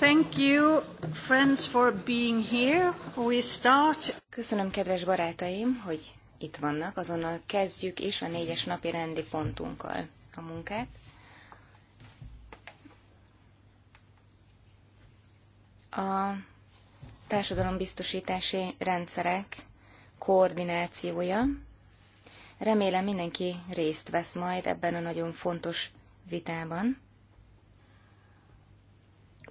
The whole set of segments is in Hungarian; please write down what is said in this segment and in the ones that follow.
Thank you, friends, for being here. We start. Köszönöm, kedves barátaim, hogy itt vannak. Azonnal kezdjük is a négyes napi rendi pontunkkal a munkát. A társadalombiztosítási rendszerek koordinációja Remélem mindenki részt vesz majd ebben a nagyon fontos vitában.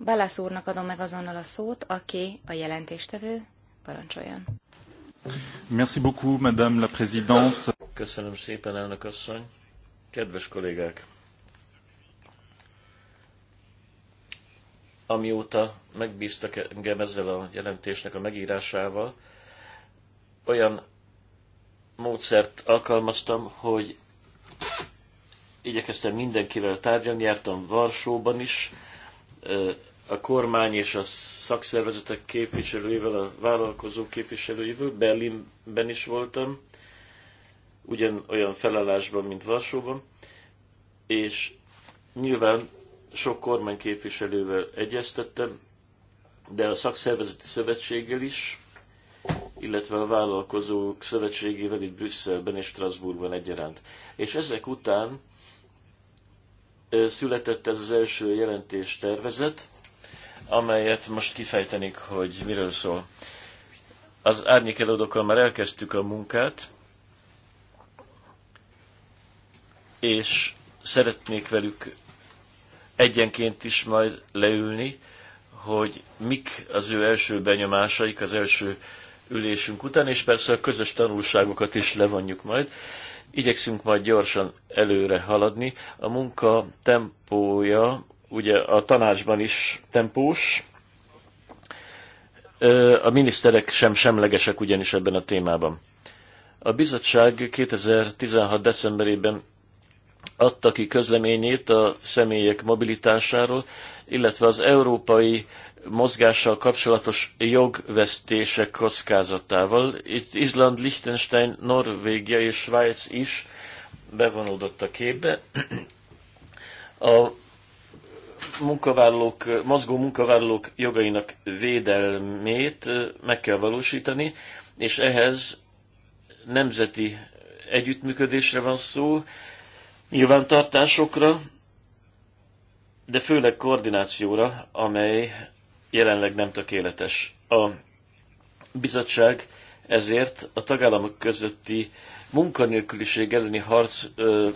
Balász úrnak adom meg azonnal a szót, aki a jelentéstevő. Parancsoljon. Merci beaucoup, madame la présidente. Köszönöm szépen, elnök asszony. Kedves kollégák! Amióta megbíztak engem ezzel a jelentésnek a megírásával, olyan módszert alkalmaztam, hogy igyekeztem mindenkivel tárgyalni, jártam Varsóban is, a kormány és a szakszervezetek képviselőivel, a vállalkozó képviselőivel, Berlinben is voltam, ugyan olyan felállásban, mint Varsóban, és nyilván sok kormányképviselővel egyeztettem, de a szakszervezeti szövetséggel is, illetve a vállalkozók szövetségével itt Brüsszelben és Strasbourgban egyaránt. És ezek után született ez az első jelentés tervezet, amelyet most kifejtenik, hogy miről szól. Az árnyékelődokkal már elkezdtük a munkát, és szeretnék velük egyenként is majd leülni, hogy mik az ő első benyomásaik, az első ülésünk után, és persze a közös tanulságokat is levonjuk majd. Igyekszünk majd gyorsan előre haladni. A munka tempója, ugye a tanácsban is tempós, a miniszterek sem semlegesek ugyanis ebben a témában. A bizottság 2016. decemberében adta ki közleményét a személyek mobilitásáról, illetve az európai mozgással kapcsolatos jogvesztések kockázatával. Itt Izland, Liechtenstein, Norvégia és Svájc is bevonódott a képbe. A munkavállalók, mozgó munkavállalók jogainak védelmét meg kell valósítani, és ehhez nemzeti együttműködésre van szó, nyilvántartásokra, de főleg koordinációra, amely jelenleg nem tökéletes. A bizottság ezért a tagállamok közötti munkanélküliség elleni harc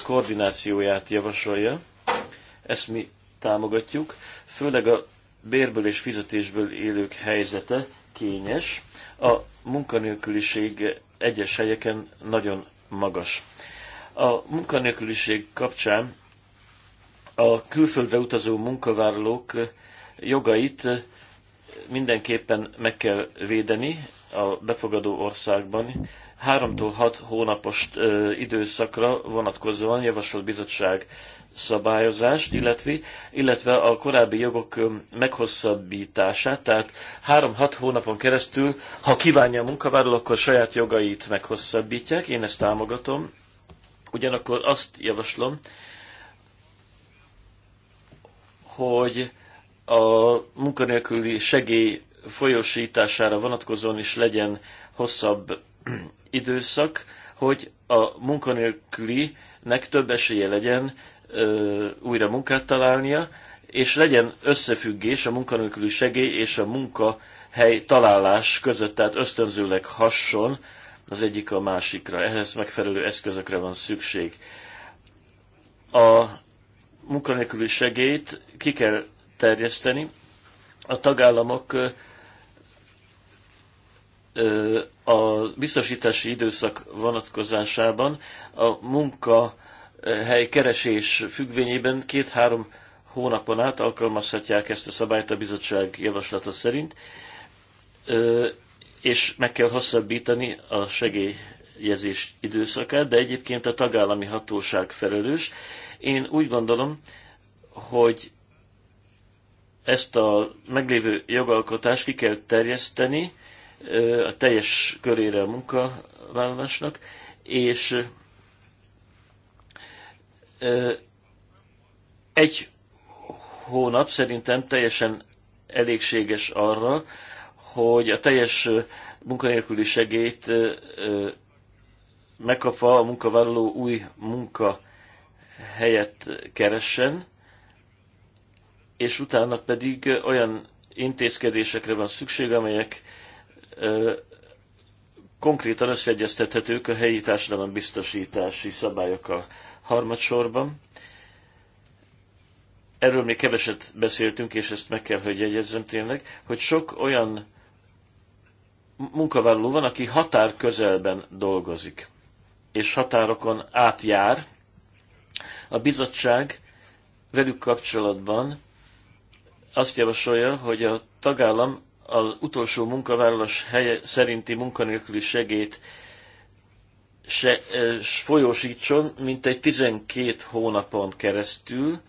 koordinációját javasolja. Ezt mi támogatjuk, főleg a bérből és fizetésből élők helyzete kényes. A munkanélküliség egyes helyeken nagyon magas. A munkanélküliség kapcsán a külföldre utazó munkavállalók jogait mindenképpen meg kell védeni a befogadó országban. 3 hat 6 hónapos időszakra vonatkozóan javasolt bizottság szabályozást, illetve, illetve a korábbi jogok meghosszabbítását, tehát 3-6 hónapon keresztül, ha kívánja a munkavállaló, akkor saját jogait meghosszabbítják, én ezt támogatom. Ugyanakkor azt javaslom, hogy a munkanélküli segély folyosítására vonatkozóan is legyen hosszabb időszak, hogy a munkanélkülinek több esélye legyen ö, újra munkát találnia, és legyen összefüggés a munkanélküli segély és a munkahely találás között, tehát ösztönzőleg hasson az egyik a másikra. Ehhez megfelelő eszközökre van szükség. A munkanélküli segélyt ki kell terjeszteni. A tagállamok a biztosítási időszak vonatkozásában a munkahely keresés függvényében két-három hónapon át alkalmazhatják ezt a szabályt a bizottság javaslata szerint, és meg kell hosszabbítani a segélyezés időszakát, de egyébként a tagállami hatóság felelős. Én úgy gondolom, hogy ezt a meglévő jogalkotást ki kell terjeszteni a teljes körére a munkavállalásnak, és egy hónap szerintem teljesen elégséges arra, hogy a teljes munkanélküli segélyt megkapva a munkavállaló új munka helyet keressen, és utána pedig olyan intézkedésekre van szükség, amelyek konkrétan összeegyeztethetők a helyi társadalom biztosítási szabályok a harmadsorban. Erről még keveset beszéltünk, és ezt meg kell, hogy jegyezzem tényleg, hogy sok olyan munkavállaló van, aki határ közelben dolgozik, és határokon átjár. A bizottság velük kapcsolatban azt javasolja, hogy a tagállam az utolsó munkavállalás helye szerinti munkanélküli segét se, folyósítson mint egy 12 hónapon keresztül,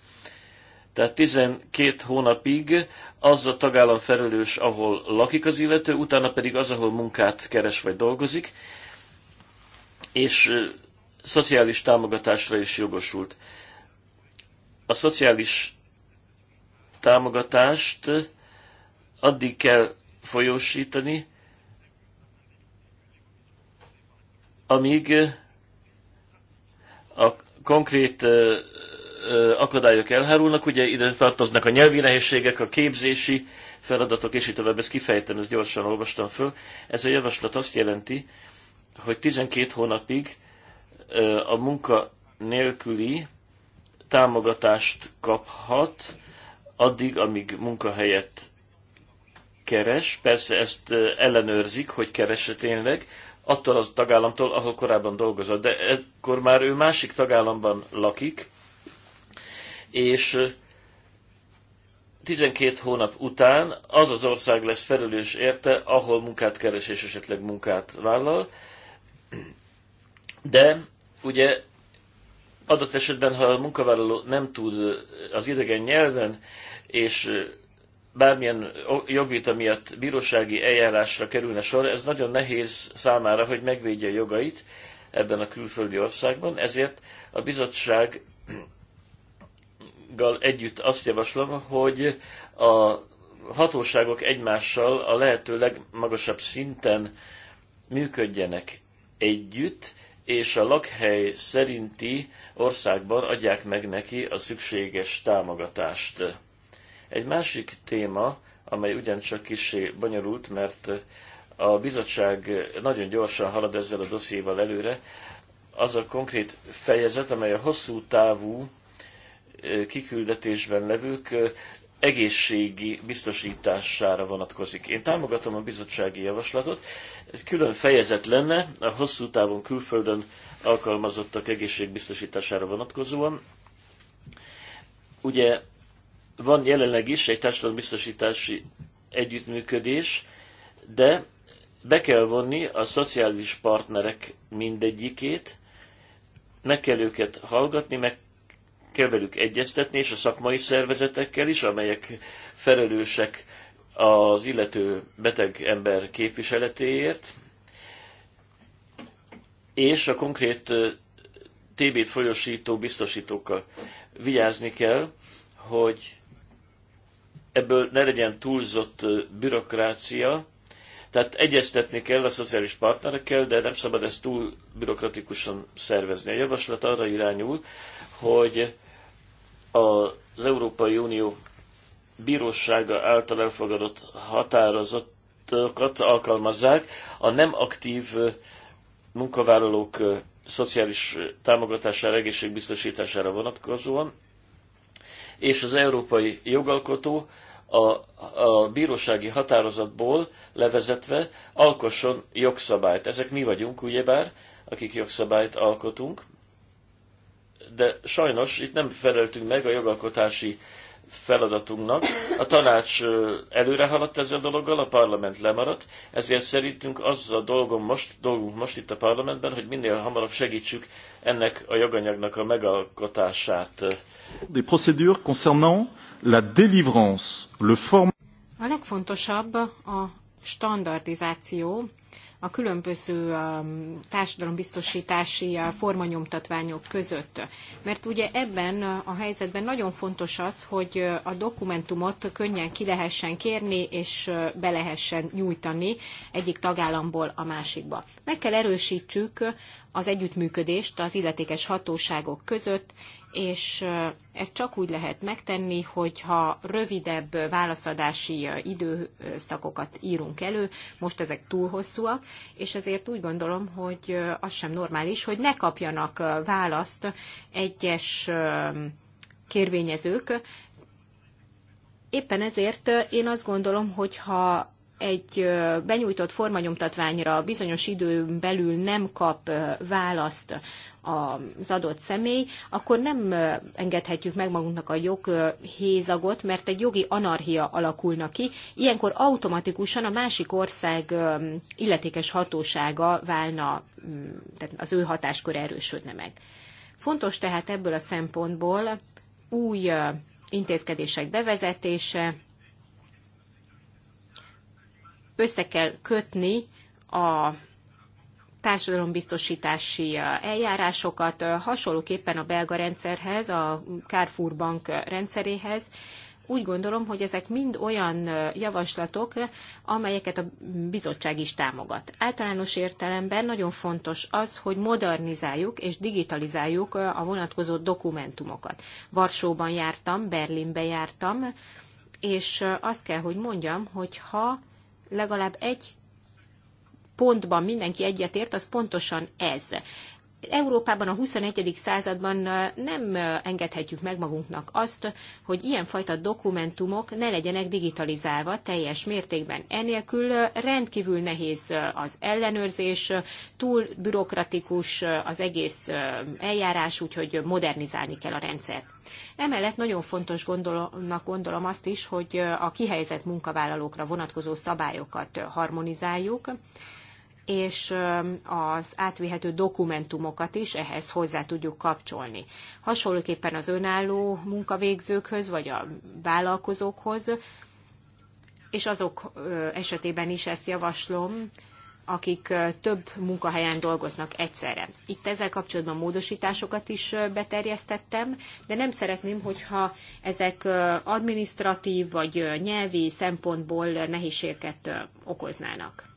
tehát 12 hónapig az a tagállam felelős, ahol lakik az illető, utána pedig az, ahol munkát keres vagy dolgozik, és szociális támogatásra is jogosult. A szociális támogatást addig kell folyósítani, amíg a konkrét akadályok elhárulnak, ugye ide tartoznak a nyelvi nehézségek, a képzési feladatok, és így tovább, ezt kifejtem, ezt gyorsan olvastam föl. Ez a javaslat azt jelenti, hogy 12 hónapig a munka nélküli támogatást kaphat, addig, amíg munkahelyet keres, persze ezt ellenőrzik, hogy keresse tényleg, attól az tagállamtól, ahol korábban dolgozott, de ekkor már ő másik tagállamban lakik, és 12 hónap után az az ország lesz felelős érte, ahol munkát keres és esetleg munkát vállal, de ugye adott esetben, ha a munkavállaló nem tud az idegen nyelven, és bármilyen jogvita miatt bírósági eljárásra kerülne sor, ez nagyon nehéz számára, hogy megvédje jogait ebben a külföldi országban, ezért a bizottsággal együtt azt javaslom, hogy a hatóságok egymással a lehető legmagasabb szinten működjenek együtt, és a lakhely szerinti országban adják meg neki a szükséges támogatást. Egy másik téma, amely ugyancsak kisé bonyolult, mert a bizottság nagyon gyorsan halad ezzel a dossziéval előre, az a konkrét fejezet, amely a hosszú távú eh, kiküldetésben levők eh, egészségi biztosítására vonatkozik. Én támogatom a bizottsági javaslatot. Ez külön fejezet lenne a hosszú távon külföldön alkalmazottak egészségbiztosítására vonatkozóan. Ugye van jelenleg is egy társadalombiztosítási együttműködés, de be kell vonni a szociális partnerek mindegyikét, meg kell őket hallgatni, meg kell velük egyeztetni, és a szakmai szervezetekkel is, amelyek felelősek az illető beteg ember képviseletéért, és a konkrét TB-t folyosító biztosítókkal vigyázni kell, hogy ebből ne legyen túlzott bürokrácia, tehát egyeztetni kell a szociális partnerekkel, de nem szabad ezt túl bürokratikusan szervezni. A javaslat arra irányul, hogy az Európai Unió bírósága által elfogadott határozatokat alkalmazzák, a nem aktív munkavállalók szociális támogatására, egészségbiztosítására vonatkozóan, és az európai jogalkotó a, a bírósági határozatból levezetve alkosson jogszabályt. Ezek mi vagyunk, ugyebár, akik jogszabályt alkotunk, de sajnos itt nem feleltünk meg a jogalkotási feladatunknak. A tanács előre haladt ezzel a dologgal, a parlament lemaradt, ezért szerintünk az a dolgom most, dolgunk most itt a parlamentben, hogy minél hamarabb segítsük ennek a joganyagnak a megalkotását. A legfontosabb a standardizáció a különböző um, társadalombiztosítási uh, formanyomtatványok között. Mert ugye ebben uh, a helyzetben nagyon fontos az, hogy uh, a dokumentumot könnyen ki lehessen kérni, és be lehessen nyújtani egyik tagállamból a másikba. Meg kell erősítsük az együttműködést az illetékes hatóságok között, és ezt csak úgy lehet megtenni, hogyha rövidebb válaszadási időszakokat írunk elő, most ezek túl hosszúak, és ezért úgy gondolom, hogy az sem normális, hogy ne kapjanak választ egyes kérvényezők. Éppen ezért én azt gondolom, hogy ha egy benyújtott formanyomtatványra bizonyos időn belül nem kap választ az adott személy, akkor nem engedhetjük meg magunknak a joghézagot, mert egy jogi anarchia alakulna ki. Ilyenkor automatikusan a másik ország illetékes hatósága válna, tehát az ő hatáskör erősödne meg. Fontos tehát ebből a szempontból új intézkedések bevezetése, össze kell kötni a társadalombiztosítási eljárásokat, hasonlóképpen a belga rendszerhez, a Carrefour Bank rendszeréhez. Úgy gondolom, hogy ezek mind olyan javaslatok, amelyeket a bizottság is támogat. Általános értelemben nagyon fontos az, hogy modernizáljuk és digitalizáljuk a vonatkozó dokumentumokat. Varsóban jártam, Berlinbe jártam, és azt kell, hogy mondjam, hogy ha legalább egy pontban mindenki egyetért, az pontosan ez. Európában a 21. században nem engedhetjük meg magunknak azt, hogy ilyenfajta dokumentumok ne legyenek digitalizálva teljes mértékben. Enélkül rendkívül nehéz az ellenőrzés, túl bürokratikus az egész eljárás, úgyhogy modernizálni kell a rendszert. Emellett nagyon fontos gondolnak gondolom azt is, hogy a kihelyezett munkavállalókra vonatkozó szabályokat harmonizáljuk, és az átvihető dokumentumokat is ehhez hozzá tudjuk kapcsolni. Hasonlóképpen az önálló munkavégzőkhöz, vagy a vállalkozókhoz, és azok esetében is ezt javaslom, akik több munkahelyen dolgoznak egyszerre. Itt ezzel kapcsolatban módosításokat is beterjesztettem, de nem szeretném, hogyha ezek administratív vagy nyelvi szempontból nehézséget okoznának.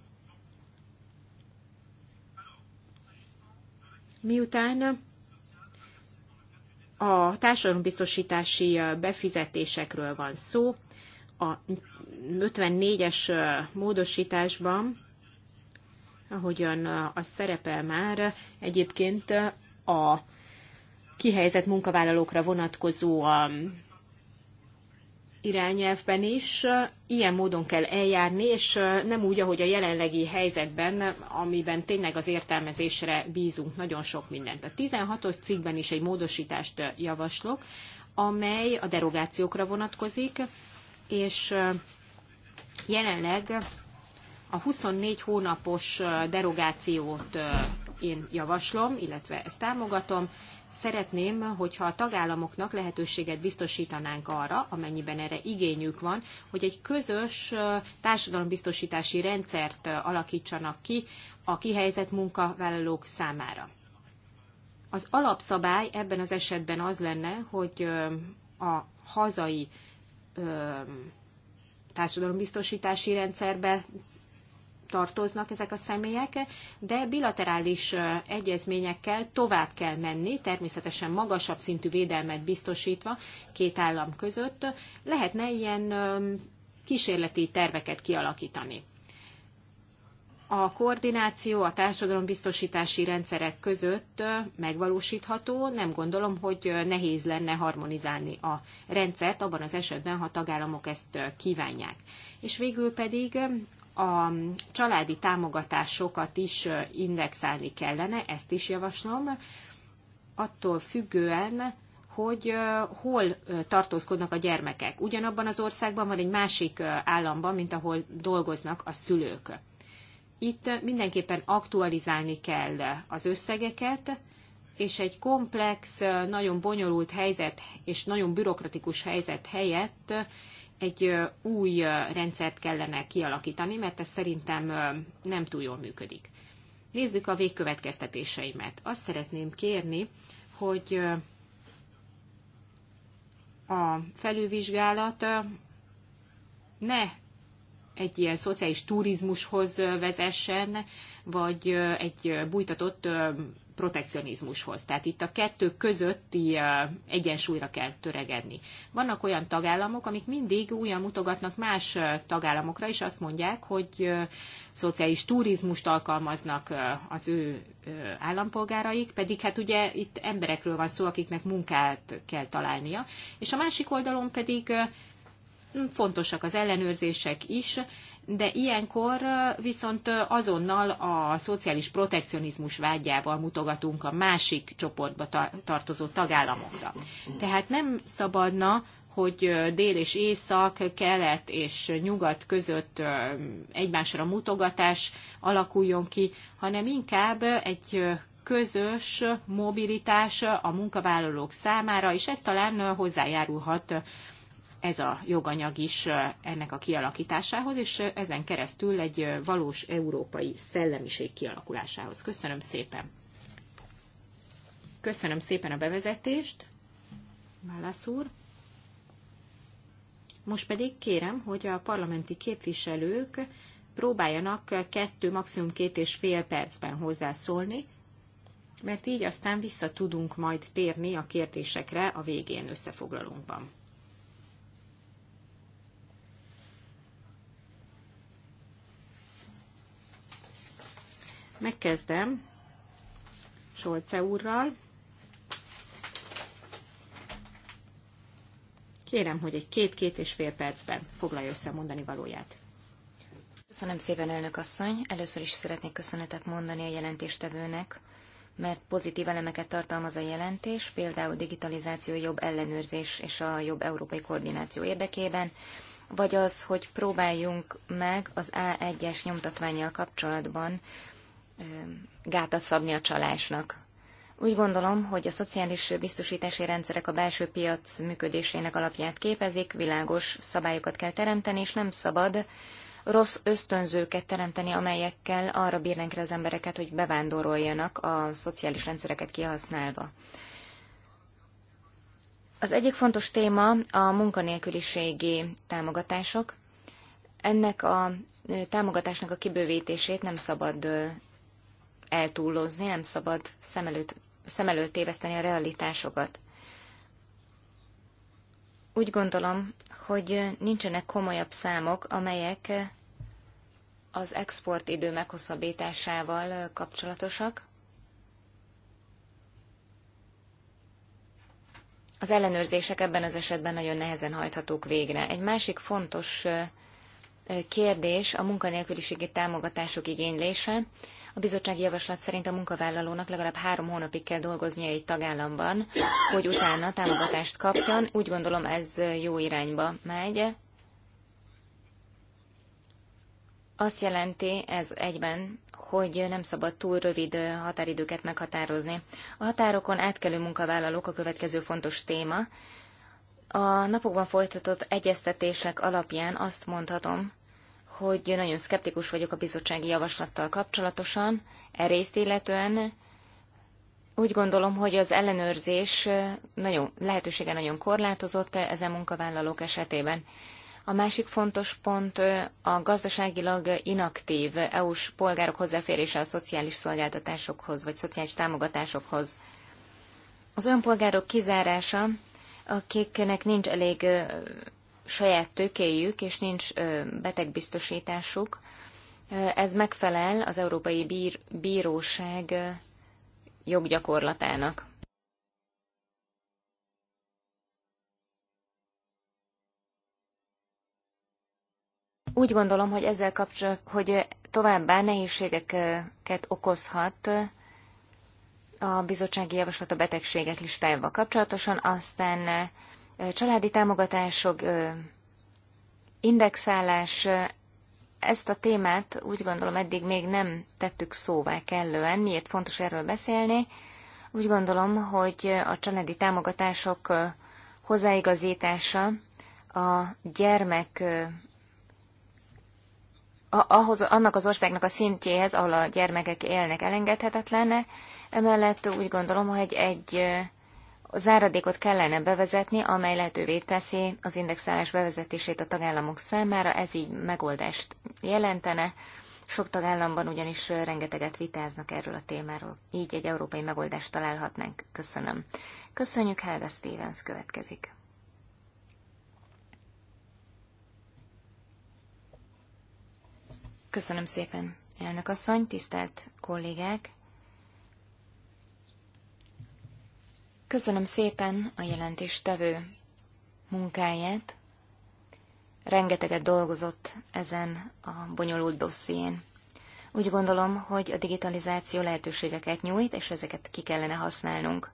Miután a társadalombiztosítási befizetésekről van szó, a 54-es módosításban, ahogyan az szerepel már, egyébként a kihelyezett munkavállalókra vonatkozó irányelvben is ilyen módon kell eljárni, és nem úgy, ahogy a jelenlegi helyzetben, amiben tényleg az értelmezésre bízunk nagyon sok mindent. A 16-os cikkben is egy módosítást javaslok, amely a derogációkra vonatkozik, és jelenleg a 24 hónapos derogációt én javaslom, illetve ezt támogatom, szeretném, hogyha a tagállamoknak lehetőséget biztosítanánk arra, amennyiben erre igényük van, hogy egy közös társadalombiztosítási rendszert alakítsanak ki a kihelyzett munkavállalók számára. Az alapszabály ebben az esetben az lenne, hogy a hazai társadalombiztosítási rendszerbe tartoznak ezek a személyek, de bilaterális egyezményekkel tovább kell menni, természetesen magasabb szintű védelmet biztosítva két állam között. Lehetne ilyen kísérleti terveket kialakítani. A koordináció a társadalombiztosítási rendszerek között megvalósítható, nem gondolom, hogy nehéz lenne harmonizálni a rendszert abban az esetben, ha tagállamok ezt kívánják. És végül pedig a családi támogatásokat is indexálni kellene, ezt is javaslom, attól függően, hogy hol tartózkodnak a gyermekek. Ugyanabban az országban, vagy egy másik államban, mint ahol dolgoznak a szülők. Itt mindenképpen aktualizálni kell az összegeket, és egy komplex, nagyon bonyolult helyzet és nagyon bürokratikus helyzet helyett egy új rendszert kellene kialakítani, mert ez szerintem nem túl jól működik. Nézzük a végkövetkeztetéseimet. Azt szeretném kérni, hogy a felülvizsgálat ne egy ilyen szociális turizmushoz vezessen, vagy egy bújtatott protekcionizmushoz. Tehát itt a kettő közötti egyensúlyra kell töregedni. Vannak olyan tagállamok, amik mindig újra mutogatnak más tagállamokra, és azt mondják, hogy szociális turizmust alkalmaznak az ő állampolgáraik, pedig hát ugye itt emberekről van szó, akiknek munkát kell találnia. És a másik oldalon pedig fontosak az ellenőrzések is, de ilyenkor viszont azonnal a szociális protekcionizmus vágyával mutogatunk a másik csoportba tartozó tagállamokra. Tehát nem szabadna, hogy dél és észak, kelet és nyugat között egymásra mutogatás alakuljon ki, hanem inkább egy közös mobilitás a munkavállalók számára, és ez talán hozzájárulhat ez a joganyag is ennek a kialakításához, és ezen keresztül egy valós európai szellemiség kialakulásához. Köszönöm szépen! Köszönöm szépen a bevezetést, Válasz úr! Most pedig kérem, hogy a parlamenti képviselők próbáljanak kettő, maximum két és fél percben hozzászólni, mert így aztán vissza tudunk majd térni a kérdésekre a végén összefoglalónkban. Megkezdem Solce úrral. Kérem, hogy egy két-két és fél percben foglalja össze mondani valóját. Köszönöm szépen, elnök asszony. Először is szeretnék köszönetet mondani a jelentéstevőnek, mert pozitív elemeket tartalmaz a jelentés, például digitalizáció jobb ellenőrzés és a jobb európai koordináció érdekében, vagy az, hogy próbáljunk meg az A1-es nyomtatványjal kapcsolatban gátat szabni a csalásnak. Úgy gondolom, hogy a szociális biztosítási rendszerek a belső piac működésének alapját képezik, világos szabályokat kell teremteni, és nem szabad rossz ösztönzőket teremteni, amelyekkel arra bírnánk rá az embereket, hogy bevándoroljanak a szociális rendszereket kihasználva. Az egyik fontos téma a munkanélküliségi támogatások. Ennek a támogatásnak a kibővítését nem szabad eltúllozni nem szabad szem előtt, szem előtt téveszteni a realitásokat. Úgy gondolom, hogy nincsenek komolyabb számok, amelyek az export idő meghosszabbításával kapcsolatosak. Az ellenőrzések ebben az esetben nagyon nehezen hajthatók végre. Egy másik fontos kérdés a munkanélküliségi támogatások igénylése. A bizottsági javaslat szerint a munkavállalónak legalább három hónapig kell dolgoznia egy tagállamban, hogy utána támogatást kapjon. Úgy gondolom ez jó irányba megy. Azt jelenti ez egyben, hogy nem szabad túl rövid határidőket meghatározni. A határokon átkelő munkavállalók a következő fontos téma. A napokban folytatott egyeztetések alapján azt mondhatom, hogy nagyon szkeptikus vagyok a bizottsági javaslattal kapcsolatosan, e részt illetően úgy gondolom, hogy az ellenőrzés nagyon, lehetősége nagyon korlátozott ezen munkavállalók esetében. A másik fontos pont a gazdaságilag inaktív EU-s polgárok hozzáférése a szociális szolgáltatásokhoz vagy szociális támogatásokhoz. Az olyan polgárok kizárása, akiknek nincs elég saját tökéjük, és nincs betegbiztosításuk. Ez megfelel az Európai Bír- Bíróság joggyakorlatának. Úgy gondolom, hogy ezzel kapcsolatban, hogy továbbá nehézségeket okozhat a bizottsági javaslat a betegségek listájával kapcsolatosan, aztán családi támogatások, indexálás, ezt a témát úgy gondolom eddig még nem tettük szóvá kellően, miért fontos erről beszélni. Úgy gondolom, hogy a családi támogatások hozzáigazítása a gyermek ahhoz, annak az országnak a szintjéhez, ahol a gyermekek élnek elengedhetetlen. Emellett úgy gondolom, hogy egy a záradékot kellene bevezetni, amely lehetővé teszi az indexálás bevezetését a tagállamok számára, ez így megoldást jelentene. Sok tagállamban ugyanis rengeteget vitáznak erről a témáról, így egy európai megoldást találhatnánk. Köszönöm. Köszönjük, Helga Stevens következik. Köszönöm szépen, elnök asszony, tisztelt kollégák! Köszönöm szépen a jelentéstevő munkáját. Rengeteget dolgozott ezen a bonyolult dosszién. Úgy gondolom, hogy a digitalizáció lehetőségeket nyújt, és ezeket ki kellene használnunk.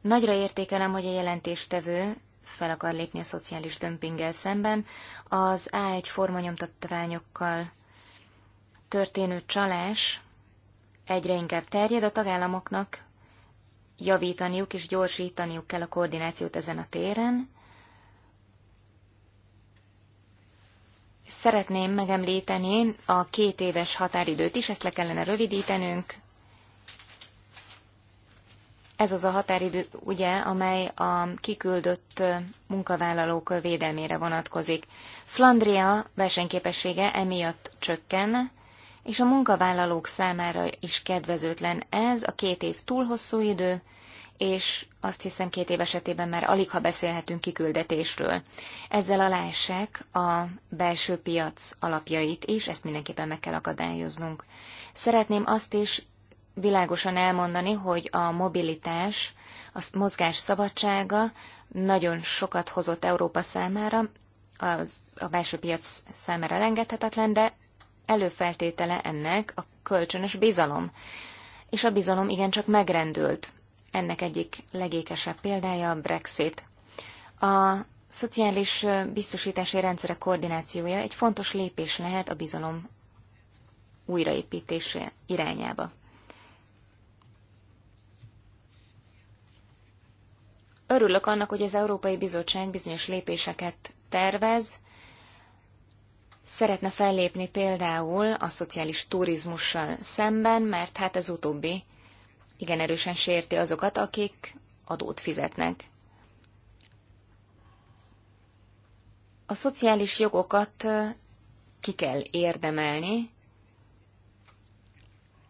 Nagyra értékelem, hogy a jelentéstevő fel akar lépni a szociális dömpinggel szemben, az A1 formanyomtatványokkal történő csalás egyre inkább terjed, a tagállamoknak javítaniuk és gyorsítaniuk kell a koordinációt ezen a téren. Szeretném megemlíteni a két éves határidőt is, ezt le kellene rövidítenünk. Ez az a határidő, ugye, amely a kiküldött munkavállalók védelmére vonatkozik. Flandria versenyképessége emiatt csökken, és a munkavállalók számára is kedvezőtlen ez, a két év túl hosszú idő, és azt hiszem két év esetében már alig ha beszélhetünk kiküldetésről. Ezzel aláessek a belső piac alapjait is, ezt mindenképpen meg kell akadályoznunk. Szeretném azt is világosan elmondani, hogy a mobilitás, a mozgás szabadsága nagyon sokat hozott Európa számára, az, a belső piac számára elengedhetetlen, de előfeltétele ennek a kölcsönös bizalom. És a bizalom igencsak megrendült. Ennek egyik legékesebb példája a Brexit. A szociális biztosítási rendszerek koordinációja egy fontos lépés lehet a bizalom újraépítése irányába. Örülök annak, hogy az Európai Bizottság bizonyos lépéseket tervez, szeretne fellépni például a szociális turizmussal szemben, mert hát ez utóbbi igen erősen sérti azokat, akik adót fizetnek. A szociális jogokat ki kell érdemelni.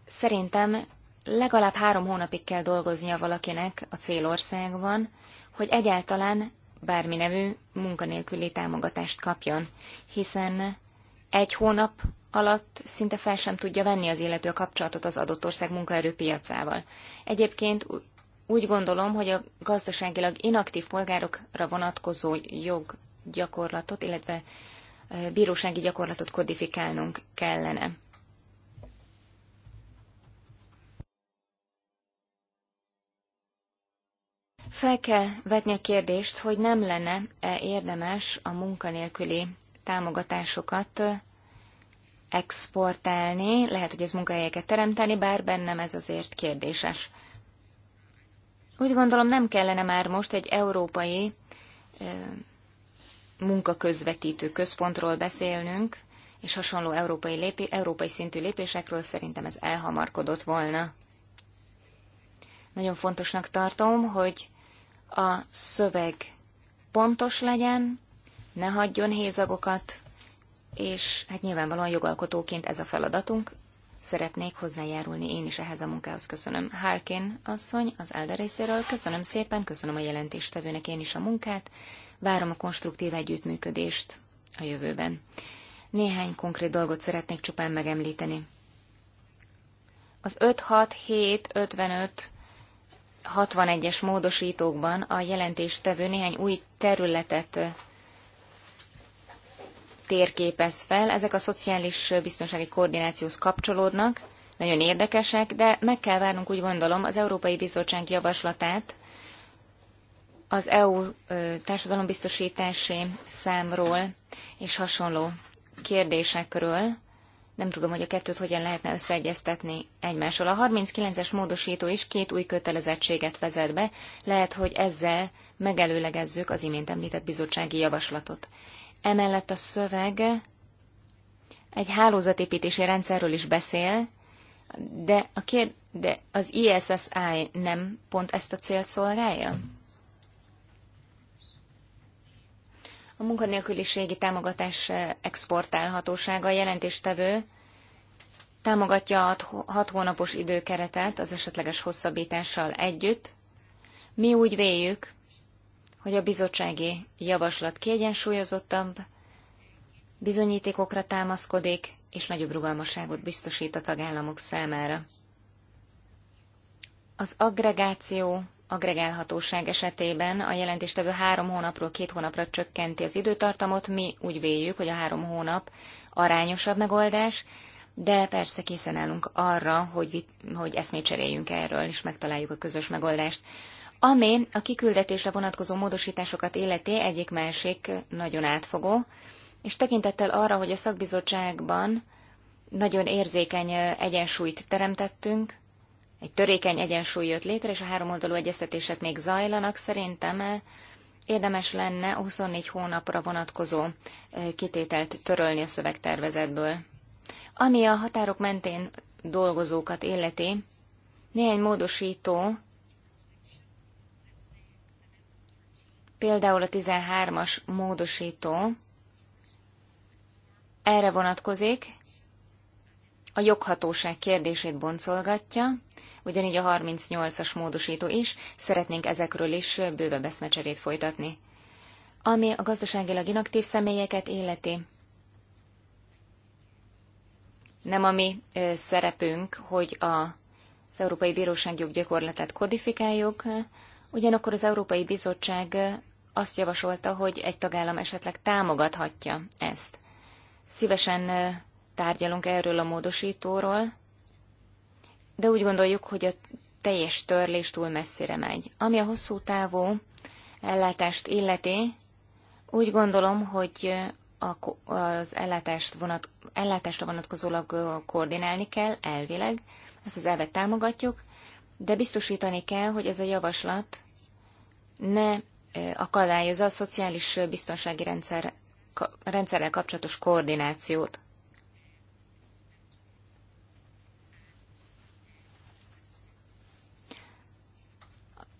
Szerintem legalább három hónapig kell dolgoznia valakinek a célországban, hogy egyáltalán bármi nevű munkanélküli támogatást kapjon, hiszen egy hónap alatt szinte fel sem tudja venni az illető a kapcsolatot az adott ország munkaerőpiacával. Egyébként úgy gondolom, hogy a gazdaságilag inaktív polgárokra vonatkozó joggyakorlatot, illetve bírósági gyakorlatot kodifikálnunk kellene. Fel kell vetni a kérdést, hogy nem lenne -e érdemes a munkanélküli támogatásokat exportálni, lehet, hogy ez munkahelyeket teremteni, bár bennem ez azért kérdéses. Úgy gondolom nem kellene már most egy európai munkaközvetítő központról beszélnünk, és hasonló európai, lépi, európai szintű lépésekről szerintem ez elhamarkodott volna. Nagyon fontosnak tartom, hogy a szöveg pontos legyen, ne hagyjon hézagokat, és hát nyilvánvalóan jogalkotóként ez a feladatunk. Szeretnék hozzájárulni én is ehhez a munkához. Köszönöm Harkin asszony az Elder részéről. Köszönöm szépen, köszönöm a jelentéstevőnek én is a munkát. Várom a konstruktív együttműködést a jövőben. Néhány konkrét dolgot szeretnék csupán megemlíteni. Az 5, 6, 7, 55, 61-es módosítókban a jelentéstevő néhány új területet térképez fel, ezek a szociális biztonsági koordinációhoz kapcsolódnak, nagyon érdekesek, de meg kell várnunk úgy gondolom az Európai Bizottság javaslatát az EU társadalombiztosítási számról és hasonló kérdésekről. Nem tudom, hogy a kettőt hogyan lehetne összeegyeztetni egymással. A 39-es módosító is két új kötelezettséget vezet be, lehet, hogy ezzel megelőlegezzük az imént említett bizottsági javaslatot. Emellett a szöveg egy hálózatépítési rendszerről is beszél, de, a kér, de az ISSI nem pont ezt a célt szolgálja? A munkanélküliségi támogatás exportálhatósága jelentéstevő támogatja a hat hónapos időkeretet az esetleges hosszabbítással együtt. Mi úgy véljük, hogy a bizottsági javaslat kiegyensúlyozottabb, bizonyítékokra támaszkodik, és nagyobb rugalmasságot biztosít a tagállamok számára. Az aggregáció, aggregálhatóság esetében a jelentéstevő három hónapról két hónapra csökkenti az időtartamot, mi úgy véljük, hogy a három hónap arányosabb megoldás, de persze készen állunk arra, hogy, hogy eszmét cseréljünk erről, és megtaláljuk a közös megoldást ami a kiküldetésre vonatkozó módosításokat életé egyik másik nagyon átfogó, és tekintettel arra, hogy a szakbizottságban nagyon érzékeny egyensúlyt teremtettünk, egy törékeny egyensúly jött létre, és a háromoldalú egyeztetések még zajlanak, szerintem érdemes lenne 24 hónapra vonatkozó kitételt törölni a szövegtervezetből. Ami a határok mentén dolgozókat illeti, néhány módosító Például a 13-as módosító erre vonatkozik, a joghatóság kérdését boncolgatja, ugyanígy a 38-as módosító is, szeretnénk ezekről is bővebb eszmecserét folytatni. Ami a gazdaságilag inaktív személyeket életi. Nem a mi szerepünk, hogy a, az Európai Bíróság joggyakorlatát kodifikáljuk, ugyanakkor az Európai Bizottság azt javasolta, hogy egy tagállam esetleg támogathatja ezt. Szívesen tárgyalunk erről a módosítóról, de úgy gondoljuk, hogy a teljes törlés túl messzire megy. Ami a hosszú távú ellátást illeti, úgy gondolom, hogy az ellátást vonat, ellátásra vonatkozólag koordinálni kell, elvileg, ezt az elvet támogatjuk, de biztosítani kell, hogy ez a javaslat ne akadályozza a szociális biztonsági rendszer, rendszerrel kapcsolatos koordinációt.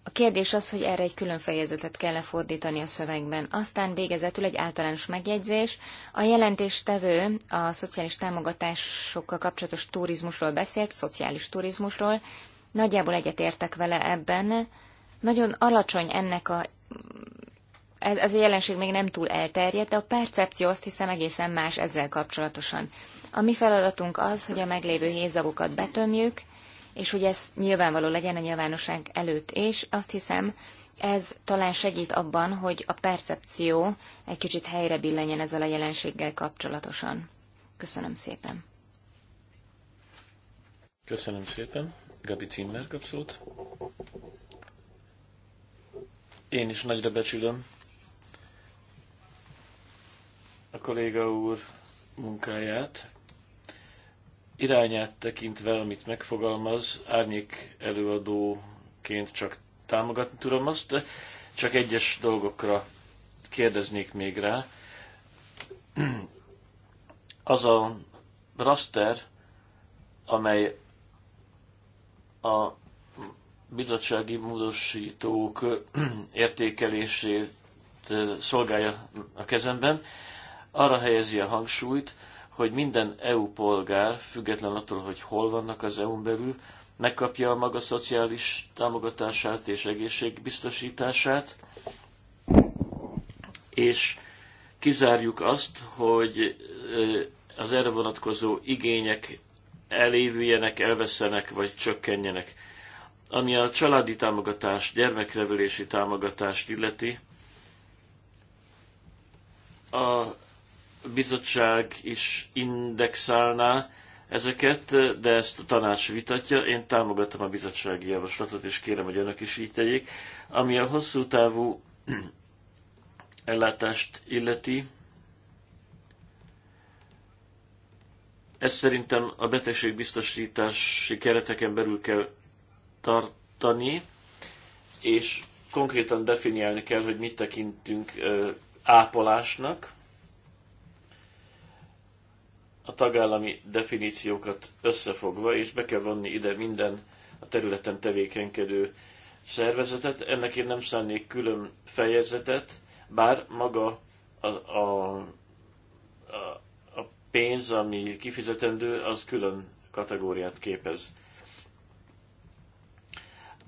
A kérdés az, hogy erre egy külön fejezetet kell fordítani a szövegben. Aztán végezetül egy általános megjegyzés. A jelentéstevő a szociális támogatásokkal kapcsolatos turizmusról beszélt, szociális turizmusról. Nagyjából egyetértek vele ebben. Nagyon alacsony ennek a ez a jelenség még nem túl elterjedt, de a percepció azt hiszem egészen más ezzel kapcsolatosan. A mi feladatunk az, hogy a meglévő hézagokat betömjük, és hogy ez nyilvánvaló legyen a nyilvánosság előtt, és azt hiszem, ez talán segít abban, hogy a percepció egy kicsit helyre billenjen ezzel a jelenséggel kapcsolatosan. Köszönöm szépen. Köszönöm szépen. Gabi Cimmer kapszót. Én is nagyra becsülöm a kolléga úr munkáját. Irányát tekintve, amit megfogalmaz, árnyék előadóként csak támogatni tudom azt, de csak egyes dolgokra kérdeznék még rá. Az a raster, amely a bizottsági módosítók értékelését szolgálja a kezemben, arra helyezi a hangsúlyt, hogy minden EU polgár, független attól, hogy hol vannak az EU-n belül, megkapja a maga szociális támogatását és egészségbiztosítását, és kizárjuk azt, hogy az erre vonatkozó igények elévüljenek, elveszenek vagy csökkenjenek. Ami a családi támogatás, gyermekrevelési támogatást illeti, a bizottság is indexálná ezeket, de ezt a tanács vitatja. Én támogatom a bizottsági javaslatot, és kérem, hogy önök is így tegyék. Ami a hosszú távú ellátást illeti, ez szerintem a betegségbiztosítási kereteken belül kell tartani, és konkrétan definiálni kell, hogy mit tekintünk ápolásnak. A tagállami definíciókat összefogva, és be kell vonni ide minden a területen tevékenykedő szervezetet. Ennek én nem szánnék külön fejezetet, bár maga a, a, a, a pénz, ami kifizetendő, az külön kategóriát képez.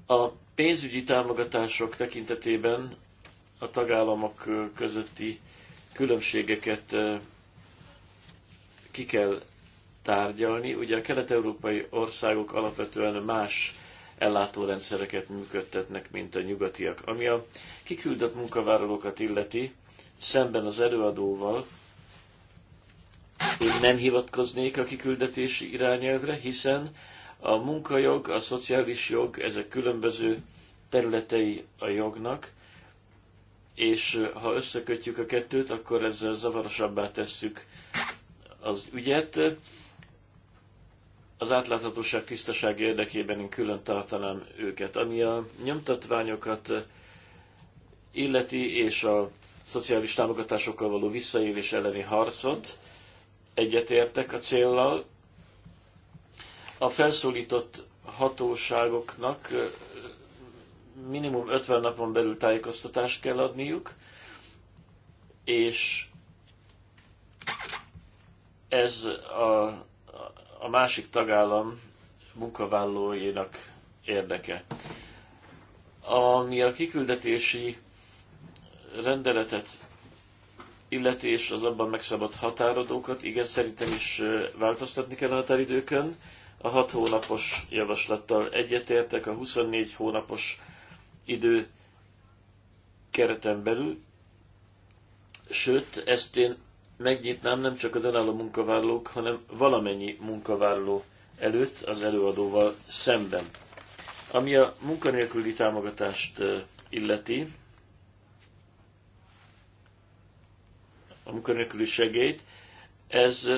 A pénzügyi támogatások tekintetében a tagállamok közötti különbségeket ki kell tárgyalni. Ugye a kelet-európai országok alapvetően más ellátórendszereket működtetnek, mint a nyugatiak. Ami a kiküldött munkavállalókat illeti, szemben az előadóval, én nem hivatkoznék a kiküldetési irányelvre, hiszen a munkajog, a szociális jog, ezek különböző területei a jognak, és ha összekötjük a kettőt, akkor ezzel zavarosabbá tesszük az ügyet. Az átláthatóság tisztaság érdekében én külön tartanám őket. Ami a nyomtatványokat illeti, és a szociális támogatásokkal való visszaélés elleni harcot, egyetértek a céllal, a felszólított hatóságoknak minimum 50 napon belül tájékoztatást kell adniuk, és ez a, a másik tagállam munkavállalóinak érdeke. Ami a kiküldetési rendeletet illeti és az abban megszabott határadókat, igen, szerintem is változtatni kell a határidőkön, a 6 hónapos javaslattal egyetértek, a 24 hónapos idő kereten belül, sőt, ezt én megnyitnám nem csak az önálló munkavállalók, hanem valamennyi munkavállaló előtt az előadóval szemben. Ami a munkanélküli támogatást illeti, a munkanélküli segélyt, ez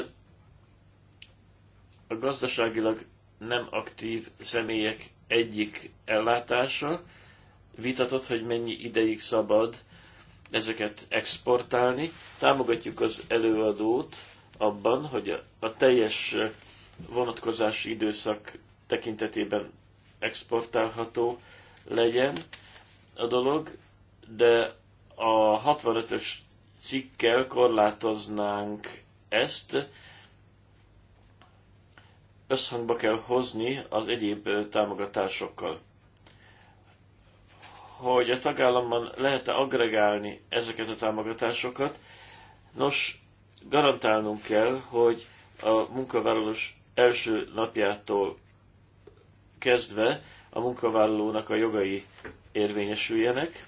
a gazdaságilag nem aktív személyek egyik ellátása, vitatott, hogy mennyi ideig szabad ezeket exportálni. Támogatjuk az előadót abban, hogy a teljes vonatkozási időszak tekintetében exportálható legyen a dolog, de a 65-ös cikkel korlátoznánk ezt, összhangba kell hozni az egyéb támogatásokkal. Hogy a tagállamban lehet-e aggregálni ezeket a támogatásokat, nos, garantálnunk kell, hogy a munkavállalós első napjától kezdve a munkavállalónak a jogai érvényesüljenek,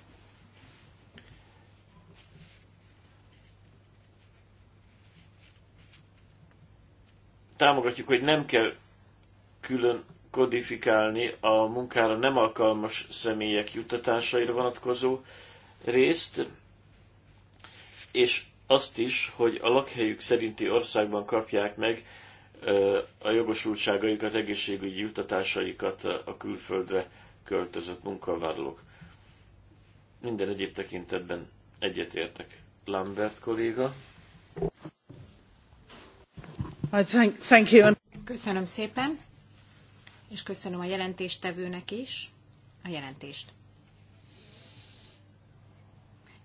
támogatjuk, hogy nem kell külön kodifikálni a munkára nem alkalmas személyek juttatásaira vonatkozó részt, és azt is, hogy a lakhelyük szerinti országban kapják meg a jogosultságaikat, egészségügyi juttatásaikat a külföldre költözött munkavállalók. Minden egyéb tekintetben egyetértek Lambert kolléga. Thank, thank you. Köszönöm szépen, és köszönöm a jelentéstevőnek is a jelentést.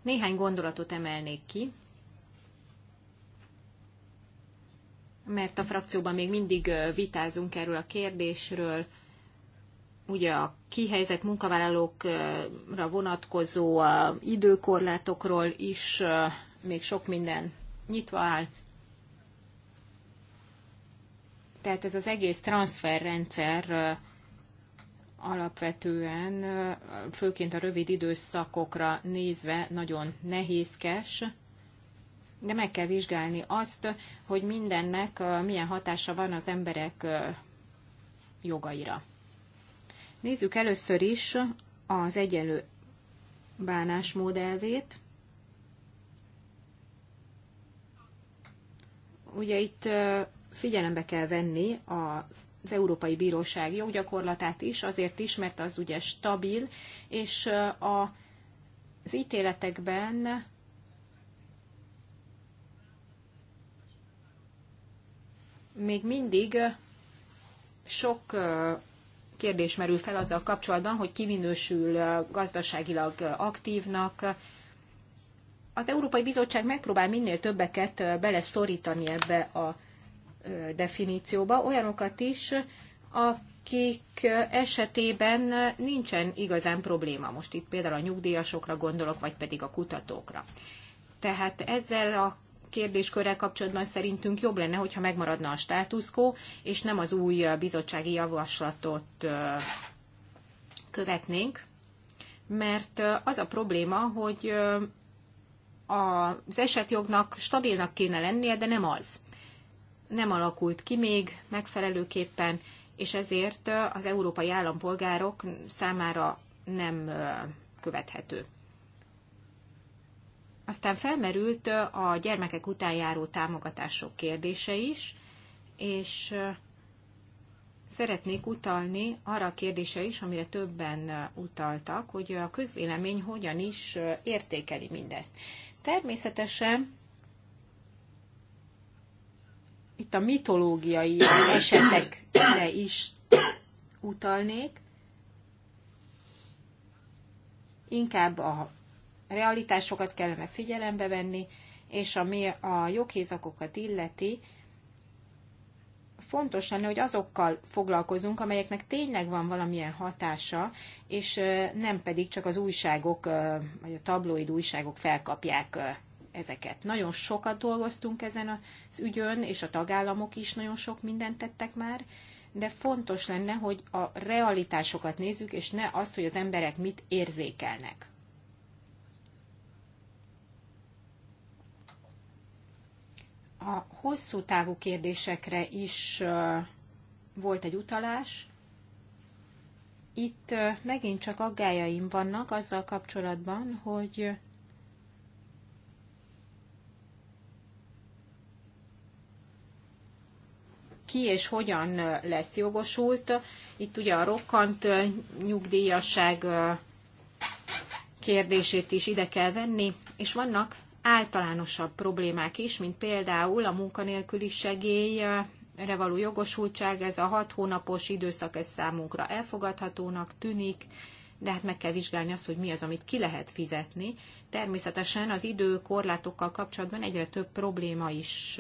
Néhány gondolatot emelnék ki, mert a frakcióban még mindig vitázunk erről a kérdésről. Ugye a kihelyzett munkavállalókra vonatkozó időkorlátokról is még sok minden nyitva áll. Tehát ez az egész transferrendszer alapvetően, főként a rövid időszakokra nézve nagyon nehézkes, de meg kell vizsgálni azt, hogy mindennek milyen hatása van az emberek jogaira. Nézzük először is az egyenlő bánásmód elvét. Ugye itt figyelembe kell venni a az Európai Bíróság joggyakorlatát is, azért is, mert az ugye stabil, és a, az ítéletekben még mindig sok kérdés merül fel azzal kapcsolatban, hogy kiminősül gazdaságilag aktívnak. Az Európai Bizottság megpróbál minél többeket beleszorítani ebbe a definícióba olyanokat is, akik esetében nincsen igazán probléma. Most itt például a nyugdíjasokra gondolok, vagy pedig a kutatókra. Tehát ezzel a kérdéskörrel kapcsolatban szerintünk jobb lenne, hogyha megmaradna a státuszkó, és nem az új bizottsági javaslatot követnénk, mert az a probléma, hogy az esetjognak stabilnak kéne lennie, de nem az nem alakult ki még megfelelőképpen, és ezért az európai állampolgárok számára nem követhető. Aztán felmerült a gyermekek után járó támogatások kérdése is, és szeretnék utalni arra a kérdése is, amire többen utaltak, hogy a közvélemény hogyan is értékeli mindezt. Természetesen itt a mitológiai esetekre is utalnék, inkább a realitásokat kellene figyelembe venni, és ami a joghézakokat illeti, fontos lenne, hogy azokkal foglalkozunk, amelyeknek tényleg van valamilyen hatása, és nem pedig csak az újságok, vagy a tabloid újságok felkapják ezeket. Nagyon sokat dolgoztunk ezen az ügyön, és a tagállamok is nagyon sok mindent tettek már, de fontos lenne, hogy a realitásokat nézzük, és ne azt, hogy az emberek mit érzékelnek. a hosszú távú kérdésekre is volt egy utalás. Itt megint csak aggájaim vannak azzal kapcsolatban, hogy ki és hogyan lesz jogosult. Itt ugye a rokkant nyugdíjasság kérdését is ide kell venni, és vannak általánosabb problémák is, mint például a munkanélküli segélyre való jogosultság, ez a hat hónapos időszak, ez számunkra elfogadhatónak tűnik, de hát meg kell vizsgálni azt, hogy mi az, amit ki lehet fizetni. Természetesen az időkorlátokkal kapcsolatban egyre több probléma is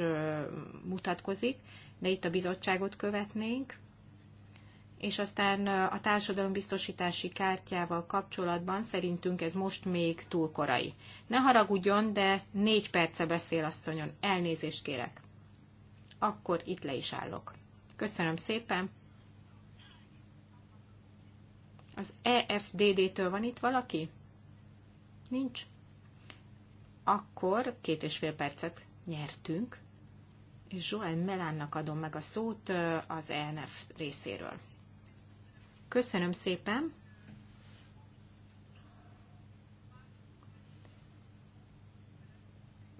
mutatkozik, de itt a bizottságot követnénk, és aztán a társadalombiztosítási kártyával kapcsolatban szerintünk ez most még túl korai. Ne haragudjon, de négy perce beszél asszonyon. Elnézést kérek. Akkor itt le is állok. Köszönöm szépen. Az EFDD-től van itt valaki? Nincs. Akkor két és fél percet nyertünk. Joel Melánnak adom meg a szót az ENF részéről. Köszönöm szépen!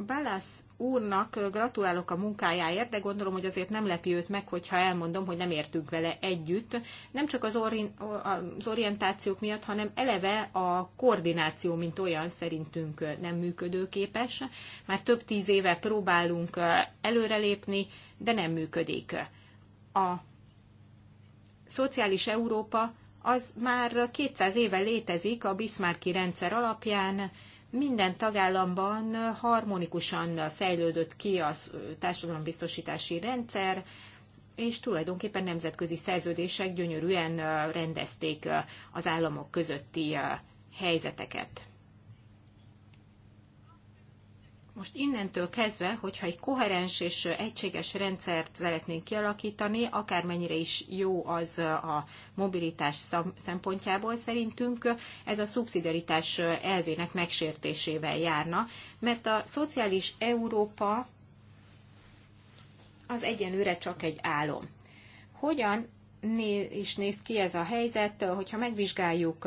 Balász úrnak gratulálok a munkájáért, de gondolom, hogy azért nem lepi őt meg, hogyha elmondom, hogy nem értünk vele együtt. Nem csak az, ori- az orientációk miatt, hanem eleve a koordináció, mint olyan szerintünk nem működőképes. Már több tíz éve próbálunk előrelépni, de nem működik. A szociális Európa az már 200 éve létezik a Bismarcki rendszer alapján, minden tagállamban harmonikusan fejlődött ki a társadalombiztosítási rendszer, és tulajdonképpen nemzetközi szerződések gyönyörűen rendezték az államok közötti helyzeteket most innentől kezdve, hogyha egy koherens és egységes rendszert szeretnénk kialakítani, akármennyire is jó az a mobilitás szempontjából szerintünk, ez a szubszidiaritás elvének megsértésével járna, mert a szociális Európa az egyenlőre csak egy álom. Hogyan is néz ki ez a helyzet, hogyha megvizsgáljuk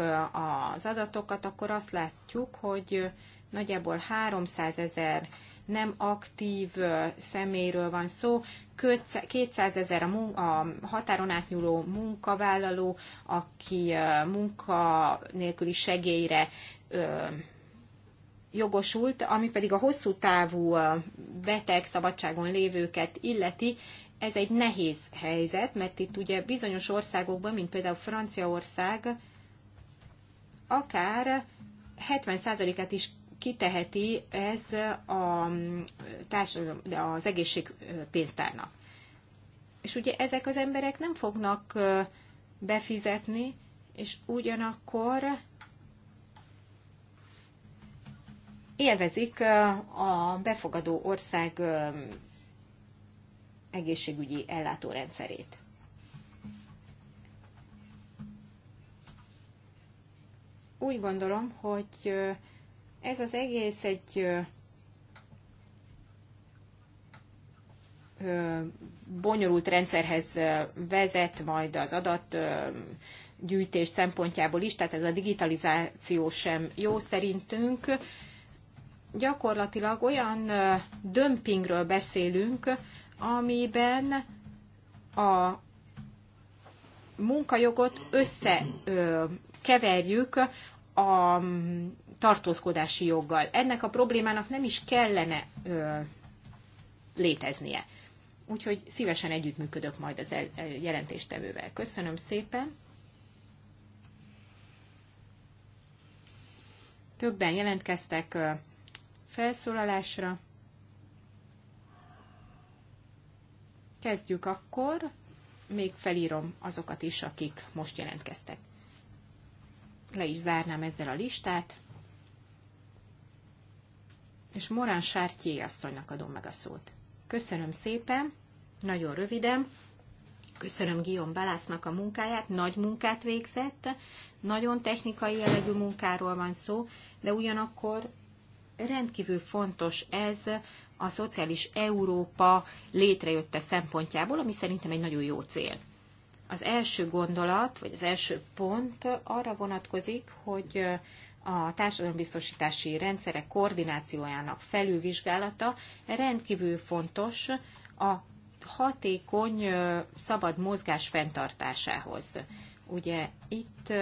az adatokat, akkor azt látjuk, hogy nagyjából 300 ezer nem aktív személyről van szó, 200 ezer a, a határon átnyúló munkavállaló, aki munka nélküli segélyre jogosult, ami pedig a hosszú távú beteg szabadságon lévőket illeti, ez egy nehéz helyzet, mert itt ugye bizonyos országokban, mint például Franciaország, akár 70%-át is kiteheti ez a társ, de az egészségpénztárnak. És ugye ezek az emberek nem fognak befizetni, és ugyanakkor élvezik a befogadó ország egészségügyi ellátórendszerét. Úgy gondolom, hogy ez az egész egy bonyolult rendszerhez vezet majd az adat gyűjtés szempontjából is, tehát ez a digitalizáció sem jó szerintünk. Gyakorlatilag olyan dömpingről beszélünk, amiben a munkajogot összekeverjük a tartózkodási joggal. Ennek a problémának nem is kellene ö, léteznie. Úgyhogy szívesen együttműködök majd az el, jelentéstevővel. Köszönöm szépen! Többen jelentkeztek felszólalásra. Kezdjük akkor, még felírom azokat is, akik most jelentkeztek. Le is zárnám ezzel a listát és Morán Sártyé asszonynak adom meg a szót. Köszönöm szépen, nagyon röviden. Köszönöm Guillaume Balásznak a munkáját, nagy munkát végzett, nagyon technikai jellegű munkáról van szó, de ugyanakkor rendkívül fontos ez a szociális Európa létrejötte szempontjából, ami szerintem egy nagyon jó cél. Az első gondolat, vagy az első pont arra vonatkozik, hogy a társadalombiztosítási rendszerek koordinációjának felülvizsgálata rendkívül fontos a hatékony szabad mozgás fenntartásához. Ugye itt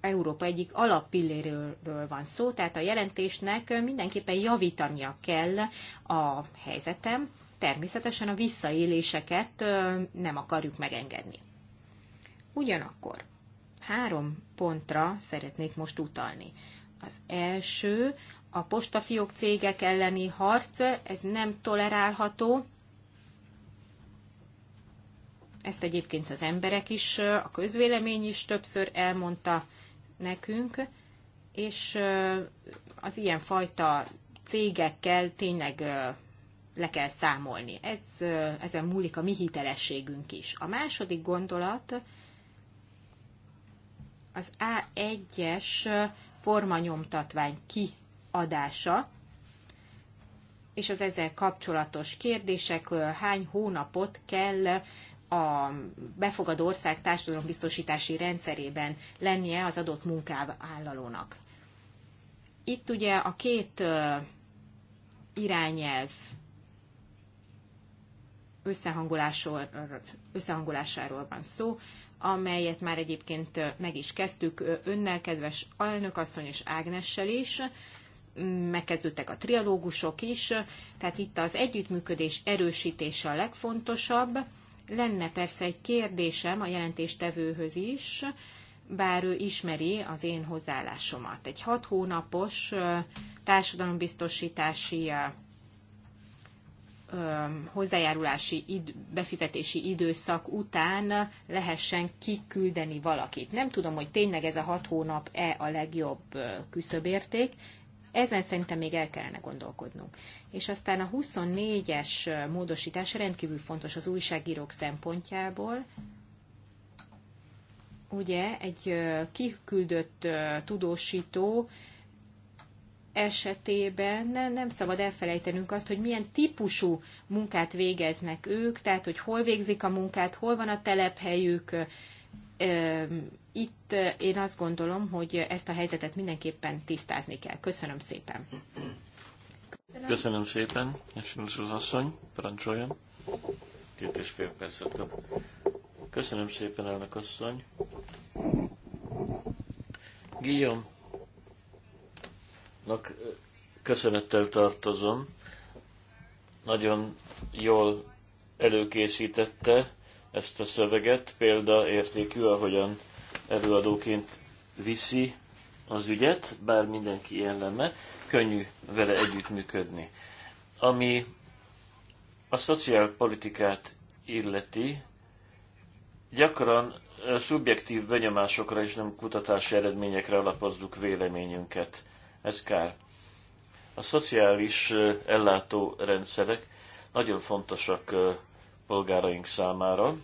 Európa egyik alappilléről van szó, tehát a jelentésnek mindenképpen javítania kell a helyzetem, természetesen a visszaéléseket nem akarjuk megengedni. Ugyanakkor Három pontra szeretnék most utalni. Az első, a postafiók cégek elleni harc, ez nem tolerálható. Ezt egyébként az emberek is, a közvélemény is többször elmondta nekünk, és az ilyen fajta cégekkel tényleg le kell számolni. Ez, ezen múlik a mi hitelességünk is. A második gondolat az A1-es formanyomtatvány kiadása, és az ezzel kapcsolatos kérdések, hány hónapot kell a befogadó ország társadalombiztosítási rendszerében lennie az adott munkavállalónak. Itt ugye a két irányelv összehangolásáról van szó amelyet már egyébként meg is kezdtük önnel, kedves alnökasszony és Ágnessel is. Mm, megkezdődtek a trialógusok is, tehát itt az együttműködés erősítése a legfontosabb. Lenne persze egy kérdésem a jelentéstevőhöz is, bár ő ismeri az én hozzáállásomat. Egy hat hónapos társadalombiztosítási hozzájárulási id- befizetési időszak után lehessen kiküldeni valakit. Nem tudom, hogy tényleg ez a hat hónap-e a legjobb küszöbérték, ezen szerintem még el kellene gondolkodnunk. És aztán a 24-es módosítás rendkívül fontos az újságírók szempontjából. Ugye egy kiküldött tudósító esetében nem szabad elfelejtenünk azt, hogy milyen típusú munkát végeznek ők, tehát hogy hol végzik a munkát, hol van a telephelyük. Itt én azt gondolom, hogy ezt a helyzetet mindenképpen tisztázni kell. Köszönöm szépen. Köszönöm, szépen, Esenos az asszony, parancsoljon. Két és fél percet kap. Köszönöm szépen, elnök asszony. Guillaume, Nak köszönettel tartozom. Nagyon jól előkészítette ezt a szöveget, példaértékű, ahogyan előadóként viszi az ügyet, bár mindenki ilyen lenne, könnyű vele együttműködni. Ami a szociálpolitikát illeti, gyakran szubjektív benyomásokra és nem kutatási eredményekre alapozzuk véleményünket. Ez kár. A szociális ellátó rendszerek nagyon fontosak polgáraink számára.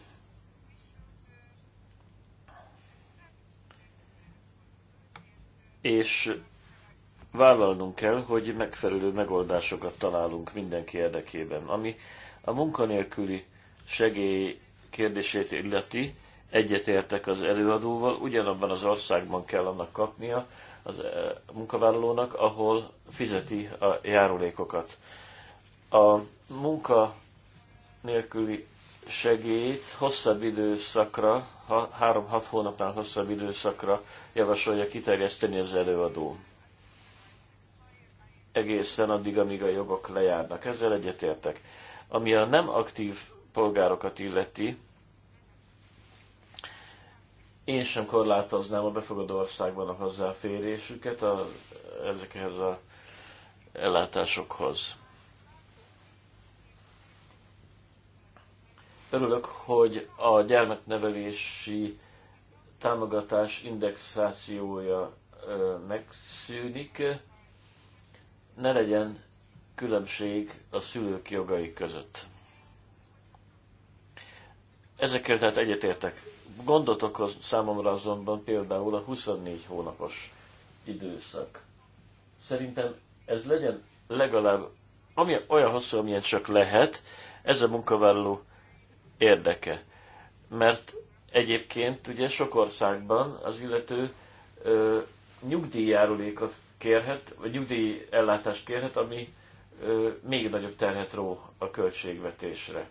És vállalnunk kell, hogy megfelelő megoldásokat találunk mindenki érdekében. Ami a munkanélküli segély kérdését illeti, egyetértek az előadóval, ugyanabban az országban kell annak kapnia, az munkavállalónak, ahol fizeti a járulékokat. A munka nélküli segélyt hosszabb időszakra, 3-6 hónapnál hosszabb időszakra javasolja kiterjeszteni az előadó. Egészen addig, amíg a jogok lejárnak. Ezzel egyetértek. Ami a nem aktív polgárokat illeti, én sem korlátoznám a befogadó országban a hozzáférésüket a, ezekhez a ellátásokhoz. Örülök, hogy a gyermeknevelési támogatás indexációja megszűnik. Ne legyen különbség a szülők jogai között. Ezekkel tehát egyetértek Gondot okoz számomra azonban például a 24 hónapos időszak. Szerintem ez legyen legalább ami, olyan hosszú, amilyen csak lehet, ez a munkavállaló érdeke. Mert egyébként ugye sok országban az illető ö, nyugdíjjárulékot kérhet, vagy nyugdíj ellátást kérhet, ami ö, még nagyobb terhet ró a költségvetésre.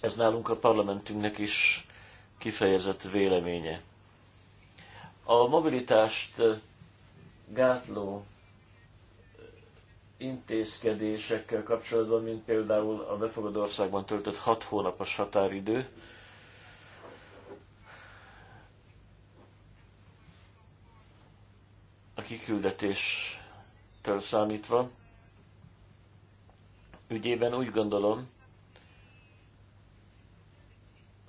Ez nálunk a parlamentünknek is kifejezett véleménye. A mobilitást gátló intézkedésekkel kapcsolatban, mint például a befogadó országban töltött hat hónapos határidő, a kiküldetéstől számítva, ügyében úgy gondolom,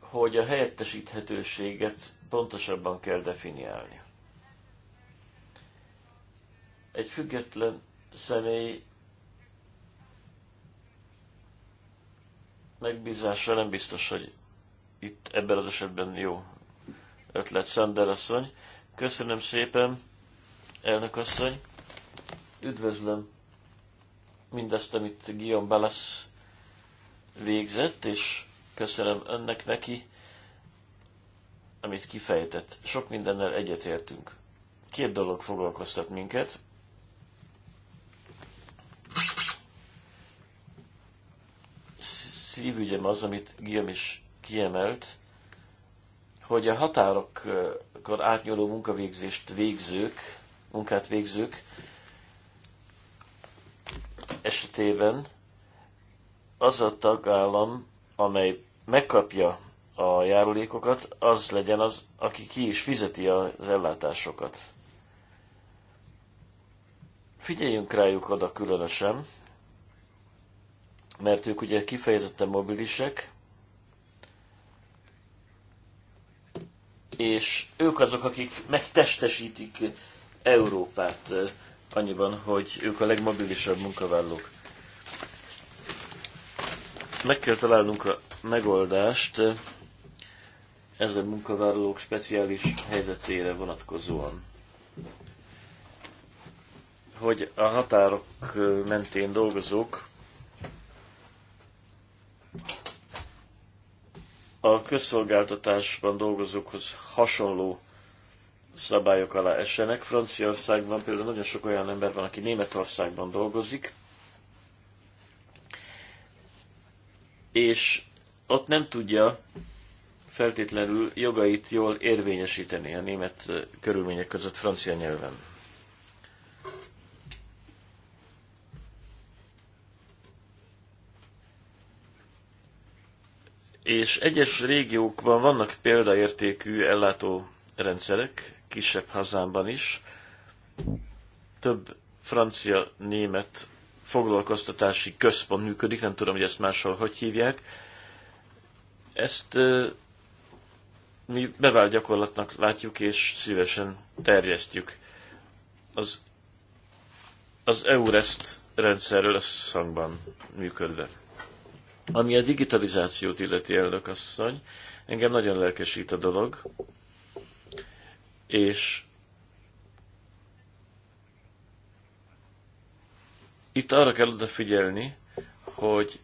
hogy a helyettesíthetőséget pontosabban kell definiálni. Egy független személy megbízása nem biztos, hogy itt ebben az esetben jó ötlet, Szender asszony. Köszönöm szépen, elnök asszony. Üdvözlöm mindezt, amit Guillaume Balasz végzett, és Köszönöm önnek neki, amit kifejtett. Sok mindennel egyetértünk. Két dolog foglalkoztat minket. Szívügyem az, amit Giam is kiemelt, hogy a határokkor átnyúló munkavégzést végzők, munkát végzők esetében az a tagállam, amely megkapja a járulékokat, az legyen az, aki ki is fizeti az ellátásokat. Figyeljünk rájuk oda különösen, mert ők ugye kifejezetten mobilisek, és ők azok, akik megtestesítik Európát eh, annyiban, hogy ők a legmobilisebb munkavállalók. Meg kell találnunk a megoldást ezen munkavállalók speciális helyzetére vonatkozóan. Hogy a határok mentén dolgozók a közszolgáltatásban dolgozókhoz hasonló szabályok alá esenek. Franciaországban például nagyon sok olyan ember van, aki Németországban dolgozik, és ott nem tudja feltétlenül jogait jól érvényesíteni a német körülmények között francia nyelven. És egyes régiókban vannak példaértékű ellátó rendszerek, kisebb hazámban is. Több francia-német foglalkoztatási központ működik, nem tudom, hogy ezt máshol hogy hívják ezt mi bevált gyakorlatnak látjuk, és szívesen terjesztjük. Az, az EURESZT rendszerről összhangban működve. Ami a digitalizációt illeti elnök asszony, engem nagyon lelkesít a dolog, és itt arra kell odafigyelni, hogy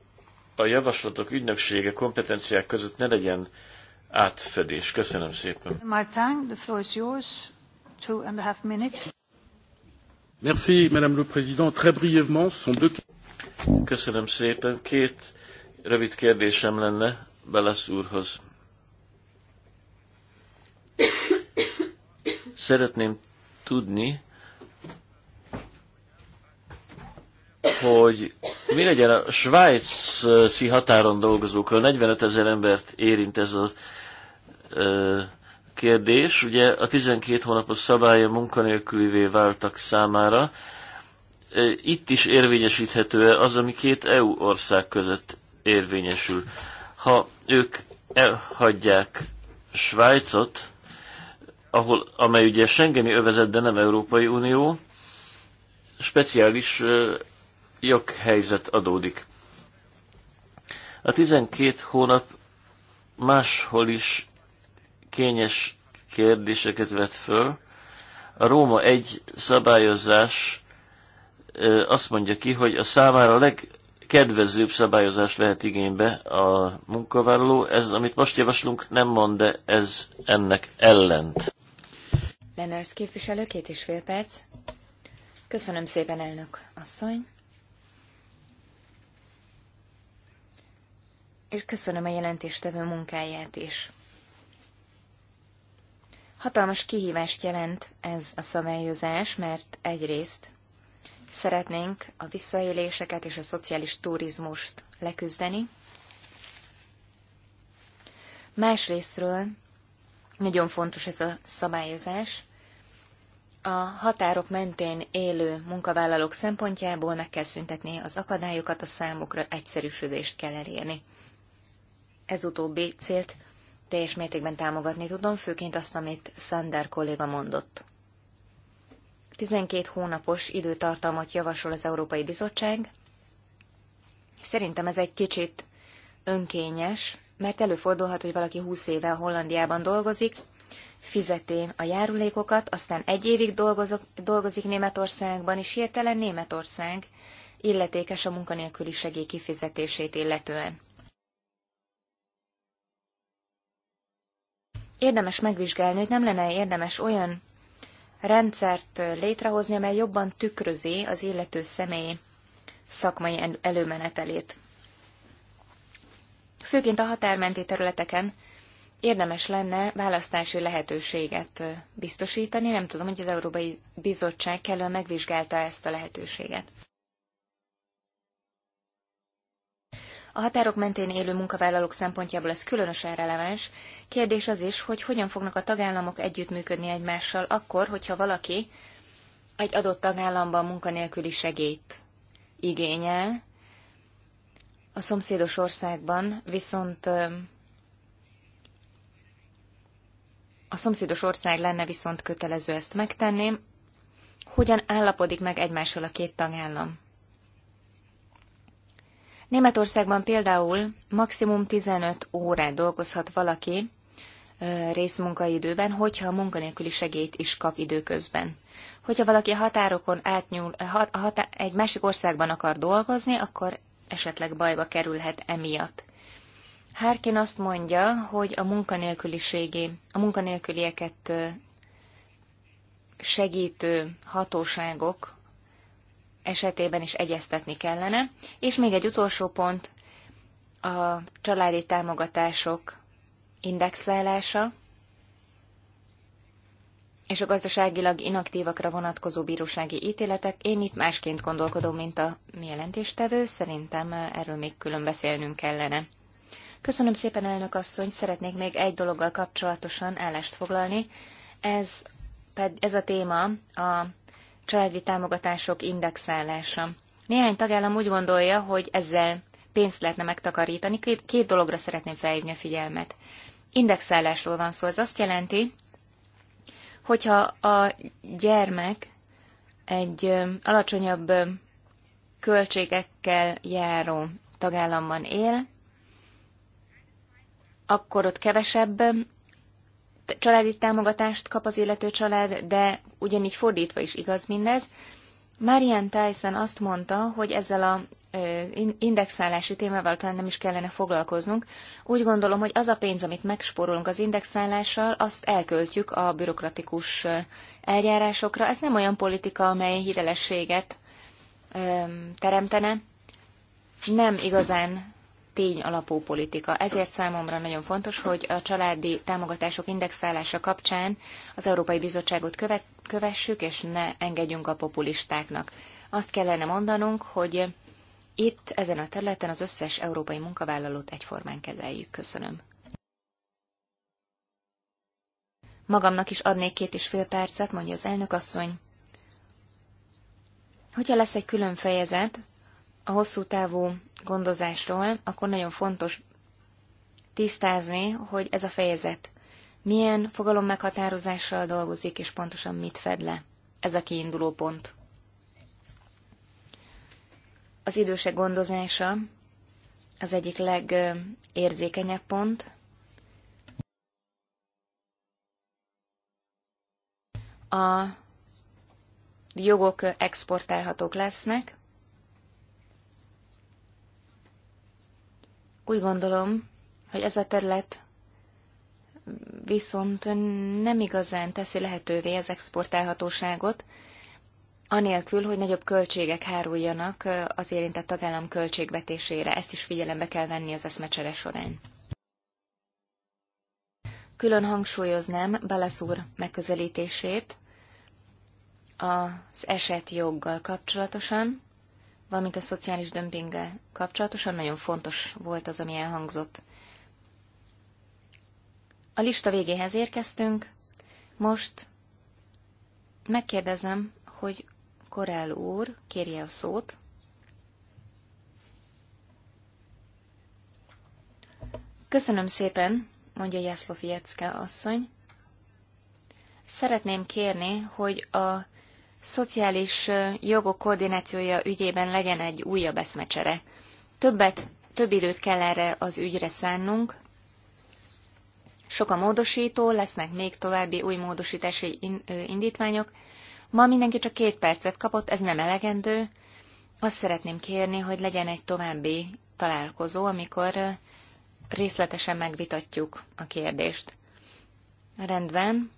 a javaslatok ügynöksége kompetenciák között ne legyen átfedés. Köszönöm szépen. Martin, the floor is yours. Two and a half minutes. Merci, Madame le Président. Très brièvement, sont deux... Köszönöm szépen. Két rövid kérdésem lenne Belasz úrhoz. Szeretném tudni, hogy mi legyen a svájci határon dolgozókról? 45 ezer embert érint ez a ö, kérdés. Ugye a 12 hónapos szabálya munkanélkülivé váltak számára. Itt is érvényesíthető-e az, ami két EU ország között érvényesül? Ha ők elhagyják Svájcot, ahol, amely ugye Schengeni övezet, de nem Európai Unió, speciális joghelyzet adódik. A 12 hónap máshol is kényes kérdéseket vet föl. A Róma egy szabályozás azt mondja ki, hogy a számára a legkedvezőbb szabályozást vehet igénybe a munkavállaló. Ez, amit most javaslunk, nem mond, de ez ennek ellent. Lenners képviselő, két és fél perc. Köszönöm szépen, elnök asszony. és köszönöm a jelentéstevő munkáját is. Hatalmas kihívást jelent ez a szabályozás, mert egyrészt szeretnénk a visszaéléseket és a szociális turizmust leküzdeni, másrésztről nagyon fontos ez a szabályozás, a határok mentén élő munkavállalók szempontjából meg kell szüntetni az akadályokat, a számukra egyszerűsödést kell elérni ez utóbbi célt teljes mértékben támogatni tudom, főként azt, amit Sander kolléga mondott. 12 hónapos időtartalmat javasol az Európai Bizottság. Szerintem ez egy kicsit önkényes, mert előfordulhat, hogy valaki 20 éve Hollandiában dolgozik, fizeti a járulékokat, aztán egy évig dolgozok, dolgozik Németországban, és hirtelen Németország illetékes a munkanélküli segély kifizetését illetően. érdemes megvizsgálni, hogy nem lenne érdemes olyan rendszert létrehozni, amely jobban tükrözi az illető személy szakmai előmenetelét. Főként a határmenti területeken érdemes lenne választási lehetőséget biztosítani. Nem tudom, hogy az Európai Bizottság kellően megvizsgálta ezt a lehetőséget. A határok mentén élő munkavállalók szempontjából ez különösen releváns, Kérdés az is, hogy hogyan fognak a tagállamok együttműködni egymással akkor, hogyha valaki egy adott tagállamban munkanélküli segélyt igényel, a szomszédos országban viszont a szomszédos ország lenne viszont kötelező ezt megtenni, hogyan állapodik meg egymással a két tagállam. Németországban például maximum 15 órát dolgozhat valaki részmunkaidőben, hogyha a munkanélküli segélyt is kap időközben. Hogyha valaki a határokon átnyúl, hat, hat, egy másik országban akar dolgozni, akkor esetleg bajba kerülhet emiatt. Harkin azt mondja, hogy a munkanélküliségé, a munkanélkülieket segítő hatóságok esetében is egyeztetni kellene. És még egy utolsó pont, a családi támogatások indexálása és a gazdaságilag inaktívakra vonatkozó bírósági ítéletek. Én itt másként gondolkodom, mint a mi jelentéstevő, szerintem eh, erről még külön beszélnünk kellene. Köszönöm szépen, elnök asszony, szeretnék még egy dologgal kapcsolatosan állást foglalni. Ez, ez a téma a családi támogatások indexálása. Néhány tagállam úgy gondolja, hogy ezzel pénzt lehetne megtakarítani. Két, két dologra szeretném felhívni a figyelmet indexálásról van szó. Ez azt jelenti, hogyha a gyermek egy alacsonyabb költségekkel járó tagállamban él, akkor ott kevesebb családi támogatást kap az illető család, de ugyanígy fordítva is igaz mindez. Marian Tyson azt mondta, hogy ezzel a indexálási témával talán nem is kellene foglalkoznunk. Úgy gondolom, hogy az a pénz, amit megspórolunk az indexálással, azt elköltjük a bürokratikus eljárásokra. Ez nem olyan politika, amely hitelességet teremtene. Nem igazán tény alapú politika. Ezért számomra nagyon fontos, hogy a családi támogatások indexálása kapcsán az Európai Bizottságot kövessük, és ne engedjünk a populistáknak. Azt kellene mondanunk, hogy itt, ezen a területen az összes európai munkavállalót egyformán kezeljük. Köszönöm. Magamnak is adnék két és fél percet, mondja az elnök asszony. Hogyha lesz egy külön fejezet a hosszú távú gondozásról, akkor nagyon fontos tisztázni, hogy ez a fejezet milyen fogalom meghatározással dolgozik, és pontosan mit fed le. Ez a kiinduló pont. Az idősek gondozása az egyik legérzékenyebb pont. A jogok exportálhatók lesznek. Úgy gondolom, hogy ez a terület viszont nem igazán teszi lehetővé az exportálhatóságot, anélkül, hogy nagyobb költségek háruljanak az érintett tagállam költségvetésére. Ezt is figyelembe kell venni az eszmecsere során. Külön hangsúlyoznám Balaszúr megközelítését az joggal kapcsolatosan, valamint a szociális dömpinggel kapcsolatosan nagyon fontos volt az, ami elhangzott. A lista végéhez érkeztünk, most megkérdezem, hogy Korel úr kérje a szót. Köszönöm szépen, mondja Jászló asszony. Szeretném kérni, hogy a szociális jogok koordinációja ügyében legyen egy újabb eszmecsere. Többet, több időt kell erre az ügyre szánnunk. Sok a módosító, lesznek még további új módosítási indítványok, Ma mindenki csak két percet kapott, ez nem elegendő. Azt szeretném kérni, hogy legyen egy további találkozó, amikor részletesen megvitatjuk a kérdést. Rendben.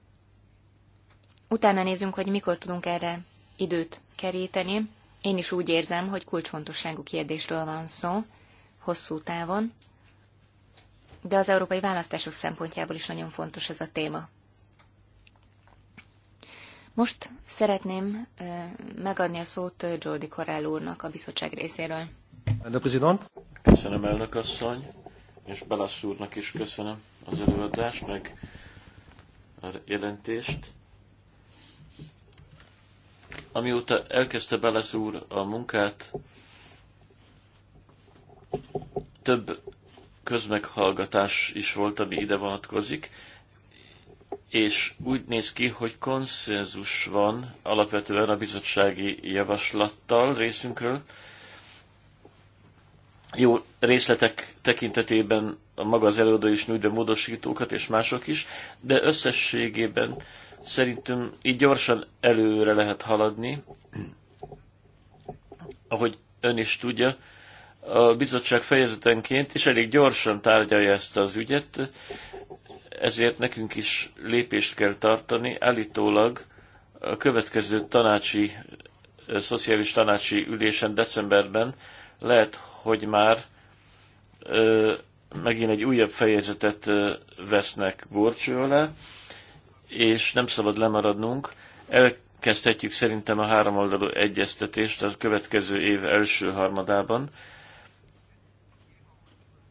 Utána nézzünk, hogy mikor tudunk erre időt keríteni. Én is úgy érzem, hogy kulcsfontosságú kérdésről van szó, hosszú távon, de az európai választások szempontjából is nagyon fontos ez a téma. Most szeretném megadni a szót Jordi Corell úrnak a bizottság részéről. Köszönöm, elnök asszony, és Balasz úrnak is köszönöm az előadást, meg a jelentést. Amióta elkezdte Balasz úr a munkát, több közmeghallgatás is volt, ami ide vonatkozik és úgy néz ki, hogy konszenzus van alapvetően a bizottsági javaslattal részünkről. Jó részletek tekintetében a maga az előadó is nyújt be módosítókat, és mások is, de összességében szerintem így gyorsan előre lehet haladni. Ahogy ön is tudja, a bizottság fejezetenként, és elég gyorsan tárgyalja ezt az ügyet, ezért nekünk is lépést kell tartani. Állítólag a következő tanácsi, szociális tanácsi ülésen decemberben lehet, hogy már ö, megint egy újabb fejezetet ö, vesznek gorcső alá, és nem szabad lemaradnunk. Elkezdhetjük szerintem a háromoldalú egyeztetést a következő év első harmadában,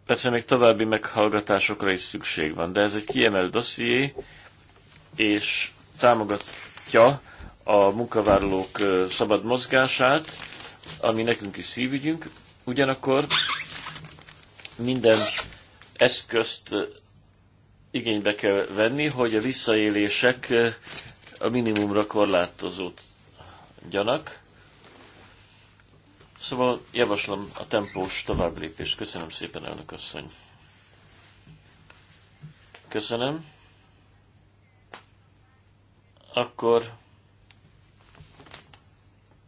Persze még további meghallgatásokra is szükség van, de ez egy kiemelt dosszié, és támogatja a munkavállalók szabad mozgását, ami nekünk is szívügyünk. Ugyanakkor minden eszközt igénybe kell venni, hogy a visszaélések a minimumra korlátozódjanak. Szóval javaslom a tempós tovább lépést. Köszönöm szépen, elnök asszony. Köszönöm. Akkor,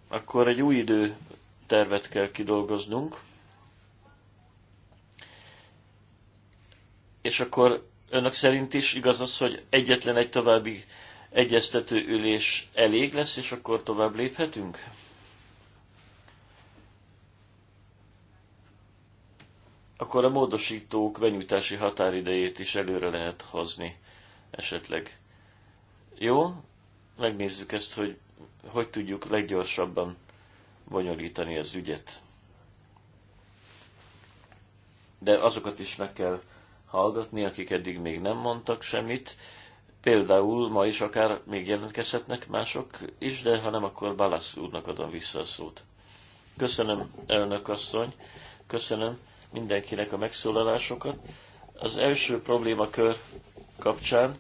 akkor egy új idő tervet kell kidolgoznunk. És akkor önök szerint is igaz az, hogy egyetlen egy további egyeztető ülés elég lesz, és akkor tovább léphetünk? akkor a módosítók benyújtási határidejét is előre lehet hozni esetleg. Jó? Megnézzük ezt, hogy hogy tudjuk leggyorsabban bonyolítani az ügyet. De azokat is meg kell hallgatni, akik eddig még nem mondtak semmit. Például ma is akár még jelentkezhetnek mások is, de ha nem, akkor Balasz úrnak adom vissza a szót. Köszönöm, elnök asszony, köszönöm mindenkinek a megszólalásokat. Az első problémakör kapcsán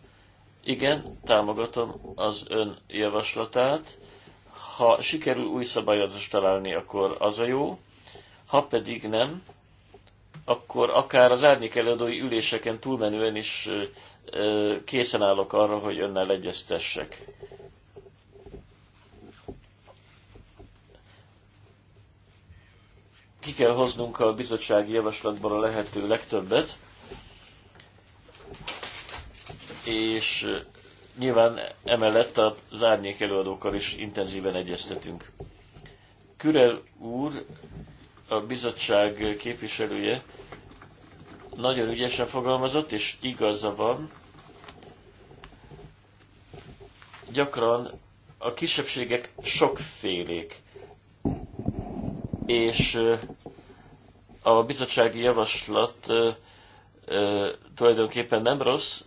igen, támogatom az ön javaslatát. Ha sikerül új szabályozást találni, akkor az a jó. Ha pedig nem, akkor akár az árnyék előadói üléseken túlmenően is készen állok arra, hogy önnel egyeztessek. ki kell hoznunk a bizottsági javaslatból a lehető legtöbbet, és nyilván emellett az árnyék előadókkal is intenzíven egyeztetünk. Kürel úr, a bizottság képviselője, nagyon ügyesen fogalmazott, és igaza van. Gyakran a kisebbségek sokfélék és a bizottsági javaslat tulajdonképpen nem rossz,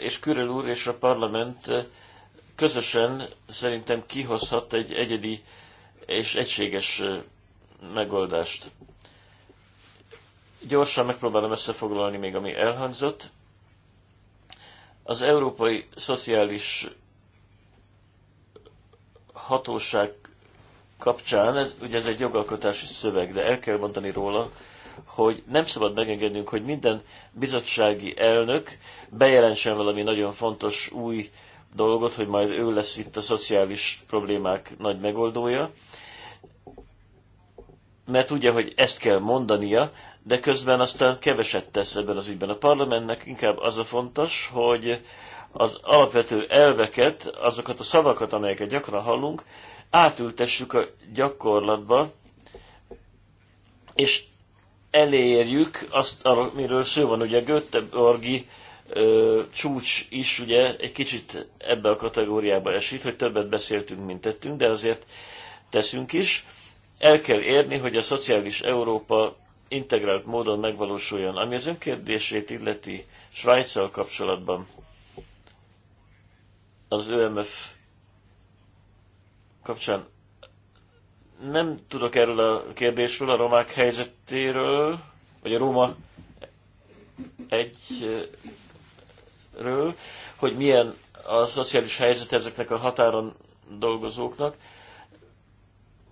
és Kürel úr és a parlament közösen szerintem kihozhat egy egyedi és egységes megoldást. Gyorsan megpróbálom összefoglalni még, ami elhangzott. Az európai szociális hatóság kapcsán, ez, ugye ez egy jogalkotási szöveg, de el kell mondani róla, hogy nem szabad megengednünk, hogy minden bizottsági elnök bejelentsen valami nagyon fontos új dolgot, hogy majd ő lesz itt a szociális problémák nagy megoldója, mert ugye hogy ezt kell mondania, de közben aztán keveset tesz ebben az ügyben. A parlamentnek inkább az a fontos, hogy az alapvető elveket, azokat a szavakat, amelyeket gyakran hallunk, átültessük a gyakorlatba, és elérjük azt, amiről szó van, ugye Göteborgi ö, csúcs is ugye egy kicsit ebbe a kategóriába esít, hogy többet beszéltünk, mint tettünk, de azért teszünk is. El kell érni, hogy a szociális Európa integrált módon megvalósuljon. Ami az önkérdését illeti Svájccal kapcsolatban, az ÖMF kapcsán nem tudok erről a kérdésről, a romák helyzetéről, vagy a Róma egyről, hogy milyen a szociális helyzet ezeknek a határon dolgozóknak.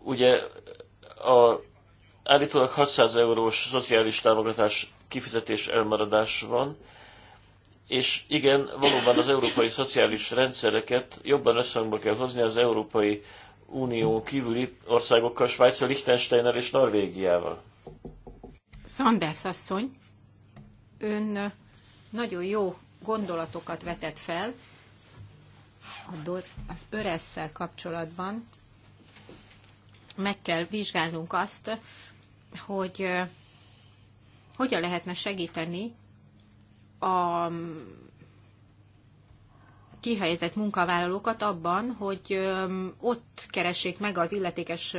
Ugye a állítólag 600 eurós szociális támogatás kifizetés elmaradás van, és igen, valóban az európai szociális rendszereket jobban összhangba kell hozni az Európai Unió kívüli országokkal, Svájc, Liechtensteinnel és Norvégiával. Sanders asszony, ön nagyon jó gondolatokat vetett fel az öresszel kapcsolatban. Meg kell vizsgálnunk azt, hogy hogyan lehetne segíteni a kihelyezett munkavállalókat abban, hogy ott keressék meg az illetékes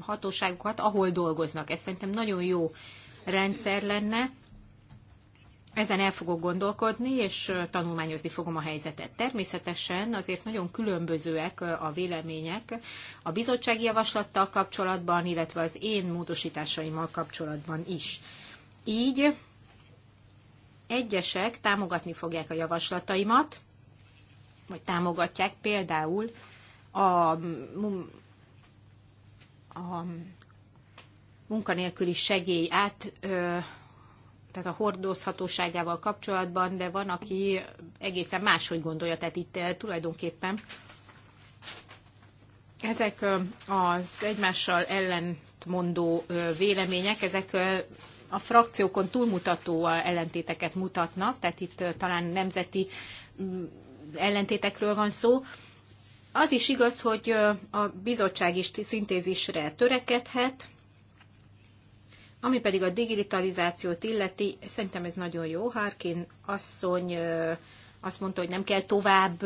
hatóságokat, ahol dolgoznak. Ez szerintem nagyon jó rendszer lenne. Ezen el fogok gondolkodni, és tanulmányozni fogom a helyzetet. Természetesen azért nagyon különbözőek a vélemények a bizottsági javaslattal kapcsolatban, illetve az én módosításaimmal kapcsolatban is. Így egyesek támogatni fogják a javaslataimat, vagy támogatják például a, a munkanélküli segély át, tehát a hordozhatóságával kapcsolatban, de van, aki egészen máshogy gondolja, tehát itt tulajdonképpen ezek az egymással ellentmondó vélemények, ezek a frakciókon túlmutató ellentéteket mutatnak, tehát itt talán nemzeti mm, ellentétekről van szó. Az is igaz, hogy a bizottság is szintézisre törekedhet, ami pedig a digitalizációt illeti, szerintem ez nagyon jó. Harkin asszony azt mondta, hogy nem kell tovább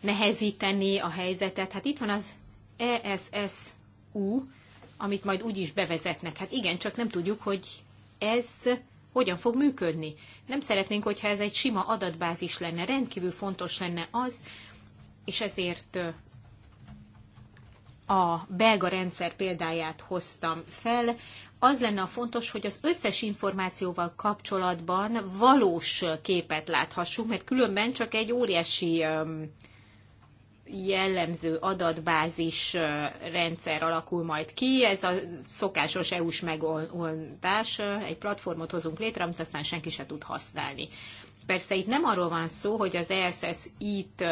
nehezíteni a helyzetet. Hát itt van az ESSU, amit majd úgy is bevezetnek. Hát igen, csak nem tudjuk, hogy ez hogyan fog működni. Nem szeretnénk, hogyha ez egy sima adatbázis lenne, rendkívül fontos lenne az, és ezért a belga rendszer példáját hoztam fel. Az lenne a fontos, hogy az összes információval kapcsolatban valós képet láthassunk, mert különben csak egy óriási jellemző adatbázis rendszer alakul majd ki. Ez a szokásos EU-s megoldás. Egy platformot hozunk létre, amit aztán senki se tud használni. Persze itt nem arról van szó, hogy az ESS itt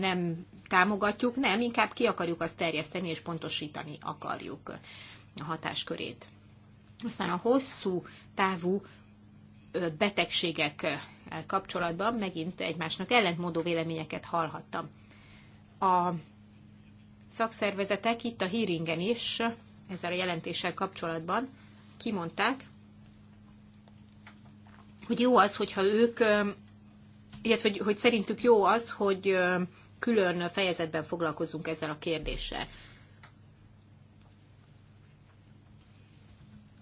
nem támogatjuk, nem, inkább ki akarjuk azt terjeszteni és pontosítani akarjuk a hatáskörét. Aztán a hosszú távú betegségek kapcsolatban megint egymásnak ellentmondó véleményeket hallhattam. A szakszervezetek itt a hearingen is ezzel a jelentéssel kapcsolatban kimondták, hogy jó az, hogyha ők, illetve hogy, hogy szerintük jó az, hogy külön fejezetben foglalkozunk ezzel a kérdéssel.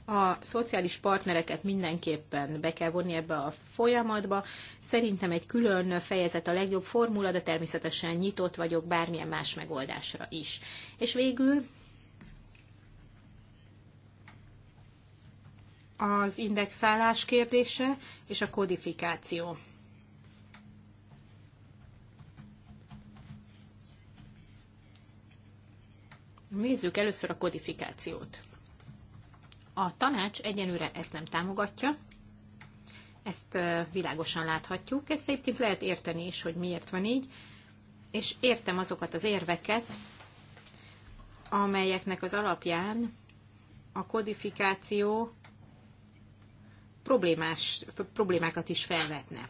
a szociális partnereket mindenképpen be kell vonni ebbe a folyamatba. Szerintem egy külön fejezet a legjobb formula, de természetesen nyitott vagyok bármilyen más megoldásra is. És végül az indexálás kérdése és a kodifikáció. Nézzük először a kodifikációt. A tanács egyenőre ezt nem támogatja, ezt világosan láthatjuk, ezt egyébként lehet érteni is, hogy miért van így, és értem azokat az érveket, amelyeknek az alapján a kodifikáció problémás, problémákat is felvetne.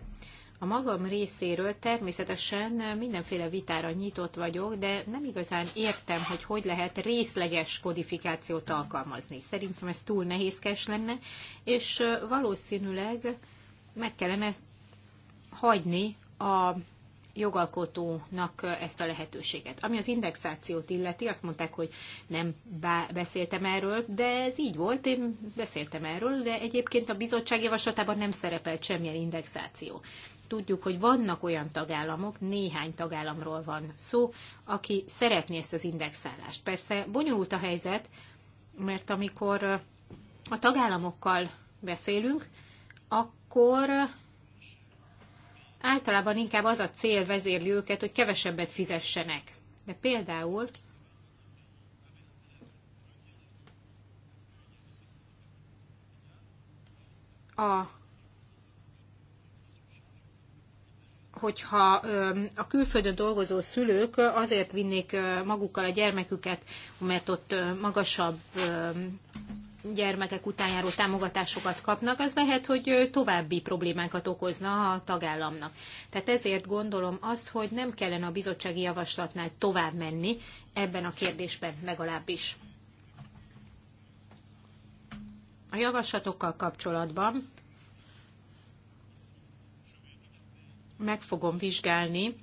A magam részéről természetesen mindenféle vitára nyitott vagyok, de nem igazán értem, hogy hogy lehet részleges kodifikációt alkalmazni. Szerintem ez túl nehézkes lenne, és valószínűleg meg kellene hagyni a jogalkotónak ezt a lehetőséget. Ami az indexációt illeti, azt mondták, hogy nem beszéltem erről, de ez így volt, én beszéltem erről, de egyébként a bizottság javaslatában nem szerepelt semmilyen indexáció tudjuk, hogy vannak olyan tagállamok, néhány tagállamról van szó, aki szeretné ezt az indexálást. Persze bonyolult a helyzet, mert amikor a tagállamokkal beszélünk, akkor általában inkább az a cél vezérli őket, hogy kevesebbet fizessenek. De például a hogyha a külföldön dolgozó szülők azért vinnék magukkal a gyermeküket, mert ott magasabb gyermekek utánjáró támogatásokat kapnak, az lehet, hogy további problémákat okozna a tagállamnak. Tehát ezért gondolom azt, hogy nem kellene a bizottsági javaslatnál tovább menni ebben a kérdésben legalábbis. A javaslatokkal kapcsolatban meg fogom vizsgálni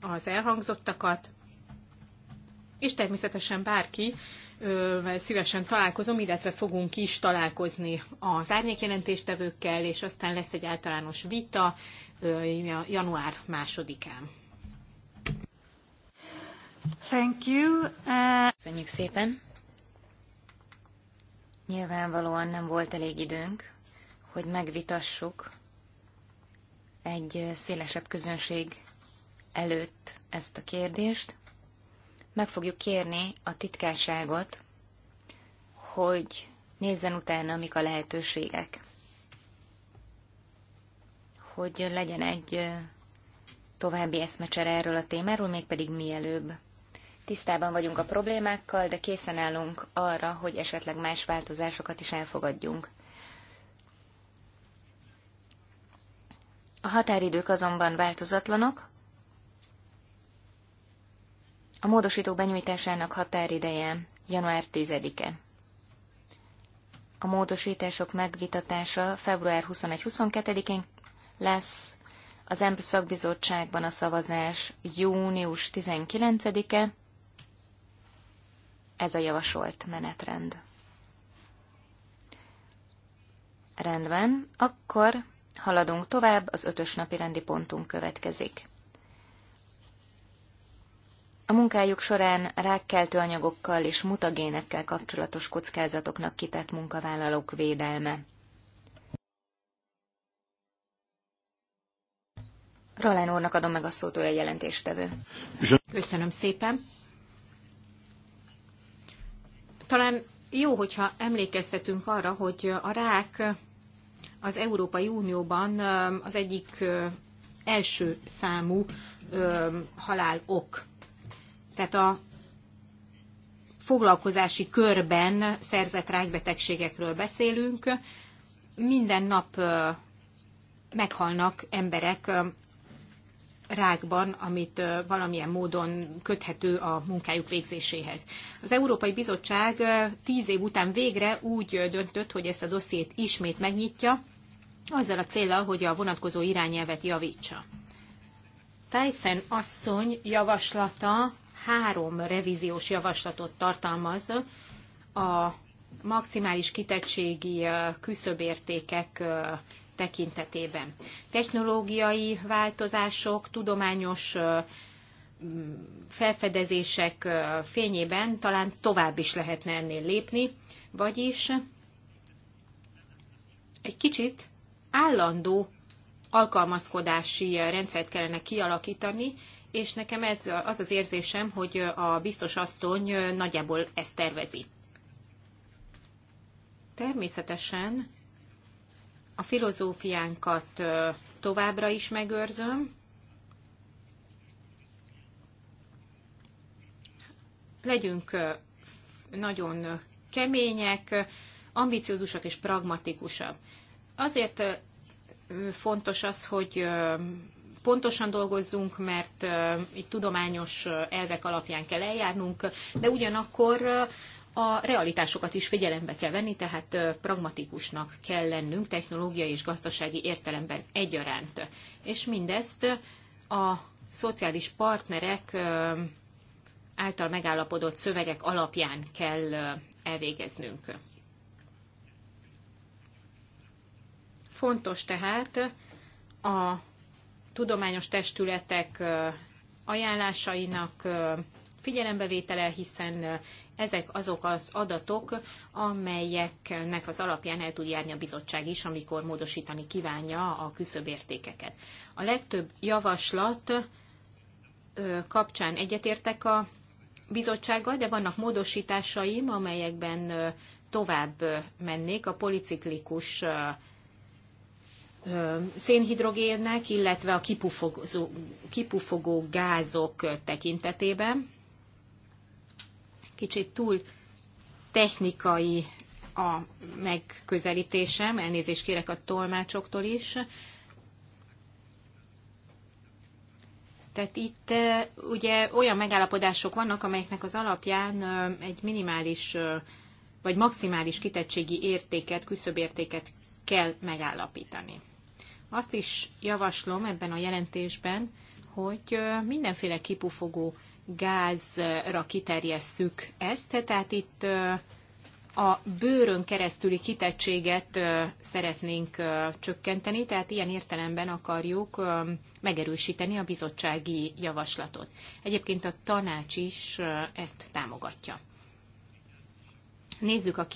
az elhangzottakat, és természetesen bárki szívesen találkozom, illetve fogunk is találkozni az árnyékjelentéstevőkkel, és aztán lesz egy általános vita január másodikán. Thank you. Uh, Köszönjük szépen. Nyilvánvalóan nem volt elég időnk, hogy megvitassuk egy szélesebb közönség előtt ezt a kérdést. Meg fogjuk kérni a titkárságot, hogy nézzen utána, mik a lehetőségek. Hogy legyen egy további eszmecsere erről a témáról, mégpedig mielőbb. Tisztában vagyunk a problémákkal, de készen állunk arra, hogy esetleg más változásokat is elfogadjunk. A határidők azonban változatlanok. A módosító benyújtásának határideje január 10-e. A módosítások megvitatása február 21-22-én lesz, az EMP szakbizottságban a szavazás június 19-e. Ez a javasolt menetrend. Rendben, akkor Haladunk tovább, az ötös napi rendi pontunk következik. A munkájuk során rákkeltő anyagokkal és mutagénekkel kapcsolatos kockázatoknak kitett munkavállalók védelme. Rolán úrnak adom meg a szót, ő a jelentéstevő. Köszönöm szépen. Talán jó, hogyha emlékeztetünk arra, hogy a rák az Európai Unióban az egyik első számú halálok. Tehát a foglalkozási körben szerzett rákbetegségekről beszélünk. Minden nap meghalnak emberek rákban, amit valamilyen módon köthető a munkájuk végzéséhez. Az Európai Bizottság tíz év után végre úgy döntött, hogy ezt a dossziét ismét megnyitja, azzal a célral, hogy a vonatkozó irányelvet javítsa. Tyson asszony javaslata három revíziós javaslatot tartalmaz a maximális kitettségi küszöbértékek tekintetében. Technológiai változások, tudományos felfedezések fényében talán tovább is lehetne ennél lépni, vagyis egy kicsit állandó alkalmazkodási rendszert kellene kialakítani, és nekem ez az az érzésem, hogy a biztos asszony nagyjából ezt tervezi. Természetesen a filozófiánkat továbbra is megőrzöm. Legyünk nagyon kemények, ambiciózusak és pragmatikusak. Azért fontos az, hogy pontosan dolgozzunk, mert itt tudományos elvek alapján kell eljárnunk, de ugyanakkor a realitásokat is figyelembe kell venni, tehát pragmatikusnak kell lennünk technológiai és gazdasági értelemben egyaránt. És mindezt a szociális partnerek által megállapodott szövegek alapján kell elvégeznünk. Fontos tehát a tudományos testületek ajánlásainak figyelembevétele, hiszen ezek azok az adatok, amelyeknek az alapján el tud járni a bizottság is, amikor módosítani kívánja a küszöbértékeket. A legtöbb javaslat kapcsán egyetértek a bizottsággal, de vannak módosításaim, amelyekben tovább mennék a policiklikus szénhidrogénnek, illetve a kipufogó, kipufogó gázok tekintetében. Kicsit túl technikai a megközelítésem, elnézést kérek a tolmácsoktól is. Tehát itt ugye olyan megállapodások vannak, amelyeknek az alapján egy minimális vagy maximális kitettségi értéket, küszöbértéket kell megállapítani. Azt is javaslom ebben a jelentésben, hogy mindenféle kipufogó gázra kiterjesszük ezt, tehát itt a bőrön keresztüli kitettséget szeretnénk csökkenteni, tehát ilyen értelemben akarjuk megerősíteni a bizottsági javaslatot. Egyébként a tanács is ezt támogatja. Nézzük a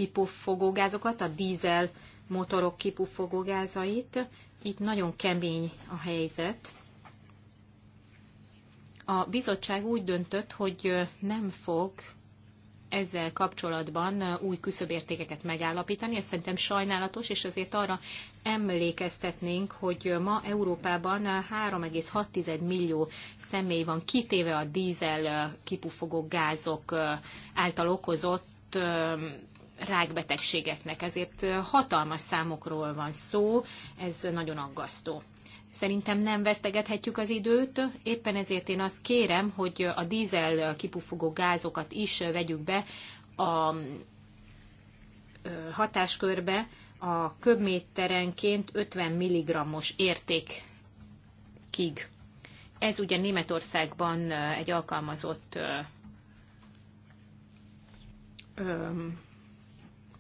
gázokat, a dízel motorok gázait itt nagyon kemény a helyzet. A bizottság úgy döntött, hogy nem fog ezzel kapcsolatban új küszöbértékeket megállapítani. Ez szerintem sajnálatos, és azért arra emlékeztetnénk, hogy ma Európában 3,6 millió személy van kitéve a dízel kipufogó gázok által okozott rákbetegségeknek, ezért hatalmas számokról van szó, ez nagyon aggasztó. Szerintem nem vesztegethetjük az időt, éppen ezért én azt kérem, hogy a dízel kipufogó gázokat is vegyük be a hatáskörbe a köbméterenként 50 mg-os értékig. Ez ugye Németországban egy alkalmazott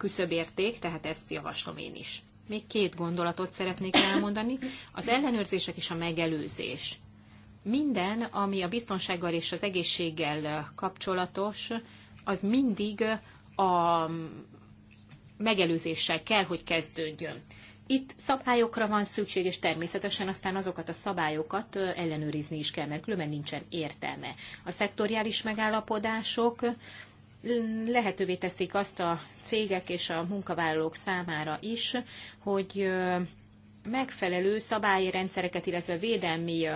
küszöbérték, tehát ezt javaslom én is. Még két gondolatot szeretnék elmondani. Az ellenőrzések és a megelőzés. Minden, ami a biztonsággal és az egészséggel kapcsolatos, az mindig a megelőzéssel kell, hogy kezdődjön. Itt szabályokra van szükség, és természetesen aztán azokat a szabályokat ellenőrizni is kell, mert különben nincsen értelme. A szektoriális megállapodások lehetővé teszik azt a cégek és a munkavállalók számára is, hogy megfelelő szabályi rendszereket, illetve védelmi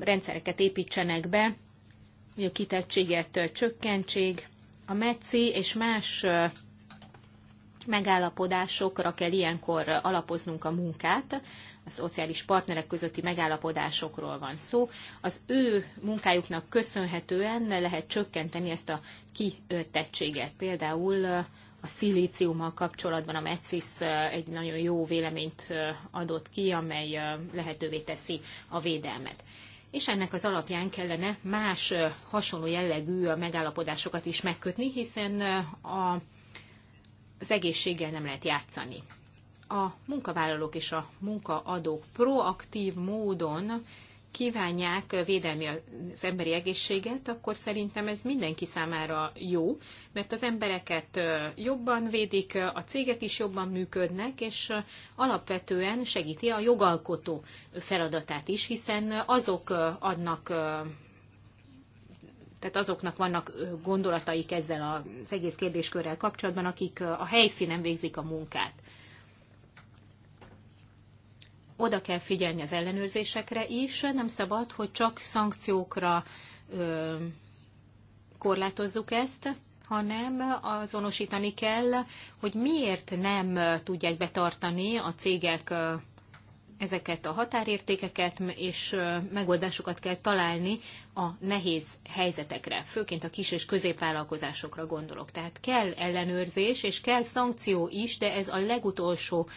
rendszereket építsenek be, hogy a kitettséget csökkentség, a MECI és más megállapodásokra kell ilyenkor alapoznunk a munkát, a szociális partnerek közötti megállapodásokról van szó. Az ő munkájuknak köszönhetően lehet csökkenteni ezt a kitettséget. Például a szilíciummal kapcsolatban a MECIS egy nagyon jó véleményt adott ki, amely lehetővé teszi a védelmet és ennek az alapján kellene más hasonló jellegű megállapodásokat is megkötni, hiszen a, az egészséggel nem lehet játszani a munkavállalók és a munkaadók proaktív módon kívánják védelmi az emberi egészséget, akkor szerintem ez mindenki számára jó, mert az embereket jobban védik, a cégek is jobban működnek, és alapvetően segíti a jogalkotó feladatát is, hiszen azok adnak tehát azoknak vannak gondolataik ezzel az egész kérdéskörrel kapcsolatban, akik a helyszínen végzik a munkát oda kell figyelni az ellenőrzésekre is, nem szabad, hogy csak szankciókra ö, korlátozzuk ezt, hanem azonosítani kell, hogy miért nem tudják betartani a cégek ezeket a határértékeket, és megoldásokat kell találni a nehéz helyzetekre, főként a kis és középvállalkozásokra gondolok. Tehát kell ellenőrzés, és kell szankció is, de ez a legutolsó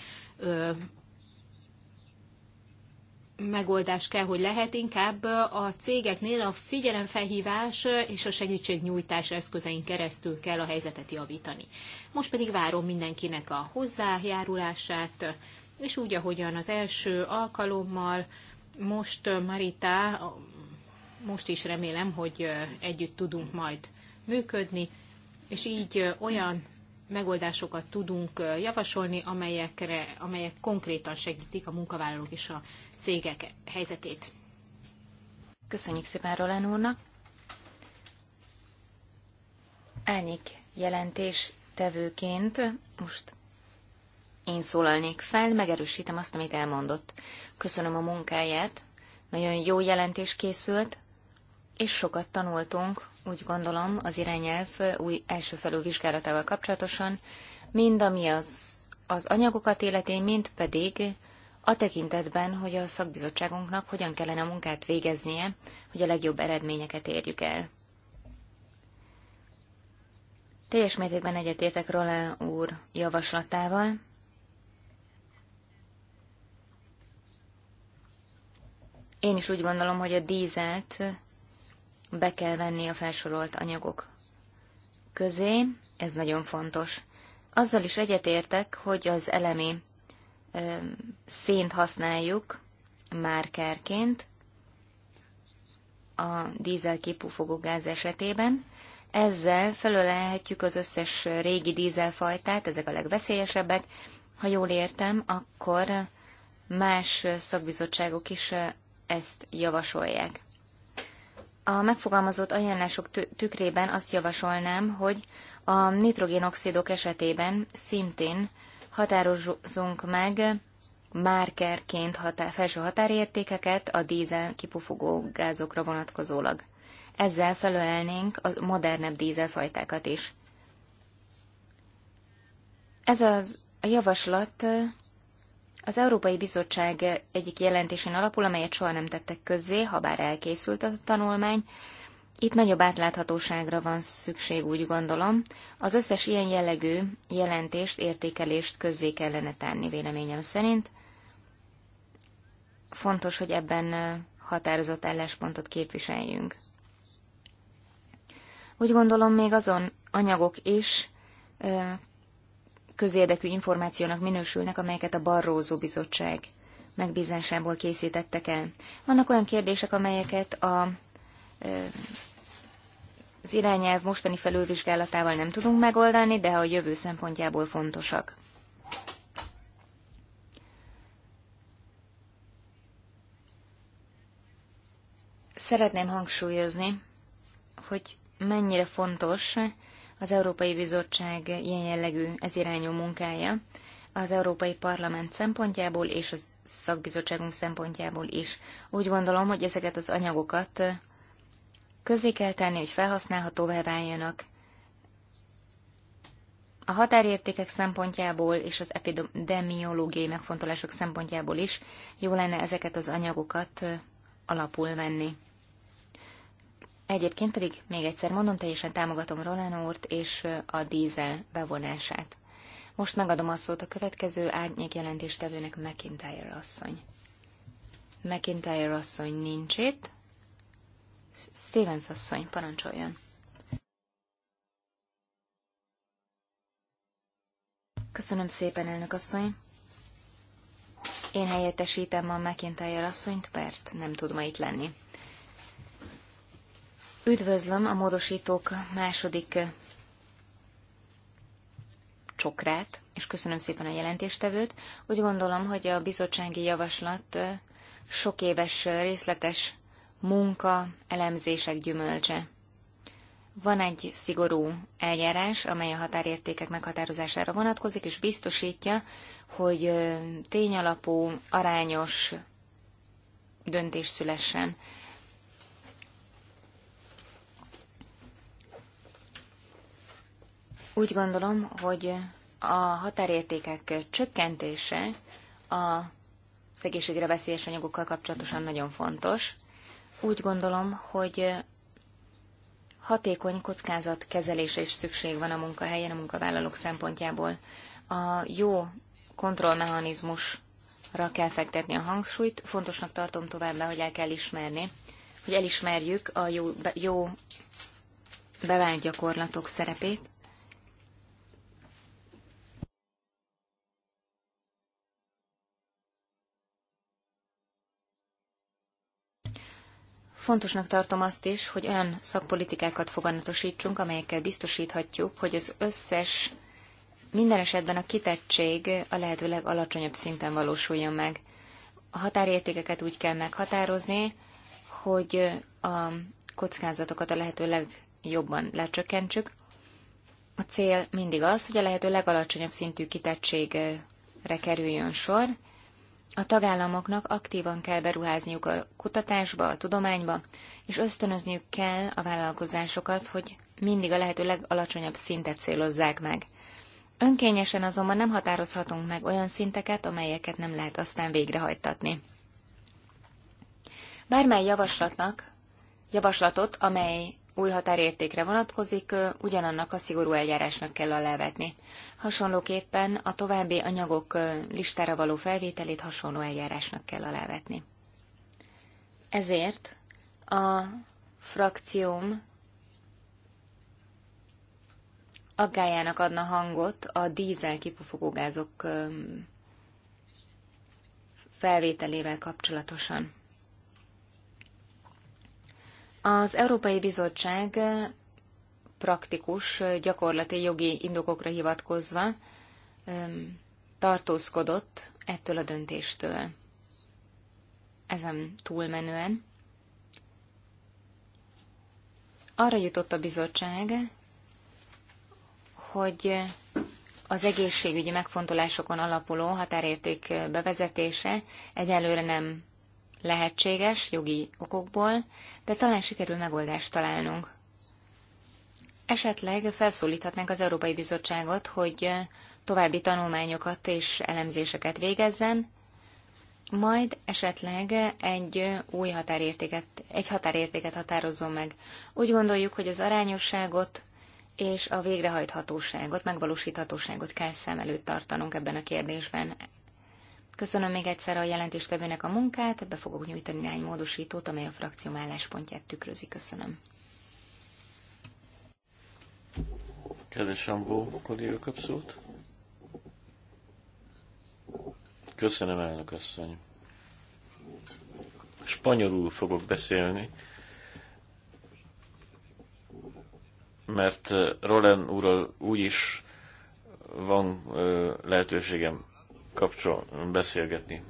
megoldás kell, hogy lehet, inkább a cégeknél a figyelemfelhívás és a segítségnyújtás eszközein keresztül kell a helyzetet javítani. Most pedig várom mindenkinek a hozzájárulását, és úgy, ahogyan az első alkalommal, most uh, Marita, most is remélem, hogy uh, együtt tudunk majd működni, és így uh, olyan megoldásokat tudunk javasolni, amelyekre, amelyek konkrétan segítik a munkavállalók és a cégek helyzetét. Köszönjük szépen Roland úrnak. Elnyik jelentés tevőként most én szólalnék fel, megerősítem azt, amit elmondott. Köszönöm a munkáját, nagyon jó jelentés készült, és sokat tanultunk úgy gondolom, az irányelv új első felülvizsgálatával kapcsolatosan, mind ami az, az anyagokat életén, mind pedig a tekintetben, hogy a szakbizottságunknak hogyan kellene a munkát végeznie, hogy a legjobb eredményeket érjük el. Teljes mértékben egyetértek Roland úr javaslatával. Én is úgy gondolom, hogy a dízelt be kell venni a felsorolt anyagok közé, ez nagyon fontos. Azzal is egyetértek, hogy az elemi ö, szént használjuk márkerként a dízel gáz esetében. Ezzel felölelhetjük az összes régi dízelfajtát, ezek a legveszélyesebbek. Ha jól értem, akkor más szakbizottságok is ezt javasolják. A megfogalmazott ajánlások tükrében azt javasolnám, hogy a nitrogénoxidok esetében szintén határozzunk meg márkerként határ, felső határértékeket a dízel kipufogó gázokra vonatkozólag. Ezzel felölelnénk a modernebb dízelfajtákat is. Ez az a javaslat az Európai Bizottság egyik jelentésén alapul, amelyet soha nem tettek közzé, ha bár elkészült a tanulmány, itt nagyobb átláthatóságra van szükség, úgy gondolom. Az összes ilyen jellegű jelentést, értékelést közzé kellene tenni véleményem szerint. Fontos, hogy ebben határozott álláspontot képviseljünk. Úgy gondolom, még azon anyagok is közérdekű információnak minősülnek, amelyeket a Barrózó Bizottság megbízásából készítettek el. Vannak olyan kérdések, amelyeket a, az irányelv mostani felülvizsgálatával nem tudunk megoldani, de a jövő szempontjából fontosak. Szeretném hangsúlyozni, hogy mennyire fontos az Európai Bizottság ilyen jellegű ez irányú munkája az Európai Parlament szempontjából és a szakbizottságunk szempontjából is. Úgy gondolom, hogy ezeket az anyagokat közé kell tenni, hogy felhasználhatóvá váljanak a határértékek szempontjából és az epidemiológiai megfontolások szempontjából is jó lenne ezeket az anyagokat alapul venni. Egyébként pedig még egyszer mondom, teljesen támogatom Roland úrt és a dízel bevonását. Most megadom a szót a következő árnyék jelentéstevőnek McIntyre asszony. McIntyre asszony nincs itt. Stevens asszony, parancsoljon. Köszönöm szépen, elnök asszony. Én helyettesítem a McIntyre asszonyt, mert nem tud ma itt lenni. Üdvözlöm a módosítók második eh, csokrát, és köszönöm szépen a jelentéstevőt. Úgy gondolom, hogy a bizottsági javaslat eh, sok éves eh, részletes munka, elemzések gyümölcse. Van egy szigorú eljárás, amely a határértékek meghatározására vonatkozik, és biztosítja, hogy tényalapú, arányos döntés szülessen. Úgy gondolom, hogy a határértékek csökkentése a egészségre veszélyes anyagokkal kapcsolatosan nagyon fontos. Úgy gondolom, hogy hatékony kockázatkezelésre is szükség van a munkahelyen, a munkavállalók szempontjából. A jó kontrollmechanizmusra kell fektetni a hangsúlyt. Fontosnak tartom továbbá, hogy el kell ismerni, hogy elismerjük a jó, jó bevált gyakorlatok szerepét, Fontosnak tartom azt is, hogy olyan szakpolitikákat foganatosítsunk, amelyekkel biztosíthatjuk, hogy az összes, minden esetben a kitettség a lehető legalacsonyabb szinten valósuljon meg. A határértékeket úgy kell meghatározni, hogy a kockázatokat a lehető legjobban lecsökkentsük. A cél mindig az, hogy a lehető legalacsonyabb szintű kitettségre eh, kerüljön sor, a tagállamoknak aktívan kell beruházniuk a kutatásba, a tudományba, és ösztönözniük kell a vállalkozásokat, hogy mindig a lehető legalacsonyabb szintet célozzák meg. Önkényesen azonban nem határozhatunk meg olyan szinteket, amelyeket nem lehet aztán végrehajtatni. Bármely javaslatnak, javaslatot, amely új határértékre vonatkozik, ugyanannak a szigorú eljárásnak kell alávetni. Hasonlóképpen a további anyagok listára való felvételét hasonló eljárásnak kell alávetni. Ezért a frakcióm aggájának adna hangot a dízel kipufogógázok felvételével kapcsolatosan. Az Európai Bizottság praktikus, gyakorlati jogi indokokra hivatkozva tartózkodott ettől a döntéstől. Ezen túlmenően arra jutott a bizottság, hogy az egészségügyi megfontolásokon alapuló határérték bevezetése egyelőre nem lehetséges jogi okokból, de talán sikerül megoldást találnunk. Esetleg felszólíthatnánk az Európai Bizottságot, hogy további tanulmányokat és elemzéseket végezzen, majd esetleg egy új határértéket, egy határértéket határozzon meg. Úgy gondoljuk, hogy az arányosságot és a végrehajthatóságot, megvalósíthatóságot kell szem előtt tartanunk ebben a kérdésben. Köszönöm még egyszer a jelentéstevőnek a munkát, be fogok nyújtani néhány módosítót, amely a frakcióm álláspontját tükrözi. Köszönöm. Kedves Ambó kolléga kap szót. Köszönöm, elnök asszony. Spanyolul fogok beszélni, mert eh, Roland úrral úgyis van eh, lehetőségem kapcsol, beszélgetni.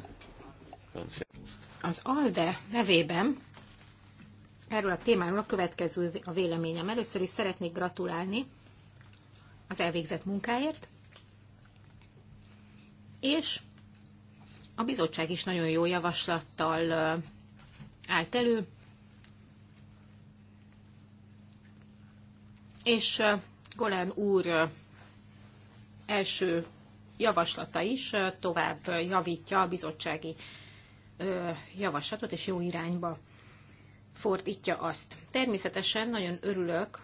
Az ALDE nevében erről a témáról a következő a véleményem. Először is szeretnék gratulálni az elvégzett munkáért, és a bizottság is nagyon jó javaslattal állt elő, és Golán úr első javaslata is tovább javítja a bizottsági javaslatot, és jó irányba fordítja azt. Természetesen nagyon örülök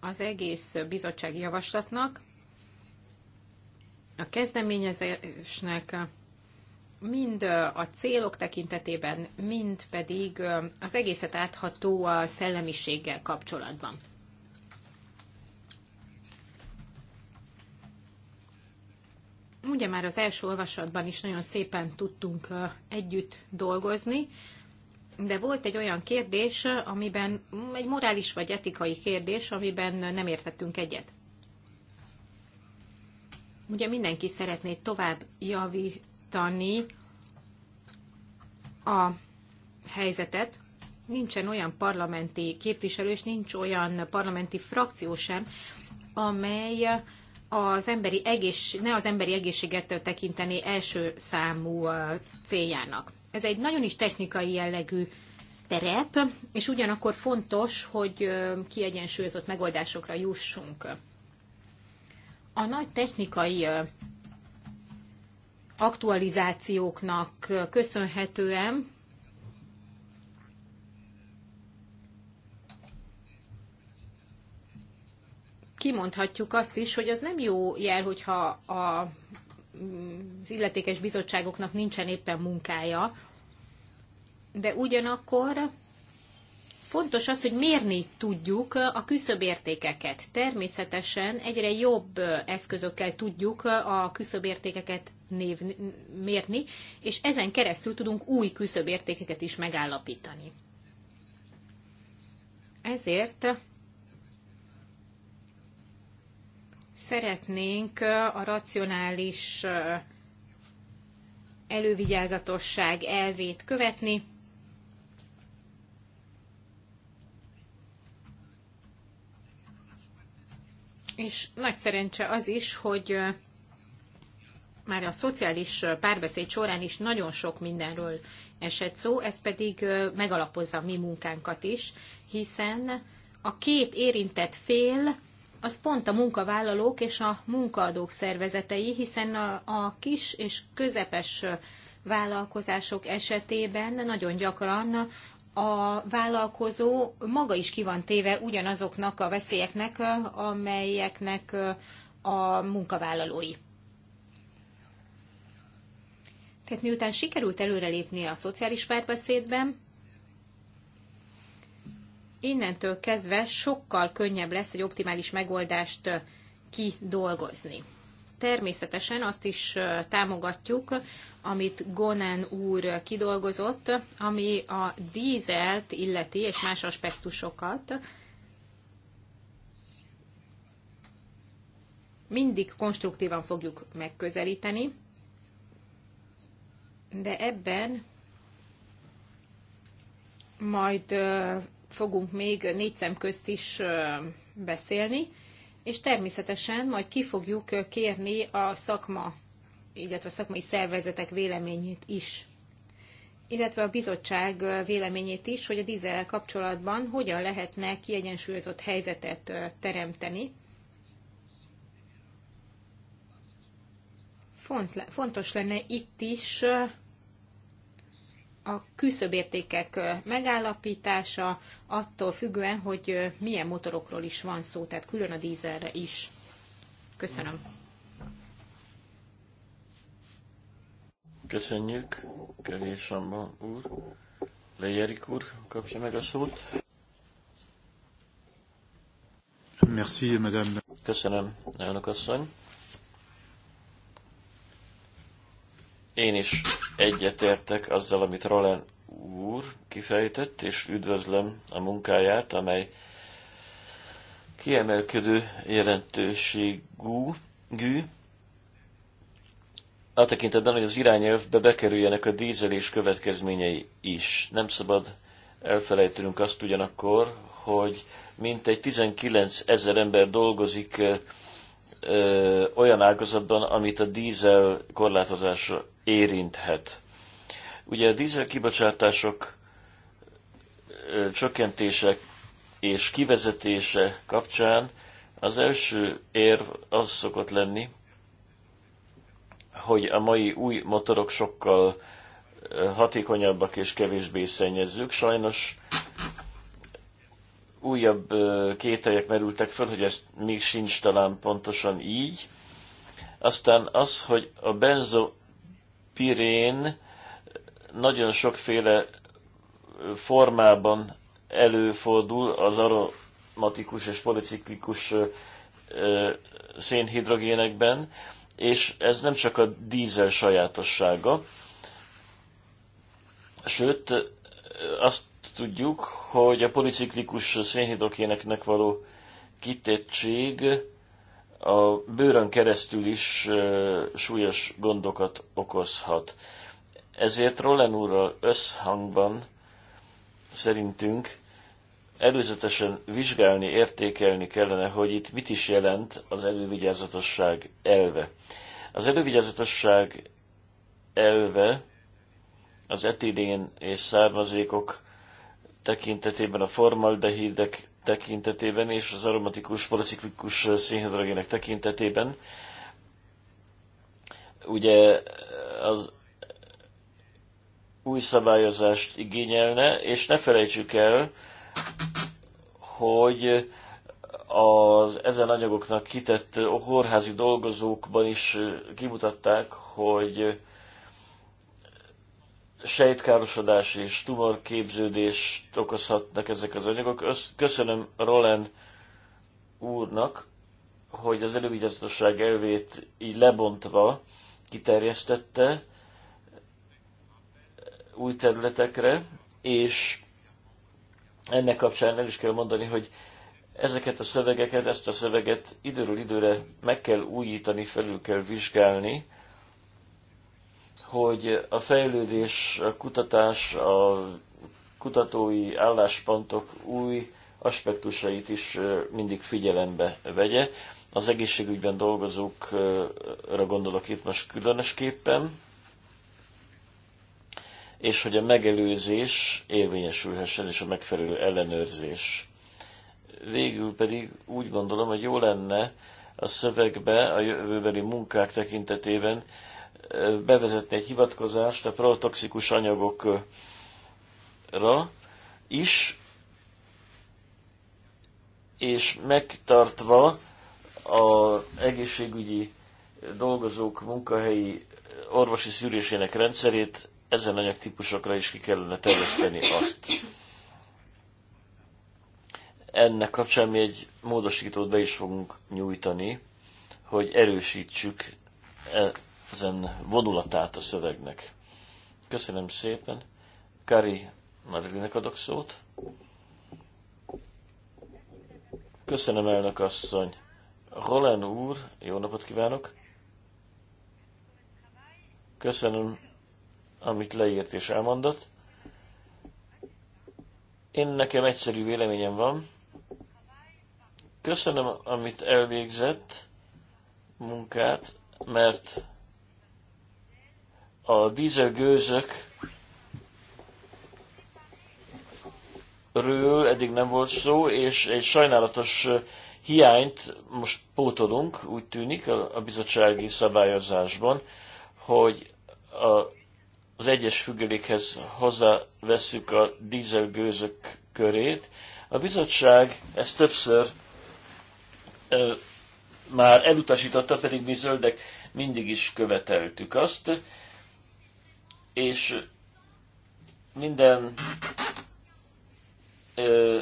az egész bizottsági javaslatnak, a kezdeményezésnek, mind a célok tekintetében, mind pedig az egészet átható a szellemiséggel kapcsolatban. ugye már az első olvasatban is nagyon szépen tudtunk együtt dolgozni, de volt egy olyan kérdés, amiben mm, egy morális vagy etikai kérdés, amiben nem értettünk egyet. Ugye mindenki szeretné tovább javítani a helyzetet. Nincsen olyan parlamenti képviselő, és nincs olyan parlamenti frakció sem, amely az emberi egész, ne az emberi egészséget tekinteni első számú céljának. Ez egy nagyon is technikai jellegű terep, és ugyanakkor fontos, hogy kiegyensúlyozott megoldásokra jussunk. A nagy technikai aktualizációknak köszönhetően kimondhatjuk azt is, hogy az nem jó jel, hogyha a, az illetékes bizottságoknak nincsen éppen munkája, de ugyanakkor fontos az, hogy mérni tudjuk a küszöbértékeket. Természetesen egyre jobb eszközökkel tudjuk a küszöbértékeket név, mérni, és ezen keresztül tudunk új küszöbértékeket is megállapítani. Ezért szeretnénk a racionális elővigyázatosság elvét követni, és nagy szerencse az is, hogy már a szociális párbeszéd során is nagyon sok mindenről esett szó, ez pedig megalapozza mi munkánkat is, hiszen a két érintett fél az pont a munkavállalók és a munkaadók szervezetei, hiszen a, a kis és közepes vállalkozások esetében nagyon gyakran a vállalkozó maga is ki van téve ugyanazoknak a veszélyeknek, amelyeknek a munkavállalói. Tehát miután sikerült előrelépni a szociális párbeszédben, innentől kezdve sokkal könnyebb lesz egy optimális megoldást kidolgozni. Természetesen azt is támogatjuk, amit Gonen úr kidolgozott, ami a dízelt illeti és más aspektusokat. Mindig konstruktívan fogjuk megközelíteni, de ebben majd fogunk még négy szem közt is beszélni, és természetesen majd ki fogjuk kérni a szakma, illetve a szakmai szervezetek véleményét is illetve a bizottság véleményét is, hogy a dízel kapcsolatban hogyan lehetne kiegyensúlyozott helyzetet teremteni. fontos lenne itt is a küszöbértékek megállapítása attól függően, hogy milyen motorokról is van szó, tehát külön a dízelre is. Köszönöm. Köszönjük, Kevés Samba úr. Lejerik úr, kapja meg a szót. Merci, madame. Köszönöm, elnök asszony. Én is egyetértek azzal, amit Roland úr kifejtett, és üdvözlöm a munkáját, amely kiemelkedő jelentőségű a tekintetben, hogy az irányelvbe bekerüljenek a dízelés következményei is. Nem szabad elfelejtenünk azt ugyanakkor, hogy mintegy 19 ezer ember dolgozik ö, ö, olyan ágazatban, amit a dízel korlátozása érinthet. Ugye a dízel kibocsátások csökkentése és kivezetése kapcsán az első ér az szokott lenni, hogy a mai új motorok sokkal hatékonyabbak és kevésbé szennyezők. Sajnos újabb kételyek merültek föl, hogy ezt még sincs talán pontosan így. Aztán az, hogy a benzo pirén nagyon sokféle formában előfordul az aromatikus és policiklikus szénhidrogénekben, és ez nem csak a dízel sajátossága, sőt, azt tudjuk, hogy a policiklikus szénhidrogéneknek való kitettség a bőrön keresztül is súlyos gondokat okozhat. Ezért rolen úrral összhangban szerintünk előzetesen vizsgálni, értékelni kellene, hogy itt mit is jelent az elővigyázatosság elve. Az elővigyázatosság elve az etidén és származékok tekintetében a formaldehidek tekintetében és az aromatikus policiklikus szénhidrogének tekintetében. Ugye az új szabályozást igényelne, és ne felejtsük el, hogy az ezen anyagoknak kitett kórházi dolgozókban is kimutatták, hogy sejtkárosodás és tumorképződést okozhatnak ezek az anyagok. Köszönöm Roland úrnak, hogy az elővigyázatosság elvét így lebontva kiterjesztette új területekre, és ennek kapcsán el is kell mondani, hogy ezeket a szövegeket, ezt a szöveget időről időre meg kell újítani, felül kell vizsgálni, hogy a fejlődés, a kutatás, a kutatói álláspontok új aspektusait is mindig figyelembe vegye. Az egészségügyben dolgozókra gondolok itt most különösképpen, és hogy a megelőzés érvényesülhessen, és a megfelelő ellenőrzés. Végül pedig úgy gondolom, hogy jó lenne a szövegbe, a jövőbeli munkák tekintetében bevezetni egy hivatkozást a protoxikus anyagokra is, és megtartva az egészségügyi dolgozók munkahelyi orvosi szűrésének rendszerét ezen anyagtípusokra is ki kellene terjeszteni azt. Ennek kapcsán mi egy módosítót be is fogunk nyújtani, hogy erősítsük e- ezen vonulatát a szövegnek. Köszönöm szépen. Kari Madrinek adok szót. Köszönöm, elnök asszony. Roland úr, jó napot kívánok. Köszönöm, amit leírt és elmondott. Én nekem egyszerű véleményem van. Köszönöm, amit elvégzett munkát, mert a dízelgőzök ről eddig nem volt szó, és egy sajnálatos hiányt most pótolunk, úgy tűnik, a bizottsági szabályozásban, hogy a, az egyes függelékhez hozzáveszük a dízelgőzök körét. A bizottság ezt többször ö, már elutasította, pedig mi zöldek mindig is követeltük azt, és minden ö,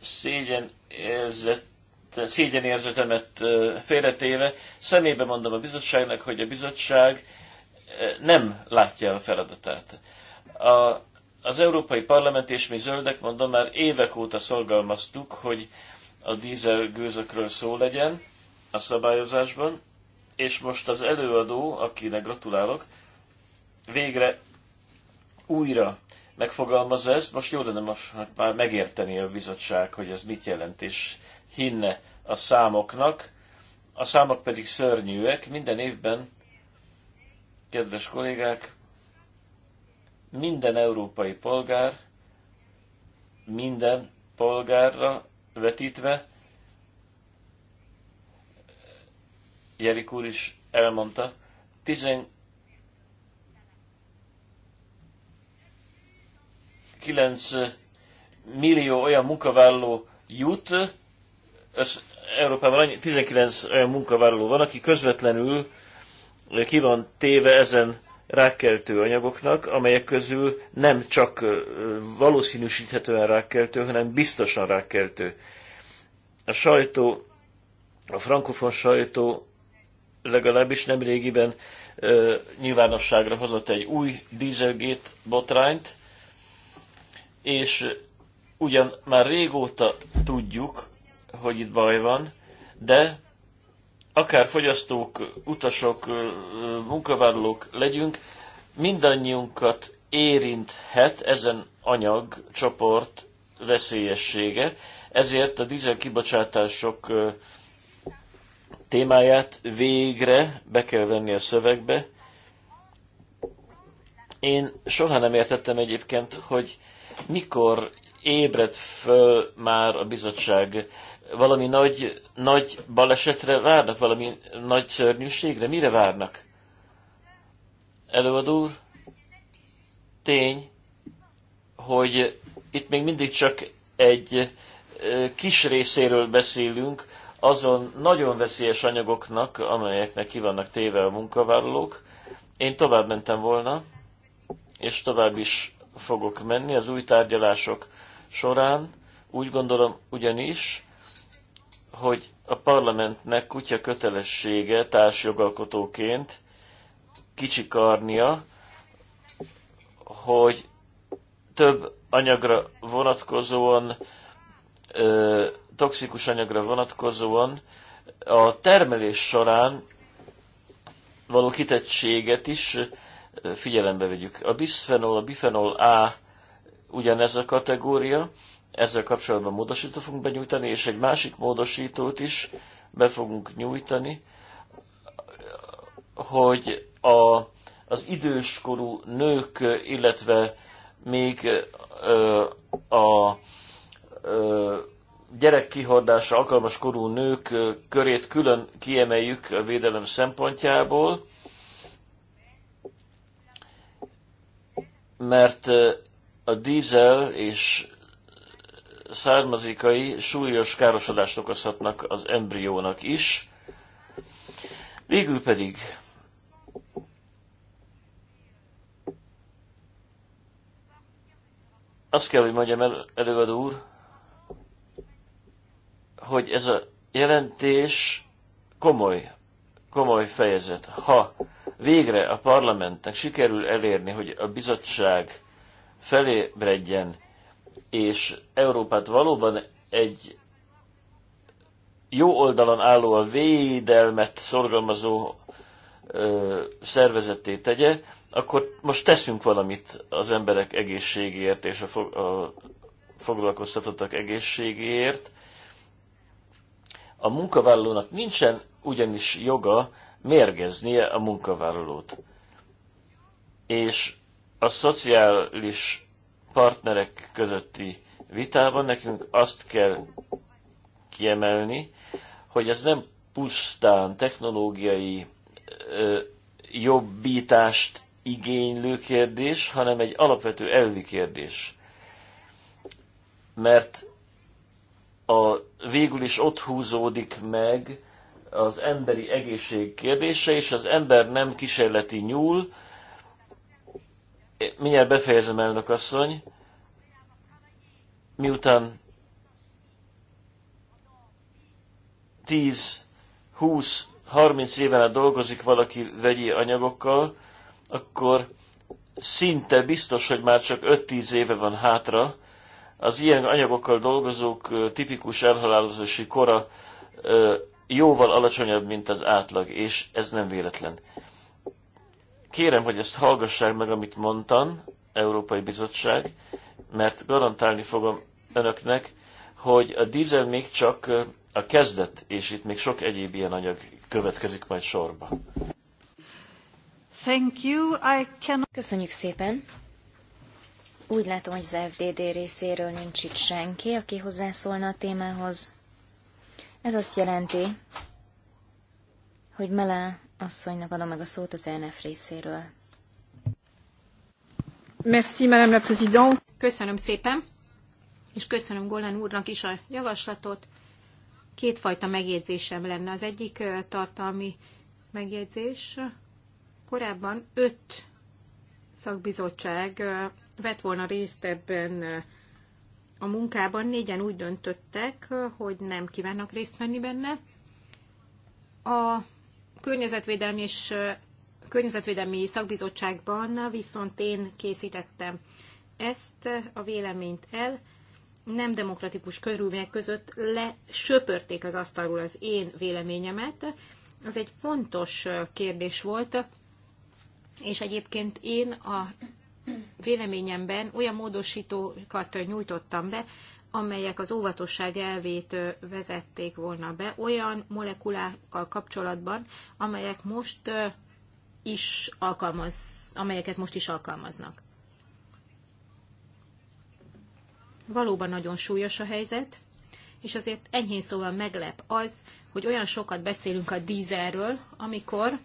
szégyen érzett, szégyenérzetemet félretéve, szemébe mondom a bizottságnak, hogy a bizottság nem látja a feladatát. A, az Európai Parlament és mi zöldek, mondom, már évek óta szolgalmaztuk, hogy a dízelgőzökről szó legyen a szabályozásban, és most az előadó, akinek gratulálok, végre újra megfogalmazza ezt, most jó lenne most már megérteni a bizottság, hogy ez mit jelent, és hinne a számoknak, a számok pedig szörnyűek, minden évben, kedves kollégák, minden európai polgár, minden polgárra vetítve, Jerik úr is elmondta, 1,9 eh, millió olyan munkavállaló jut, eh, ez Európában 19 olyan munkavállaló van, aki közvetlenül eh, ki van téve ezen rákkeltő anyagoknak, amelyek közül nem csak valószínűsíthetően rákkeltő, hanem biztosan rákkeltő. A sajtó, a frankofon sajtó legalábbis nem régiben nyilvánosságra hozott egy új dieselgate botrányt, és eh, ugyan már régóta tudjuk, hogy itt baj van, de akár fogyasztók, utasok, eh, munkavállalók legyünk, mindannyiunkat érinthet ezen anyag csoport veszélyessége, ezért a dízel kibocsátások eh, témáját végre be kell venni a szövegbe. Én soha nem értettem egyébként, hogy mikor ébred föl már a bizottság? Valami nagy, nagy balesetre várnak? Valami nagy szörnyűségre? Mire várnak? Előadó úr, tény, hogy itt még mindig csak egy kis részéről beszélünk azon nagyon veszélyes anyagoknak, amelyeknek ki vannak téve a munkavállalók. Én tovább mentem volna, és tovább is fogok menni az új tárgyalások során. Úgy gondolom ugyanis, hogy a parlamentnek kutya kötelessége társjogalkotóként kicsikarnia, hogy több anyagra vonatkozóan, ö, toxikus anyagra vonatkozóan a termelés során való kitettséget is figyelembe vegyük. A bisphenol, a bifenol A ugyanez a kategória, ezzel kapcsolatban módosító fogunk benyújtani, és egy másik módosítót is be fogunk nyújtani, hogy a, az időskorú nők, illetve még ö, a ö, gyerekkihordásra alkalmas korú nők körét külön kiemeljük a védelem szempontjából, mert a dízel és származékai súlyos károsodást okozhatnak az embriónak is. Végül pedig azt kell, hogy mondjam el, előadó úr, hogy ez a jelentés komoly, komoly fejezet. Ha végre a parlamentnek sikerül elérni, hogy a bizottság felébredjen, és Európát valóban egy jó oldalon álló, a védelmet szorgalmazó ö, szervezetté tegye, akkor most teszünk valamit az emberek egészségéért és a, fog, a foglalkoztatottak egészségéért. A munkavállalónak nincsen ugyanis joga mérgeznie a munkavállalót. És a szociális partnerek közötti vitában nekünk azt kell kiemelni, hogy ez nem pusztán technológiai ö, jobbítást igénylő kérdés, hanem egy alapvető elvi kérdés. Mert a végül is ott húzódik meg az emberi egészség kérdése, és az ember nem kísérleti nyúl. Mindjárt befejezem, elnök asszony. Miután 10, 20, 30 éven át dolgozik valaki vegyi anyagokkal, akkor szinte biztos, hogy már csak 5-10 éve van hátra. Az ilyen anyagokkal dolgozók tipikus elhalálozási kora jóval alacsonyabb, mint az átlag, és ez nem véletlen. Kérem, hogy ezt hallgassák meg, amit mondtam, Európai Bizottság, mert garantálni fogom önöknek, hogy a dízel még csak a kezdet, és itt még sok egyéb ilyen anyag következik majd sorba. Thank you. I cannot... Köszönjük szépen. Úgy látom, hogy az FDD részéről nincs itt senki, aki hozzászólna a témához. Ez azt jelenti, hogy Mele asszonynak adom meg a szót az ENF részéről. Merci, Madame la Présidente. Köszönöm szépen, és köszönöm Golan úrnak is a javaslatot. Kétfajta megjegyzésem lenne. Az egyik tartalmi megjegyzés. Korábban öt szakbizottság vett volna részt ebben a munkában négyen úgy döntöttek, hogy nem kívánnak részt venni benne. A környezetvédelmi és környezetvédelmi szakbizottságban viszont én készítettem ezt a véleményt el. Nem demokratikus körülmények között lesöpörték az asztalról az én véleményemet. Az egy fontos kérdés volt, és egyébként én a véleményemben olyan módosítókat nyújtottam be, amelyek az óvatosság elvét vezették volna be, olyan molekulákkal kapcsolatban, amelyek most is alkalmaz, amelyeket most is alkalmaznak. Valóban nagyon súlyos a helyzet, és azért enyhén szóval meglep az, hogy olyan sokat beszélünk a dízelről, amikor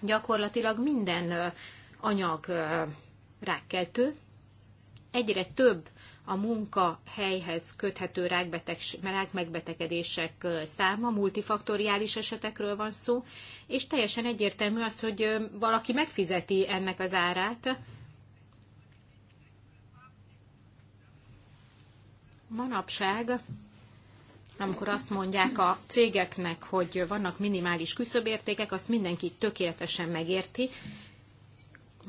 gyakorlatilag minden anyag rákkeltő. Egyre több a munkahelyhez köthető rákmegbetegedések száma, multifaktoriális esetekről van szó, és teljesen egyértelmű az, hogy valaki megfizeti ennek az árát. Manapság, amikor azt mondják a cégeknek, hogy vannak minimális küszöbértékek, azt mindenki tökéletesen megérti,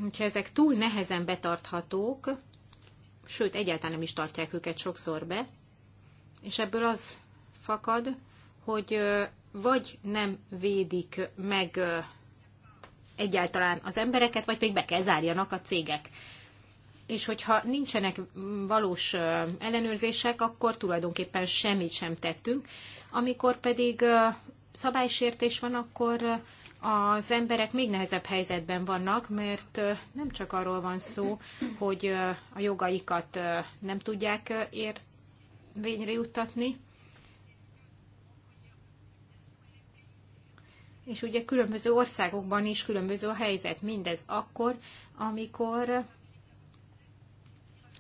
hogyha ezek túl nehezen betarthatók, sőt, egyáltalán nem is tartják őket sokszor be, és ebből az fakad, hogy vagy nem védik meg egyáltalán az embereket, vagy pedig be kell zárjanak a cégek. És hogyha nincsenek valós ellenőrzések, akkor tulajdonképpen semmit sem tettünk. Amikor pedig szabálysértés van, akkor az emberek még nehezebb helyzetben vannak, mert nem csak arról van szó, hogy a jogaikat nem tudják érvényre juttatni, és ugye különböző országokban is különböző a helyzet, mindez akkor, amikor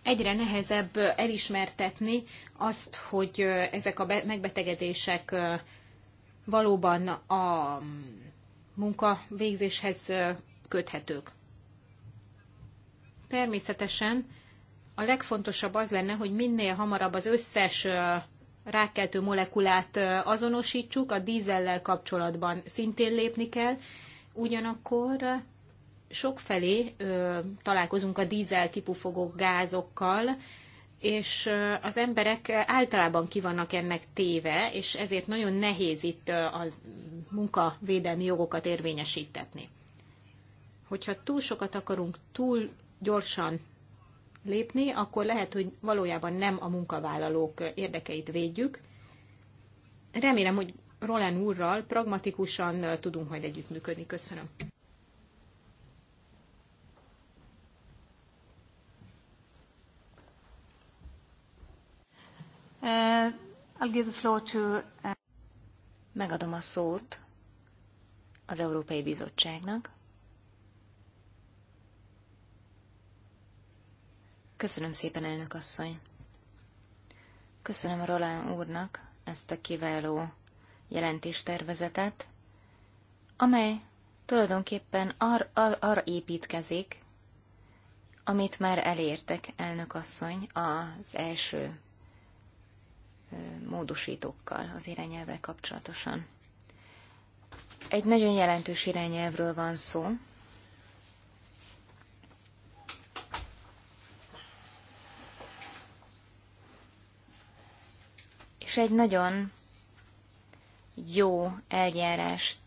egyre nehezebb elismertetni azt, hogy ezek a megbetegedések valóban a munkavégzéshez köthetők. Természetesen a legfontosabb az lenne, hogy minél hamarabb az összes rákkeltő molekulát azonosítsuk, a dízellel kapcsolatban szintén lépni kell, ugyanakkor sokfelé találkozunk a dízel kipufogó gázokkal, és az emberek általában kivannak ennek téve, és ezért nagyon nehéz itt a munkavédelmi jogokat érvényesítetni. Hogyha túl sokat akarunk túl gyorsan lépni, akkor lehet, hogy valójában nem a munkavállalók érdekeit védjük. Remélem, hogy Roland úrral pragmatikusan tudunk majd együttműködni. Köszönöm. Uh, I'll give the floor to, uh... Megadom a szót az Európai Bizottságnak. Köszönöm szépen, elnök asszony. Köszönöm Roland úrnak ezt a kiváló jelentéstervezetet, amely tulajdonképpen ar- ar- arra építkezik, amit már elértek, elnök asszony, az első módosítókkal az irányelvvel kapcsolatosan. Egy nagyon jelentős irányelvről van szó. És egy nagyon jó eljárást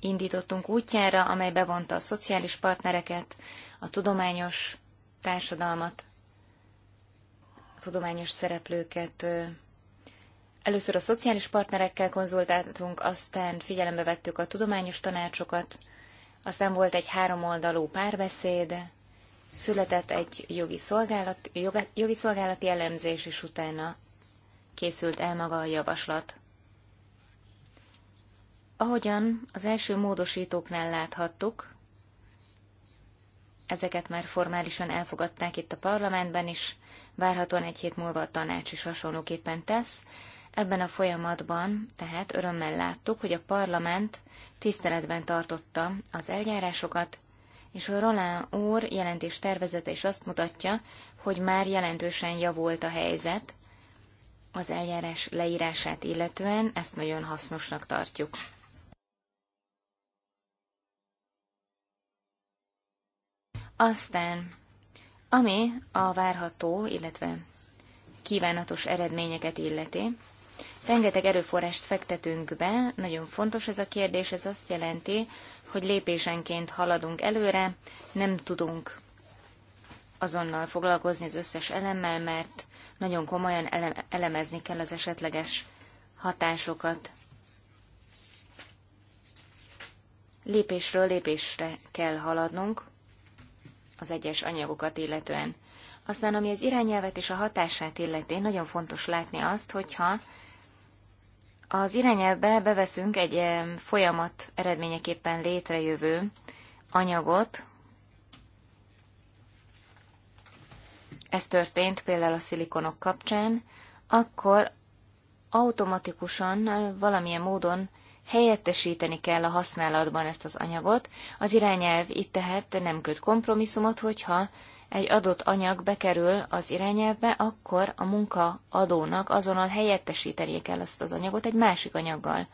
indítottunk útjára, amely bevonta a szociális partnereket, a tudományos társadalmat, tudományos szereplőket. Először a szociális partnerekkel konzultáltunk, aztán figyelembe vettük a tudományos tanácsokat, aztán volt egy háromoldalú párbeszéd, született egy jogi, szolgálat, jogi, jogi szolgálati elemzés, és utána készült el maga a javaslat. Ahogyan az első módosítóknál láthattuk, ezeket már formálisan elfogadták itt a parlamentben is, várhatóan egy hét múlva a tanács is hasonlóképpen tesz. Ebben a folyamatban tehát örömmel láttuk, hogy a parlament tiszteletben tartotta az eljárásokat, és a Roland úr jelentés tervezete is azt mutatja, hogy már jelentősen javult a helyzet az eljárás leírását illetően, ezt nagyon hasznosnak tartjuk. Aztán ami a várható, illetve kívánatos eredményeket illeti, Rengeteg erőforrást fektetünk be, nagyon fontos ez a kérdés, ez azt jelenti, hogy lépésenként haladunk előre, nem tudunk azonnal foglalkozni az összes elemmel, mert nagyon komolyan ele- elemezni kell az esetleges hatásokat. Lépésről lépésre kell haladnunk, az egyes anyagokat illetően. Aztán, ami az irányelvet és a hatását illeti, nagyon fontos látni azt, hogyha az irányelvbe beveszünk egy folyamat eredményeképpen létrejövő anyagot, ez történt például a szilikonok kapcsán, akkor automatikusan valamilyen módon helyettesíteni kell a használatban ezt az anyagot. Az irányelv itt tehát nem köt kompromisszumot, hogyha egy adott anyag bekerül az irányelvbe, akkor a munkaadónak azonnal helyettesítenie kell azt az anyagot egy másik anyaggal.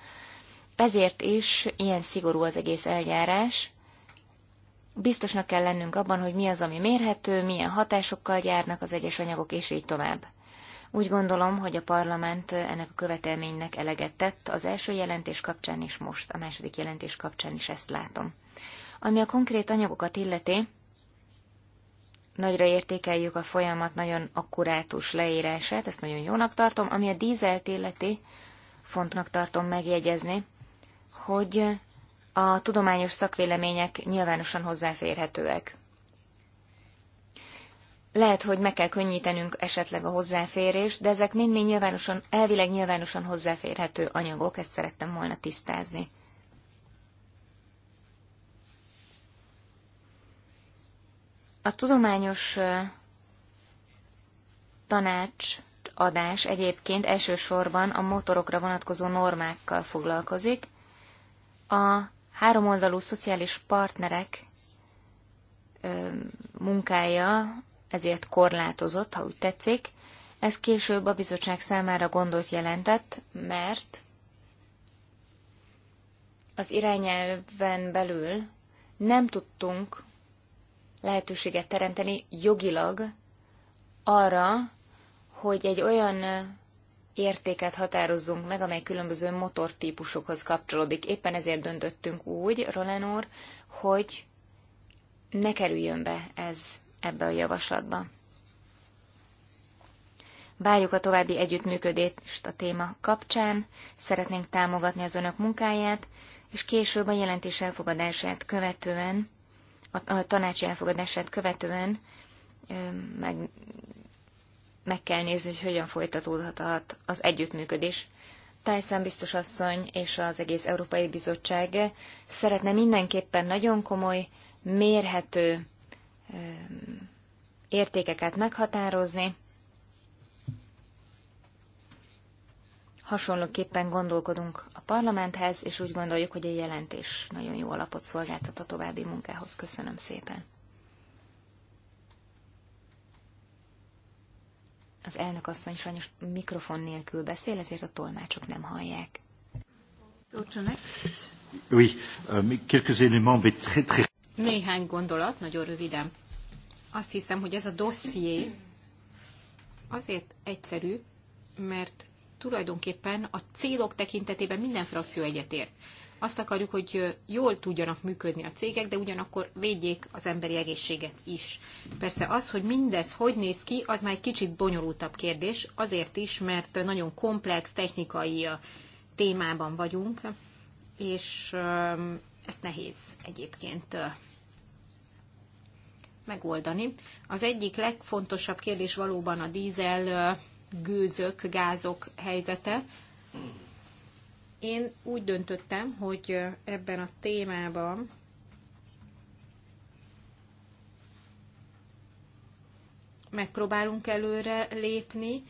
Ezért is ilyen szigorú az egész eljárás. Biztosnak kell lennünk abban, hogy mi az, ami mérhető, milyen hatásokkal járnak az egyes anyagok, és így tovább. Úgy gondolom, hogy a parlament ennek a követelménynek eleget tett az első jelentés kapcsán is most, a második jelentés kapcsán is ezt látom. Ami a konkrét anyagokat illeti, nagyra értékeljük a folyamat nagyon akkurátus leírását, ezt nagyon jónak tartom. Ami a dízelt illeti, fontnak tartom megjegyezni, hogy a tudományos szakvélemények nyilvánosan hozzáférhetőek. Lehet, hogy meg kell könnyítenünk esetleg a hozzáférést, de ezek mind-mind nyilvánosan, elvileg nyilvánosan hozzáférhető anyagok, ezt szerettem volna tisztázni. A tudományos tanácsadás egyébként elsősorban a motorokra vonatkozó normákkal foglalkozik. A háromoldalú szociális partnerek munkája ezért korlátozott, ha úgy tetszik. Ez később a bizottság számára gondot jelentett, mert az irányelven belül nem tudtunk lehetőséget teremteni jogilag arra, hogy egy olyan értéket határozzunk meg, amely különböző motortípusokhoz kapcsolódik. Éppen ezért döntöttünk úgy, Roland úr, hogy ne kerüljön be ez ebbe a javaslatba. Várjuk a további együttműködést a téma kapcsán, szeretnénk támogatni az önök munkáját, és később a jelentés elfogadását követően, a tanácsi elfogadását követően meg, meg kell nézni, hogy hogyan folytatódhat az együttműködés. Tyson biztos asszony és az egész Európai Bizottság szeretne mindenképpen nagyon komoly, mérhető értékeket meghatározni. Hasonlóképpen gondolkodunk a parlamenthez, és úgy gondoljuk, hogy a jelentés nagyon jó alapot szolgáltat a további munkához. Köszönöm szépen. Az elnök asszony sajnos mikrofon nélkül beszél, ezért a tolmácsok nem hallják. Oui, euh, quelques éléments, mais très, très... Néhány gondolat, nagyon röviden. Azt hiszem, hogy ez a dosszié azért egyszerű, mert tulajdonképpen a célok tekintetében minden frakció egyetért. Azt akarjuk, hogy jól tudjanak működni a cégek, de ugyanakkor védjék az emberi egészséget is. Persze az, hogy mindez hogy néz ki, az már egy kicsit bonyolultabb kérdés, azért is, mert nagyon komplex technikai témában vagyunk, és ezt nehéz egyébként megoldani. Az egyik legfontosabb kérdés valóban a dízel gőzök, gázok helyzete. Én úgy döntöttem, hogy ebben a témában megpróbálunk előre lépni,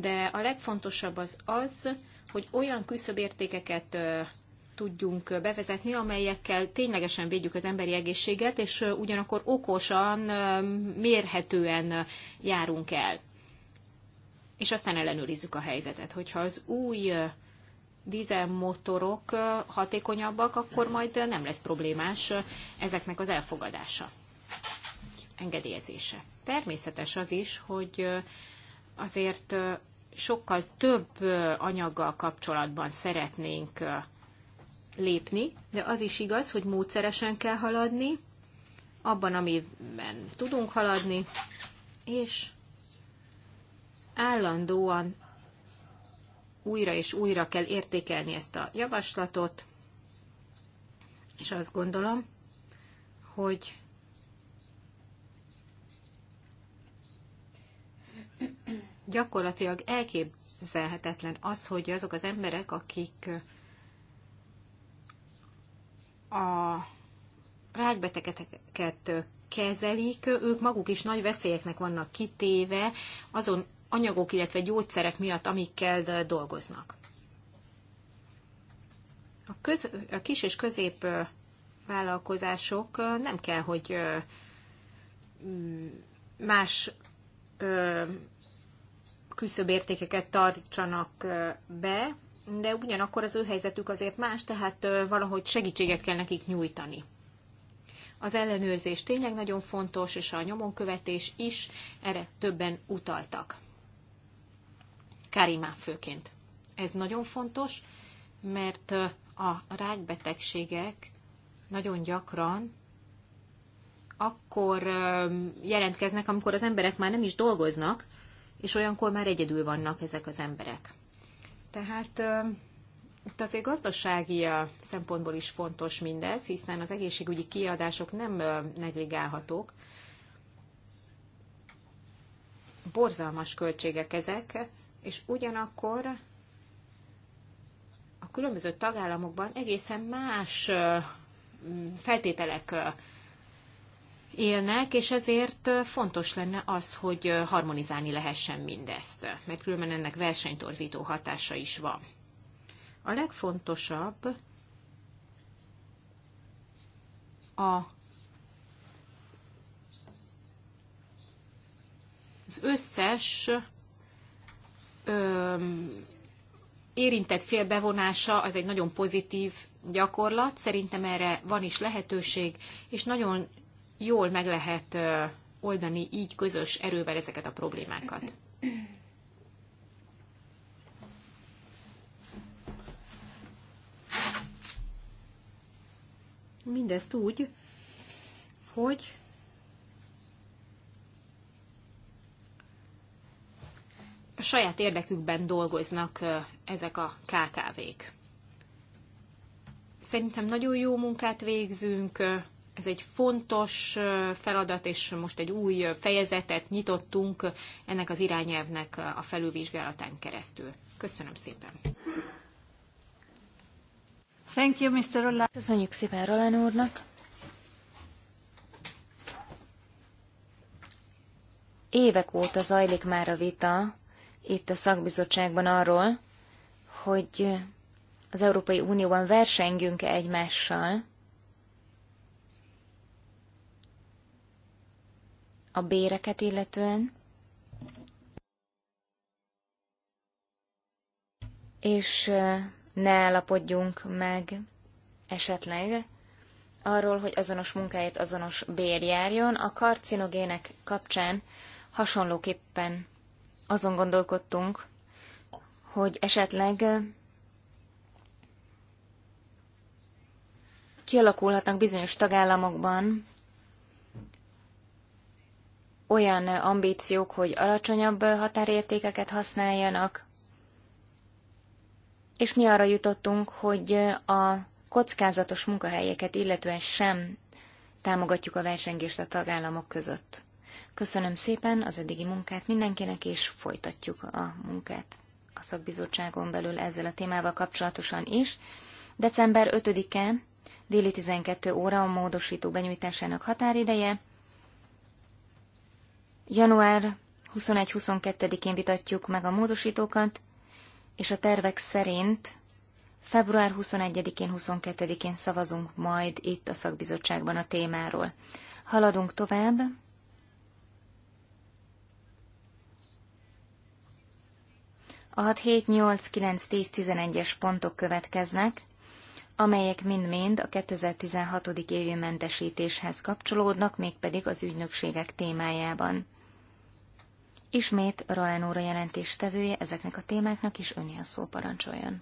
de a legfontosabb az az, hogy olyan küszöbértékeket tudjunk bevezetni, amelyekkel ténylegesen védjük az emberi egészséget, és ugyanakkor okosan, mérhetően járunk el. És aztán ellenőrizzük a helyzetet. Hogyha az új dízelmotorok hatékonyabbak, akkor majd nem lesz problémás ezeknek az elfogadása, engedélyezése. Természetes az is, hogy azért sokkal több anyaggal kapcsolatban szeretnénk lépni, de az is igaz, hogy módszeresen kell haladni, abban, amiben tudunk haladni, és állandóan újra és újra kell értékelni ezt a javaslatot, és azt gondolom, hogy gyakorlatilag elképzelhetetlen az, hogy azok az emberek, akik a rákbetegeket kezelik, ők maguk is nagy veszélyeknek vannak kitéve azon anyagok, illetve gyógyszerek miatt, amikkel dolgoznak. A, köz, a kis és közép vállalkozások nem kell, hogy más küszöbértékeket tartsanak be, de ugyanakkor az ő helyzetük azért más, tehát valahogy segítséget kell nekik nyújtani. Az ellenőrzés tényleg nagyon fontos, és a nyomonkövetés is, erre többen utaltak. Karimá főként. Ez nagyon fontos, mert a rákbetegségek nagyon gyakran akkor jelentkeznek, amikor az emberek már nem is dolgoznak, és olyankor már egyedül vannak ezek az emberek. Tehát itt azért gazdasági szempontból is fontos mindez, hiszen az egészségügyi kiadások nem negligálhatók. Borzalmas költségek ezek, és ugyanakkor a különböző tagállamokban egészen más feltételek élnek, és ezért fontos lenne az, hogy harmonizálni lehessen mindezt, mert különben ennek versenytorzító hatása is van. A legfontosabb a az összes ö, érintett fél bevonása az egy nagyon pozitív gyakorlat, szerintem erre van is lehetőség, és nagyon jól meg lehet oldani így közös erővel ezeket a problémákat. Mindezt úgy, hogy a saját érdekükben dolgoznak ezek a KKV-k. Szerintem nagyon jó munkát végzünk, ez egy fontos feladat, és most egy új fejezetet nyitottunk ennek az irányelvnek a felülvizsgálatán keresztül. Köszönöm szépen! Thank you, Mr. Roland. Köszönjük szépen Roland úrnak! Évek óta zajlik már a vita itt a szakbizottságban arról, hogy az Európai Unióban versengünk -e egymással, a béreket illetően, és ne állapodjunk meg esetleg arról, hogy azonos munkáért azonos bér járjon. A karcinogének kapcsán hasonlóképpen azon gondolkodtunk, hogy esetleg kialakulhatnak bizonyos tagállamokban olyan ambíciók, hogy alacsonyabb határértékeket használjanak, és mi arra jutottunk, hogy a kockázatos munkahelyeket illetően sem támogatjuk a versengést a tagállamok között. Köszönöm szépen az eddigi munkát mindenkinek, és folytatjuk a munkát a szakbizottságon belül ezzel a témával kapcsolatosan is. December 5-e, déli 12 óra a módosító benyújtásának határideje, Január 21-22-én vitatjuk meg a módosítókat, és a tervek szerint február 21-én, 22-én szavazunk majd itt a szakbizottságban a témáról. Haladunk tovább. A 6, 7, 8, 9, 10, 11-es pontok következnek, amelyek mind-mind a 2016. évi mentesítéshez kapcsolódnak, mégpedig az ügynökségek témájában. Ismét Roland úr a jelentéstevője ezeknek a témáknak is a szó parancsoljon.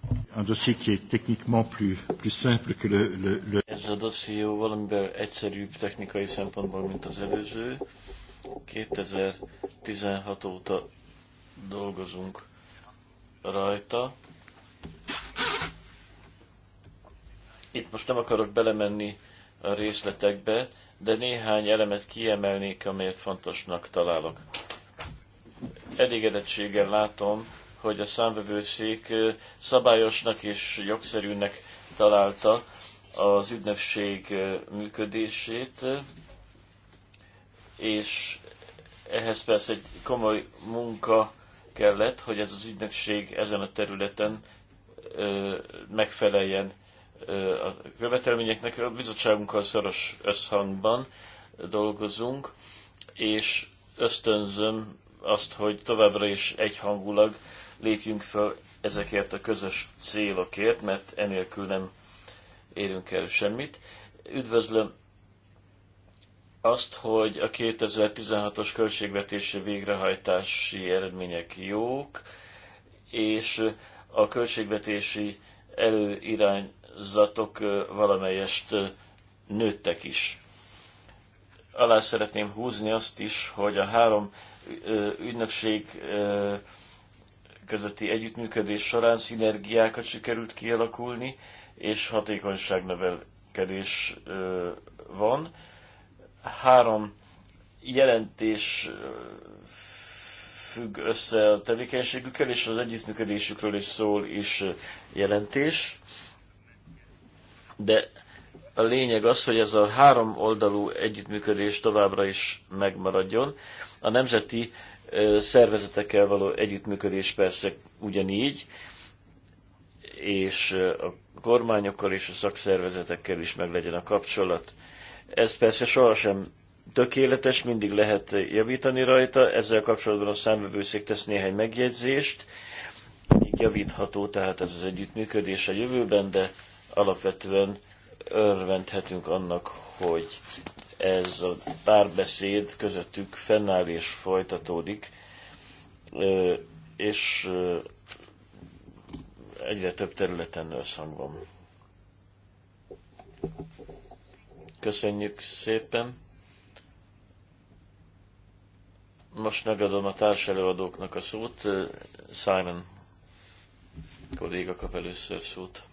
Ez a dosszió valamiben egyszerűbb technikai szempontból, mint az előző. 2016 óta dolgozunk rajta. Itt most nem akarok belemenni a részletekbe, de néhány elemet kiemelnék, amelyet fontosnak találok elégedettséggel látom, hogy a számvevőszék szabályosnak és jogszerűnek találta az ügynökség működését, és ehhez persze egy komoly munka kellett, hogy ez az ügynökség ezen a területen megfeleljen a követelményeknek. A bizottságunkkal szoros összhangban dolgozunk, és ösztönzöm azt, hogy továbbra is egyhangulag lépjünk fel ezekért a közös célokért, mert enélkül nem érünk el semmit. Üdvözlöm azt, hogy a 2016-os költségvetési végrehajtási eredmények jók, és a költségvetési előirányzatok valamelyest nőttek is. Alá szeretném húzni azt is, hogy a három ügynökség közötti együttműködés során szinergiákat sikerült kialakulni, és hatékonyságnövelkedés van. Három jelentés függ össze a tevékenységükkel, és az együttműködésükről is szól is jelentés. De a lényeg az, hogy ez a három oldalú együttműködés továbbra is megmaradjon. A nemzeti szervezetekkel való együttműködés persze ugyanígy, és a kormányokkal és a szakszervezetekkel is meglegyen a kapcsolat. Ez persze sohasem tökéletes, mindig lehet javítani rajta, ezzel kapcsolatban a számvevőszék tesz néhány megjegyzést, még javítható tehát ez az együttműködés a jövőben, de alapvetően örvendhetünk annak, hogy ez a párbeszéd közöttük fennáll és folytatódik, és egyre több területen összhangban. Köszönjük szépen! Most megadom a társelőadóknak a szót. Simon kolléga kap először szót.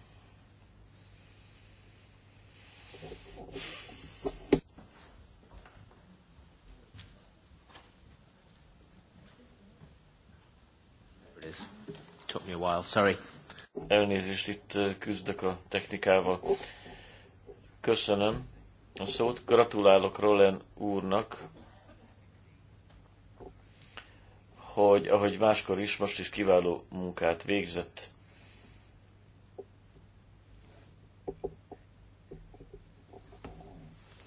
took me a while, sorry. Elnézést, itt uh, küzdök a technikával. Köszönöm a szót, gratulálok Roland úrnak, hogy ahogy máskor is, most is kiváló munkát végzett.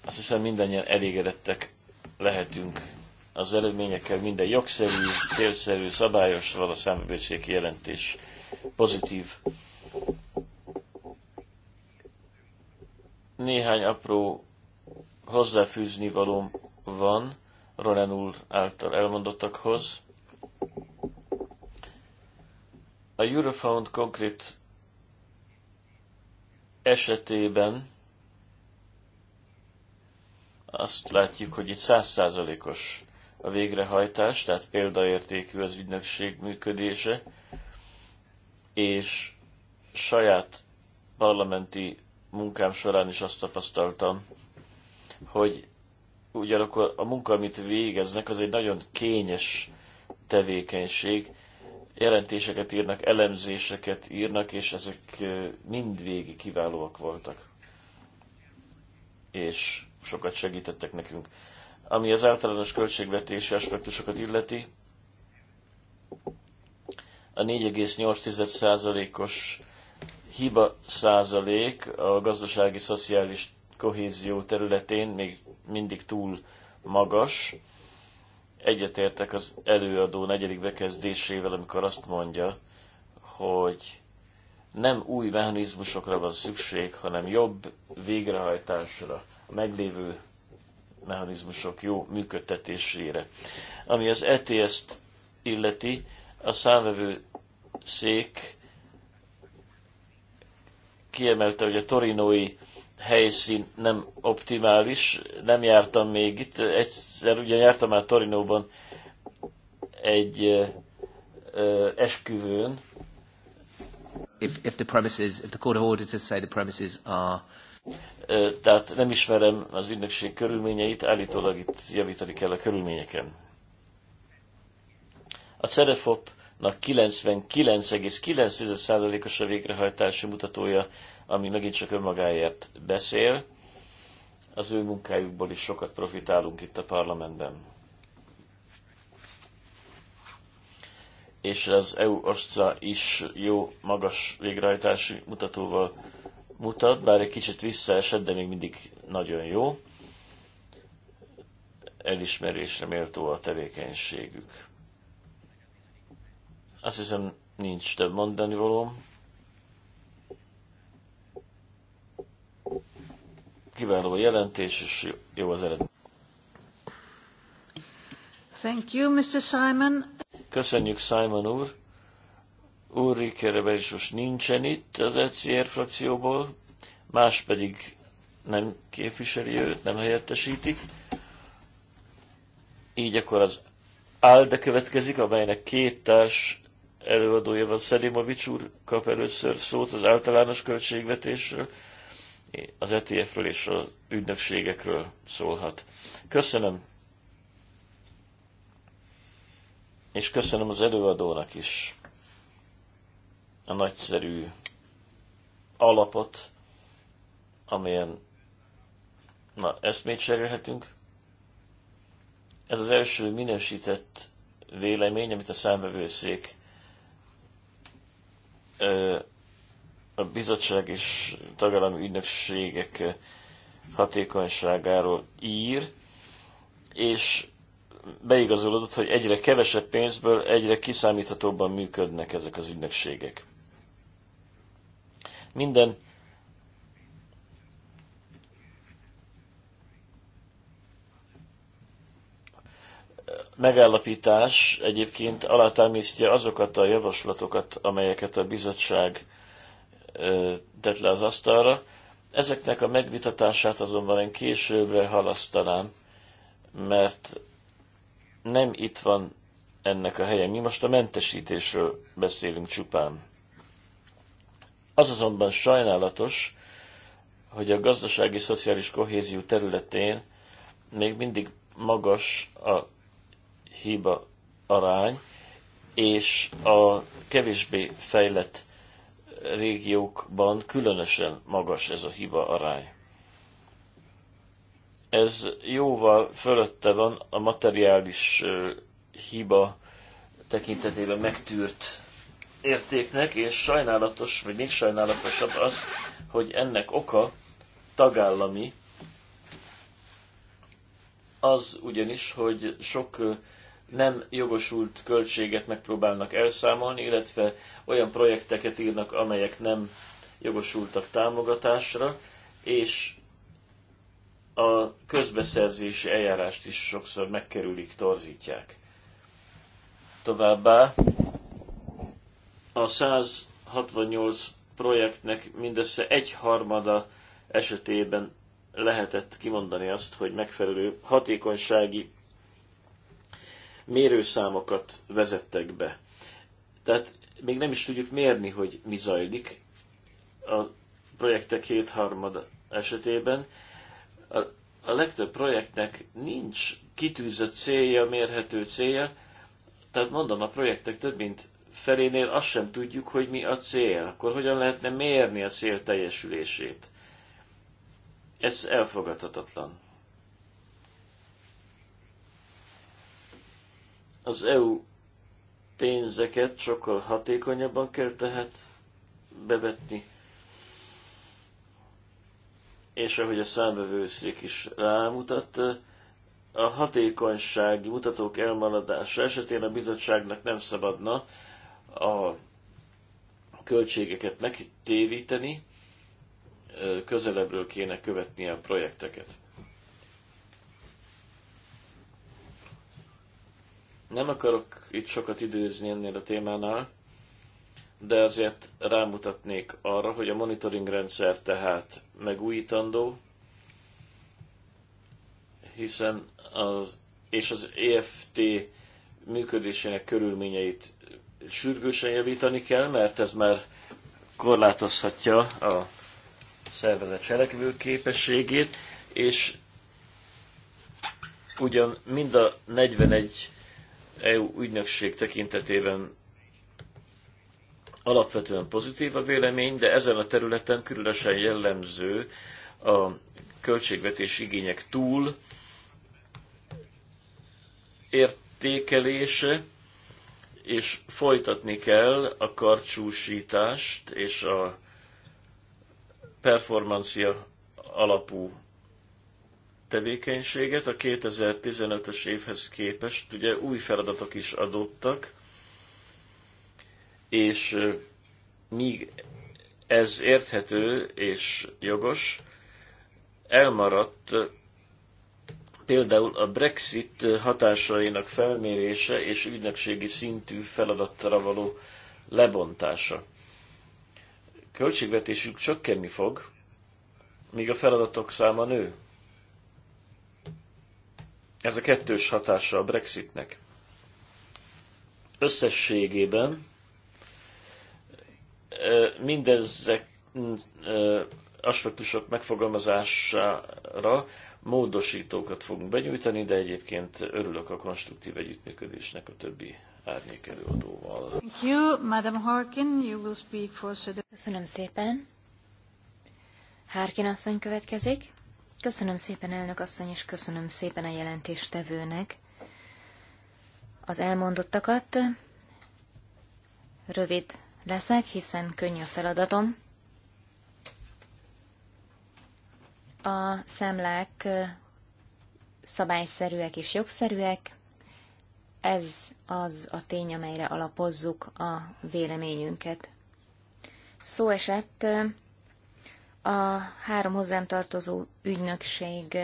Azt hiszem mindannyian elégedettek lehetünk az előményekkel minden jogszerű, célszerű, szabályos, vala számvevőszéki jelentés pozitív. Néhány apró hozzáfűzni valóm van Ronen úr által elmondottakhoz. A Eurofound konkrét esetében azt látjuk, hogy itt százszázalékos a végrehajtás, tehát példaértékű az ügynökség működése, és saját parlamenti munkám során is azt tapasztaltam, hogy ugyanakkor a munka, amit végeznek, az egy nagyon kényes tevékenység. Jelentéseket írnak, elemzéseket írnak, és ezek mindvégig kiválóak voltak. És sokat segítettek nekünk ami az általános költségvetési aspektusokat illeti, a 4,8%-os hiba százalék a gazdasági szociális kohézió területén még mindig túl magas. Egyetértek az előadó negyedik bekezdésével, amikor azt mondja, hogy nem új mechanizmusokra van szükség, hanem jobb végrehajtásra, a meglévő mechanizmusok jó működtetésére. Ami az ETS-t illeti, a számvevő szék kiemelte, hogy a torinói helyszín nem optimális. Nem jártam még itt, egyszer ugye jártam már Torinóban egy uh, esküvőn. If, if the premises, if the court of auditors say the premises are tehát nem ismerem az ügynökség körülményeit, állítólag itt javítani kell a körülményeken. A Cerefopnak 99,9%-os a végrehajtási mutatója, ami megint csak önmagáért beszél. Az ő munkájukból is sokat profitálunk itt a parlamentben. És az EU-OSCA is jó, magas végrehajtási mutatóval mutat, bár egy kicsit visszaesett, de még mindig nagyon jó. Elismerésre méltó a tevékenységük. Azt hiszem, nincs több mondani való. Kiváló a jelentés, és jó az eredmény. Thank you, Mr. Simon. Köszönjük, Simon úr. Ulrike Rebelsus nincsen itt az ECR frakcióból, más pedig nem képviseli őt, nem helyettesítik. Így akkor az ALDE következik, amelynek két társ előadója van. Szerimovics úr kap először szót az általános költségvetésről, az ETF-ről és az ügynökségekről szólhat. Köszönöm. És köszönöm az előadónak is a nagyszerű alapot, amelyen na, még cserélhetünk. Ez az első minősített vélemény, amit a számvevőszék a bizottság és tagállami ügynökségek hatékonyságáról ír, és beigazolódott, hogy egyre kevesebb pénzből egyre kiszámíthatóbban működnek ezek az ügynökségek minden megállapítás egyébként alátámasztja azokat a javaslatokat, amelyeket a bizottság tett le az asztalra. Ezeknek a megvitatását azonban én későbbre halasztanám, mert nem itt van ennek a helye. Mi most a mentesítésről beszélünk csupán. Az azonban sajnálatos, hogy a gazdasági szociális kohézió területén még mindig magas a hiba arány, és a kevésbé fejlett régiókban különösen magas ez a hiba arány. Ez jóval fölötte van a materiális hiba tekintetében megtűrt értéknek, és sajnálatos, vagy még sajnálatosabb az, hogy ennek oka tagállami, az ugyanis, hogy sok nem jogosult költséget megpróbálnak elszámolni, illetve olyan projekteket írnak, amelyek nem jogosultak támogatásra, és a közbeszerzési eljárást is sokszor megkerülik, torzítják. Továbbá a 168 projektnek mindössze egy harmada esetében lehetett kimondani azt, hogy megfelelő hatékonysági mérőszámokat vezettek be. Tehát még nem is tudjuk mérni, hogy mi zajlik a projektek kétharmada esetében. A, a legtöbb projektnek nincs kitűzött célja, mérhető célja, tehát mondom, a projektek több mint felénél azt sem tudjuk, hogy mi a cél. Akkor hogyan lehetne mérni a cél teljesülését? Ez elfogadhatatlan. Az EU pénzeket sokkal hatékonyabban kell tehet bevetni. És ahogy a számbevőszék is rámutat, a hatékonysági mutatók elmaradása esetén a bizottságnak nem szabadna a költségeket megtéríteni, közelebbről kéne követni a projekteket. Nem akarok itt sokat időzni ennél a témánál, de azért rámutatnék arra, hogy a monitoring rendszer tehát megújítandó, hiszen az, és az EFT működésének körülményeit sürgősen javítani kell, mert ez már korlátozhatja a szervezet cselekvő képességét, és ugyan mind a 41 EU ügynökség tekintetében alapvetően pozitív a vélemény, de ezen a területen különösen jellemző a költségvetés igények túl értékelése, és folytatni kell a karcsúsítást és a performancia alapú tevékenységet. A 2015-ös évhez képest ugye új feladatok is adottak, és míg ez érthető és jogos, elmaradt például a Brexit hatásainak felmérése és ügynökségi szintű feladattal való lebontása. Költségvetésük csökkenni fog, míg a feladatok száma nő. Ez a kettős hatása a Brexitnek. Összességében mindezek aspektusok megfogalmazására módosítókat fogunk benyújtani, de egyébként örülök a konstruktív együttműködésnek a többi árnyék előadóval. Thank you, Madam Harkin. You will speak for Köszönöm szépen. Harkin asszony következik. Köszönöm szépen, elnök asszony, és köszönöm szépen a jelentéstevőnek az elmondottakat. Rövid leszek, hiszen könnyű a feladatom. a számlák szabályszerűek és jogszerűek, ez az a tény, amelyre alapozzuk a véleményünket. Szó esett a három hozzám tartozó ügynökség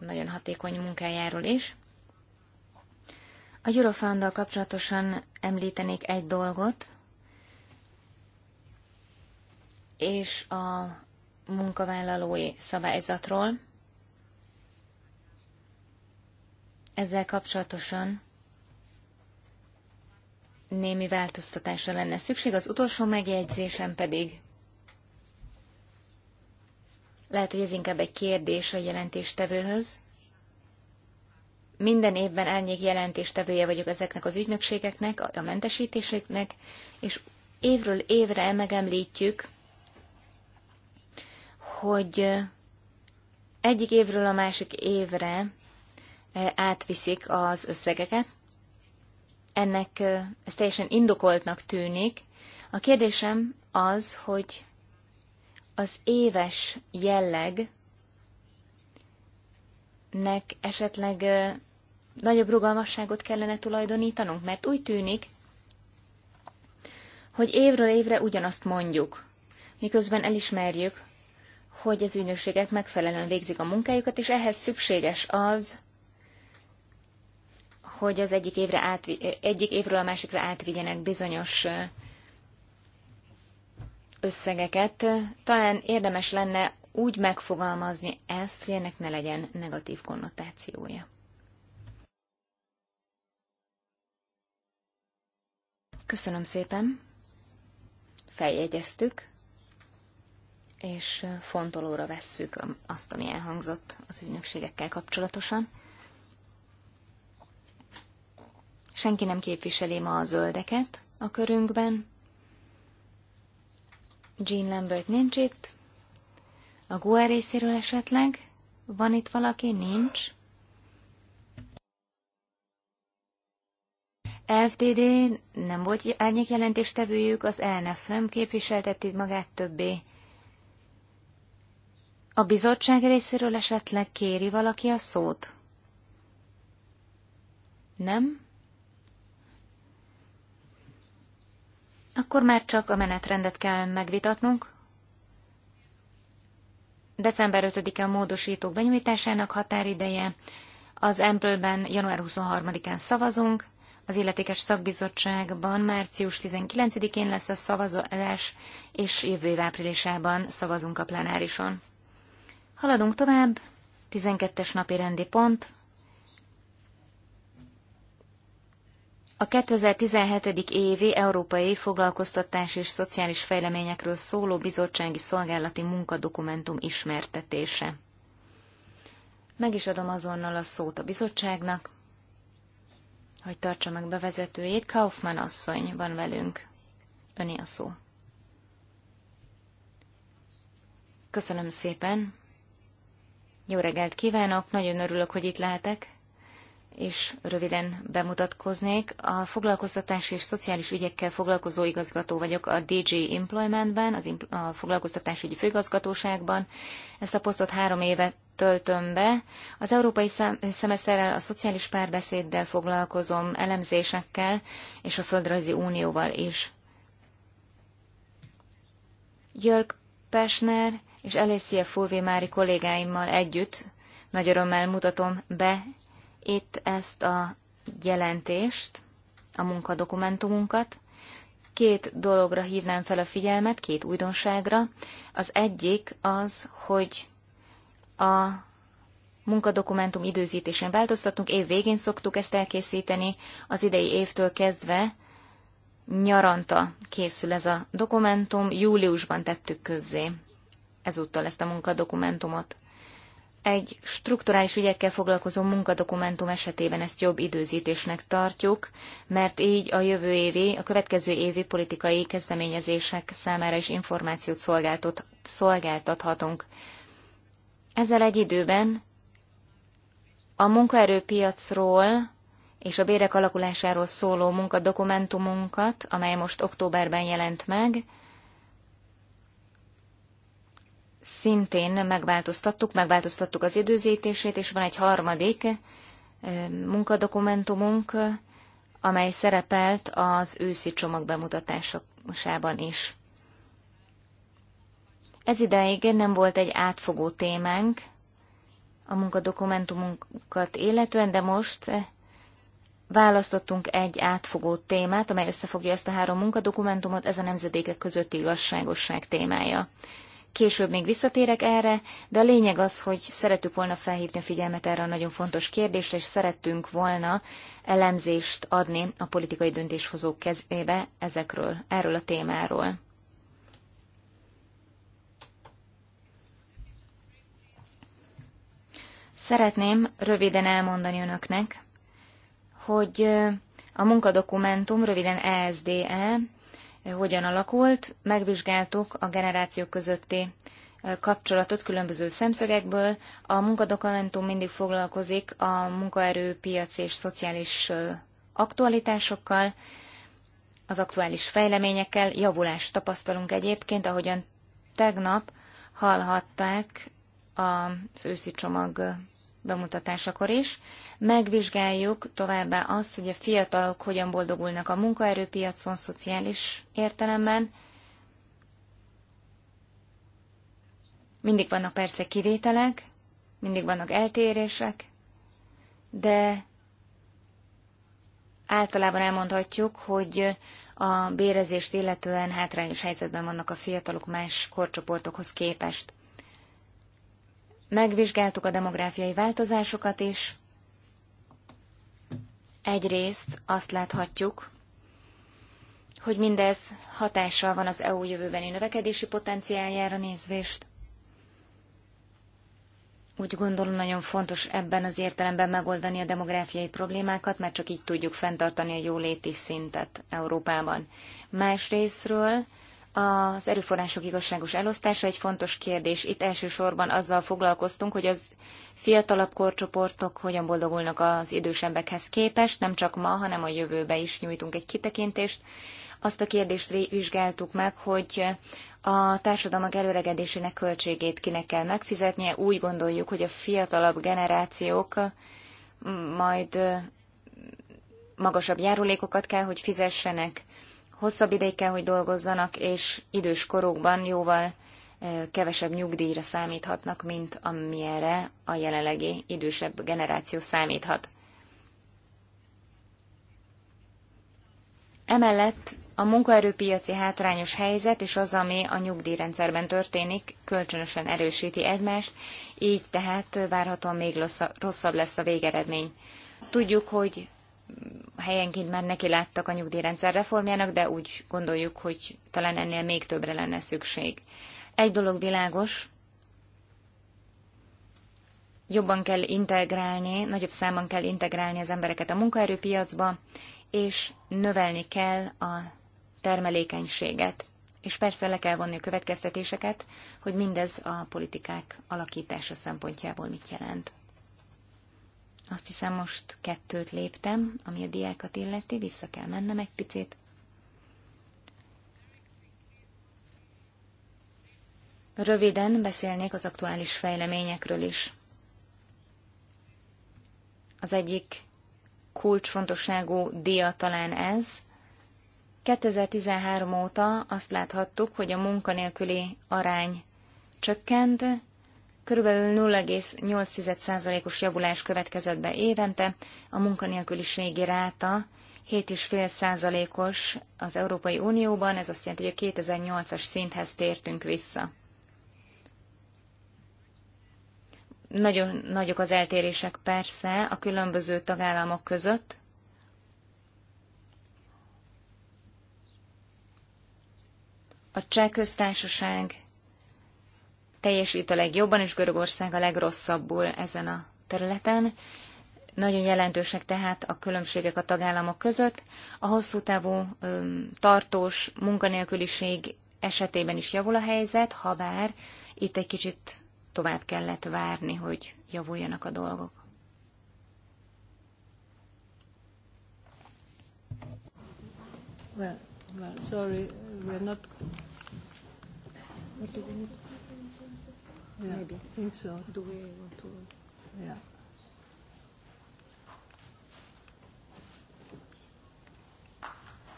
nagyon hatékony munkájáról is. A Eurofound-dal kapcsolatosan említenék egy dolgot, és a munkavállalói szabályzatról. Ezzel kapcsolatosan némi változtatásra lenne szükség. Az utolsó megjegyzésem pedig lehet, hogy ez inkább egy kérdés a jelentéstevőhöz. Minden évben elnyék jelentéstevője vagyok ezeknek az ügynökségeknek, a mentesítéseknek, és évről évre megemlítjük hogy egyik évről a másik évre átviszik az összegeket. Ennek ez teljesen indokoltnak tűnik. A kérdésem az, hogy az éves jelleg nek esetleg nagyobb rugalmasságot kellene tulajdonítanunk, mert úgy tűnik, hogy évről évre ugyanazt mondjuk, miközben elismerjük, hogy az ügynökségek megfelelően végzik a munkájukat, és ehhez szükséges az, hogy az egyik, évre átvi, egyik évről a másikra átvigyenek bizonyos összegeket. Talán érdemes lenne úgy megfogalmazni ezt, hogy ennek ne legyen negatív konnotációja. Köszönöm szépen. Feljegyeztük és fontolóra vesszük azt, ami elhangzott az ügynökségekkel kapcsolatosan. Senki nem képviseli ma a zöldeket a körünkben. Jean Lambert nincs itt. A Gua e részéről esetleg? Van itt valaki? Nincs. FTD nem volt árnyék jelentéstevőjük, az elnefem képviselteti magát többé. A bizottság részéről esetleg kéri valaki a szót? Nem? Akkor már csak a menetrendet kell megvitatnunk. December 5-e a módosítók benyújtásának határideje, az ample január 23-án szavazunk, az illetékes szakbizottságban március 19-én lesz a szavazás, és jövő áprilisában szavazunk a plenárison. Haladunk tovább, 12-es napi rendi pont. A 2017. évi Európai Foglalkoztatás és Szociális Fejleményekről szóló bizottsági szolgálati munkadokumentum ismertetése. Meg is adom azonnal a szót a bizottságnak, hogy tartsa meg bevezetőjét. Kaufmann asszony van velünk. Öné a szó. Köszönöm szépen, jó reggelt kívánok, nagyon örülök, hogy itt lehetek, és röviden bemutatkoznék. A foglalkoztatás és szociális ügyekkel foglalkozó igazgató vagyok a DG Employmentben, az impl- a foglalkoztatásügyi főigazgatóságban. Ezt a posztot három éve töltöm be. Az európai szem- szemeszterrel, a szociális párbeszéddel foglalkozom, elemzésekkel és a földrajzi unióval is. Jörg Pesner és Alessia Fulvi Mári kollégáimmal együtt nagy örömmel mutatom be itt ezt a jelentést, a munkadokumentumunkat. Két dologra hívnám fel a figyelmet, két újdonságra. Az egyik az, hogy a munkadokumentum időzítésén változtatunk, év végén szoktuk ezt elkészíteni, az idei évtől kezdve nyaranta készül ez a dokumentum, júliusban tettük közzé ezúttal ezt a munkadokumentumot. Egy strukturális ügyekkel foglalkozó munkadokumentum esetében ezt jobb időzítésnek tartjuk, mert így a jövő évi, a következő évi politikai kezdeményezések számára is információt szolgáltathatunk. Ezzel egy időben a munkaerőpiacról és a bérek alakulásáról szóló munkadokumentumunkat, amely most októberben jelent meg, szintén megváltoztattuk, megváltoztattuk az időzítését, és van egy harmadik munkadokumentumunk, amely szerepelt az őszi csomag bemutatásában is. Ez ideig nem volt egy átfogó témánk a munkadokumentumunkat illetően, de most választottunk egy átfogó témát, amely összefogja ezt a három munkadokumentumot, ez a nemzedékek közötti igazságosság témája. Később még visszatérek erre, de a lényeg az, hogy szerettük volna felhívni a figyelmet erre a nagyon fontos kérdésre, és szerettünk volna elemzést adni a politikai döntéshozók kezébe ezekről, erről a témáról. Szeretném röviden elmondani önöknek, hogy a munkadokumentum, röviden ESDE, hogyan alakult. Megvizsgáltuk a generációk közötti kapcsolatot különböző szemszögekből. A munkadokumentum mindig foglalkozik a piac és szociális aktualitásokkal, az aktuális fejleményekkel. Javulást tapasztalunk egyébként, ahogyan tegnap hallhatták az őszi csomag bemutatásakor is. Megvizsgáljuk továbbá azt, hogy a fiatalok hogyan boldogulnak a munkaerőpiacon, szociális értelemben. Mindig vannak persze kivételek, mindig vannak eltérések, de általában elmondhatjuk, hogy a bérezést illetően hátrányos helyzetben vannak a fiatalok más korcsoportokhoz képest. Megvizsgáltuk a demográfiai változásokat is. Egyrészt azt láthatjuk, hogy mindez hatással van az EU jövőbeni növekedési potenciáljára nézvést. Úgy gondolom nagyon fontos ebben az értelemben megoldani a demográfiai problémákat, mert csak így tudjuk fenntartani a jóléti szintet Európában. Másrésztről az erőforrások igazságos elosztása egy fontos kérdés. Itt elsősorban azzal foglalkoztunk, hogy az fiatalabb korcsoportok hogyan boldogulnak az idősebbekhez képest, nem csak ma, hanem a jövőbe is nyújtunk egy kitekintést. Azt a kérdést vizsgáltuk meg, hogy a társadalmak előregedésének költségét kinek kell megfizetnie. Úgy gondoljuk, hogy a fiatalabb generációk majd magasabb járulékokat kell, hogy fizessenek, hosszabb ideig kell, hogy dolgozzanak, és idős korukban jóval eh, kevesebb nyugdíjra számíthatnak, mint amire a jelenlegi idősebb generáció számíthat. Emellett a munkaerőpiaci hátrányos helyzet és az, ami a nyugdíjrendszerben történik, kölcsönösen erősíti egymást, így tehát várhatóan még rosszabb lesz a végeredmény. Tudjuk, hogy helyenként már neki láttak a nyugdíjrendszer reformjának, de úgy gondoljuk, hogy talán ennél még többre lenne szükség. Egy dolog világos, jobban kell integrálni, nagyobb számban kell integrálni az embereket a munkaerőpiacba, és növelni kell a termelékenységet. És persze le kell vonni a következtetéseket, hogy mindez a politikák alakítása szempontjából mit jelent. Azt hiszem most kettőt léptem, ami a diákat illeti, vissza kell mennem egy picit. Röviden beszélnék az aktuális fejleményekről is. Az egyik kulcsfontosságú dia talán ez. 2013 óta azt láthattuk, hogy a munkanélküli arány csökkent, Körülbelül 0,8%-os javulás következett be évente, a munkanélküliségi ráta 7,5%-os az Európai Unióban, ez azt jelenti, hogy a 2008-as szinthez tértünk vissza. Nagyon nagyok az eltérések persze a különböző tagállamok között, A cseh köztársaság teljesít a legjobban, és Görögország a legrosszabbul ezen a területen. Nagyon jelentősek tehát a különbségek a tagállamok között. A hosszú távú tartós munkanélküliség esetében is javul a helyzet, ha bár itt egy kicsit tovább kellett várni, hogy javuljanak a dolgok. Well, well, sorry, we're not. What do we need? Yeah, Maybe. I think so. want to? Yeah.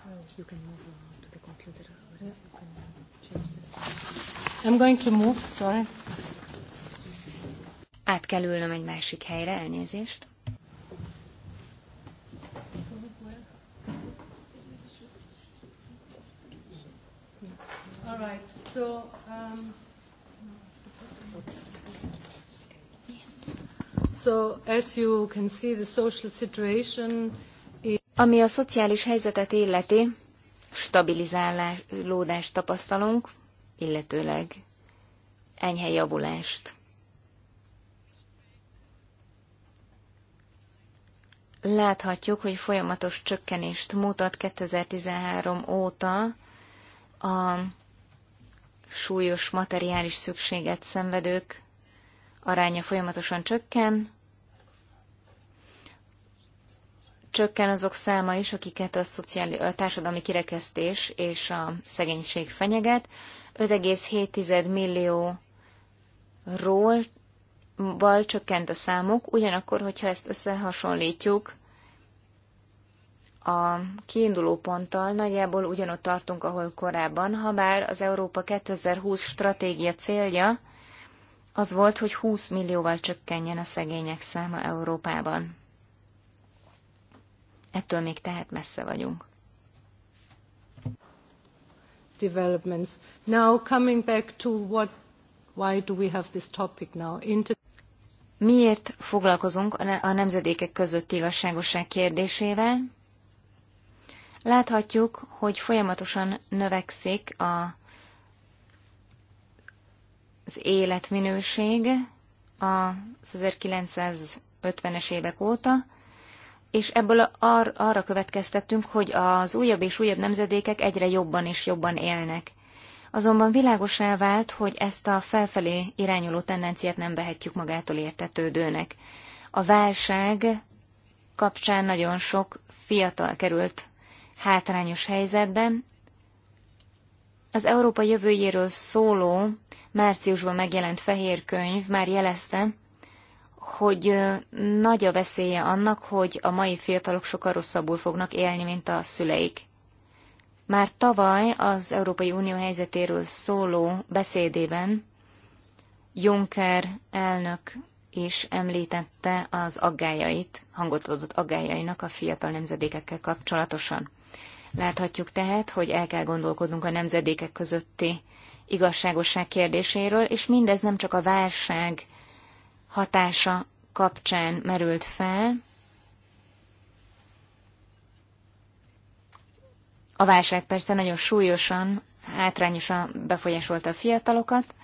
Well, you can move on to the computer. Yeah. You can change this. I'm going to move, sorry. Át kell ülnöm egy másik helyre, elnézést. Ami a szociális helyzetet illeti, stabilizálódást tapasztalunk, illetőleg enyhe javulást. Láthatjuk, hogy folyamatos csökkenést mutat 2013 óta a súlyos materiális szükséget szenvedők aránya folyamatosan csökken, csökken azok száma is, akiket a, szociális, a társadalmi kirekesztés és a szegénység fenyeget. 5,7 millió ról val csökkent a számuk, ugyanakkor, hogyha ezt összehasonlítjuk a kiinduló ponttal, nagyjából ugyanott tartunk, ahol korábban, ha bár az Európa 2020 stratégia célja az volt, hogy 20 millióval csökkenjen a szegények száma Európában. Ettől még tehát messze vagyunk. Developments. Now coming back to what, why do we have this topic now? Inter- Miért foglalkozunk a nemzedékek közötti igazságosság kérdésével? Láthatjuk, hogy folyamatosan növekszik a, az életminőség az 1950-es évek óta, és ebből ar- arra következtettünk, hogy az újabb és újabb nemzedékek egyre jobban és jobban élnek. Azonban világosá vált, hogy ezt a felfelé irányuló tendenciát nem vehetjük magától értetődőnek. A válság kapcsán nagyon sok fiatal került hátrányos helyzetben. Az Európa jövőjéről szóló márciusban megjelent fehér könyv már jelezte, hogy nagy a veszélye annak, hogy a mai fiatalok sokkal rosszabbul fognak élni, mint a szüleik. Már tavaly az Európai Unió helyzetéről szóló beszédében Juncker elnök is említette az aggájait, hangot adott aggájainak a fiatal nemzedékekkel kapcsolatosan. Láthatjuk tehát, hogy el kell gondolkodnunk a nemzedékek közötti igazságosság kérdéséről, és mindez nem csak a válság hatása kapcsán merült fel, A válság persze nagyon súlyosan, hátrányosan befolyásolta a fiatalokat,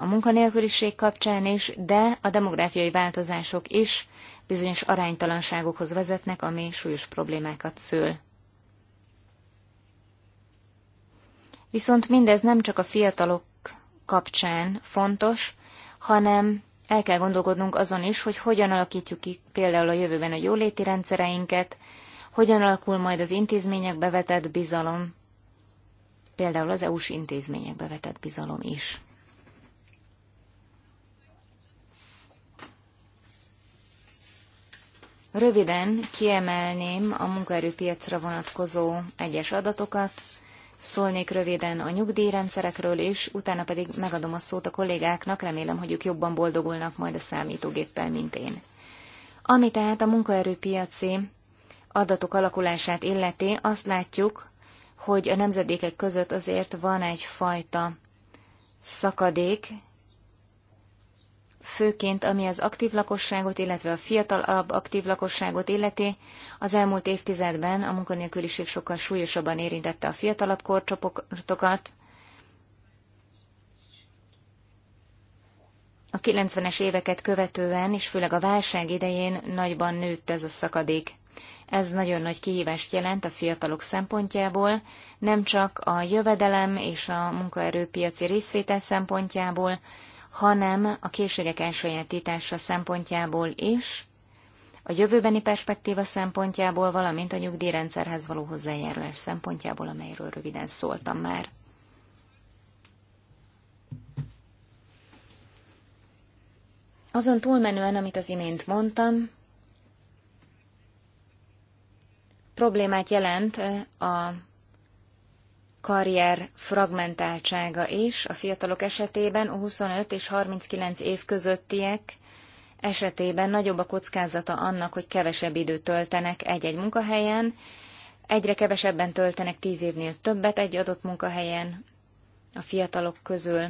a munkanélküliség kapcsán is, de a demográfiai változások is bizonyos aránytalanságokhoz vezetnek, ami súlyos problémákat szül. Viszont mindez nem csak a fiatalok kapcsán fontos, hanem el kell gondolkodnunk azon is, hogy hogyan alakítjuk ki például a jövőben a jóléti rendszereinket, hogyan alakul majd az intézmények bevetett bizalom, például az EU-s intézmények bevetett bizalom is. Röviden kiemelném a munkaerőpiacra vonatkozó egyes adatokat, Szólnék röviden a nyugdíjrendszerekről is, utána pedig megadom a szót a kollégáknak, remélem, hogy ők jobban boldogulnak majd a számítógéppel, mint én. Ami tehát a munkaerőpiaci adatok alakulását illeti, azt látjuk, hogy a nemzedékek között azért van egyfajta szakadék, főként ami az aktív lakosságot, illetve a fiatalabb aktív lakosságot illeti. Az elmúlt évtizedben a munkanélküliség sokkal súlyosabban érintette a fiatalabb korcsoportokat. A 90-es éveket követően, és főleg a válság idején nagyban nőtt ez a szakadék. Ez nagyon nagy kihívást jelent a fiatalok szempontjából, nem csak a jövedelem és a munkaerőpiaci részvétel szempontjából, hanem a készségek elsajátítása szempontjából is, a jövőbeni perspektíva szempontjából, valamint a nyugdíjrendszerhez való hozzájárulás szempontjából, amelyről röviden szóltam már. Azon túlmenően, amit az imént mondtam, problémát jelent a karrier fragmentáltsága is a fiatalok esetében, a 25 és 39 év közöttiek esetében nagyobb a kockázata annak, hogy kevesebb időt töltenek egy-egy munkahelyen, egyre kevesebben töltenek 10 évnél többet egy adott munkahelyen a fiatalok közül.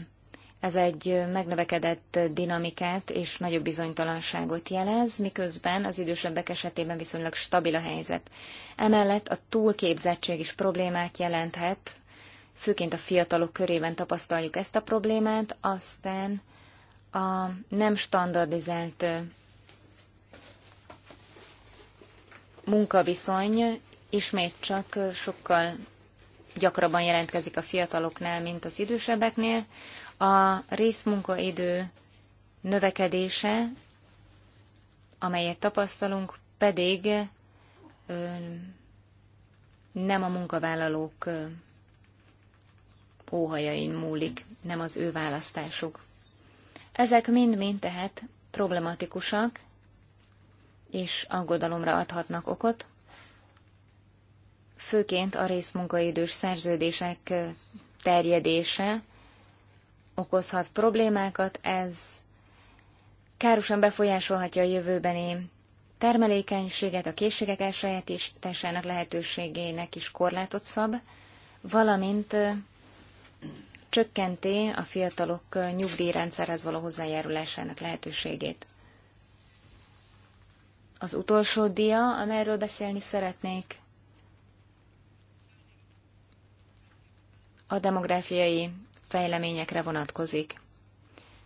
Ez egy megnövekedett dinamikát és nagyobb bizonytalanságot jelez, miközben az idősebbek esetében viszonylag stabil a helyzet. Emellett a túlképzettség is problémát jelenthet főként a fiatalok körében tapasztaljuk ezt a problémát, aztán a nem standardizált munkaviszony ismét csak sokkal gyakrabban jelentkezik a fiataloknál, mint az idősebbeknél. A részmunkaidő növekedése, amelyet tapasztalunk, pedig nem a munkavállalók óhajain múlik, nem az ő választásuk. Ezek mind-mind tehát problematikusak, és aggodalomra adhatnak okot, főként a részmunkaidős szerződések terjedése okozhat problémákat, ez károsan befolyásolhatja a jövőbeni termelékenységet, a készségek elsajátításának lehetőségének is korlátot szab, valamint csökkenti a fiatalok nyugdíjrendszerhez való hozzájárulásának lehetőségét. Az utolsó dia, amelyről beszélni szeretnék, a demográfiai fejleményekre vonatkozik.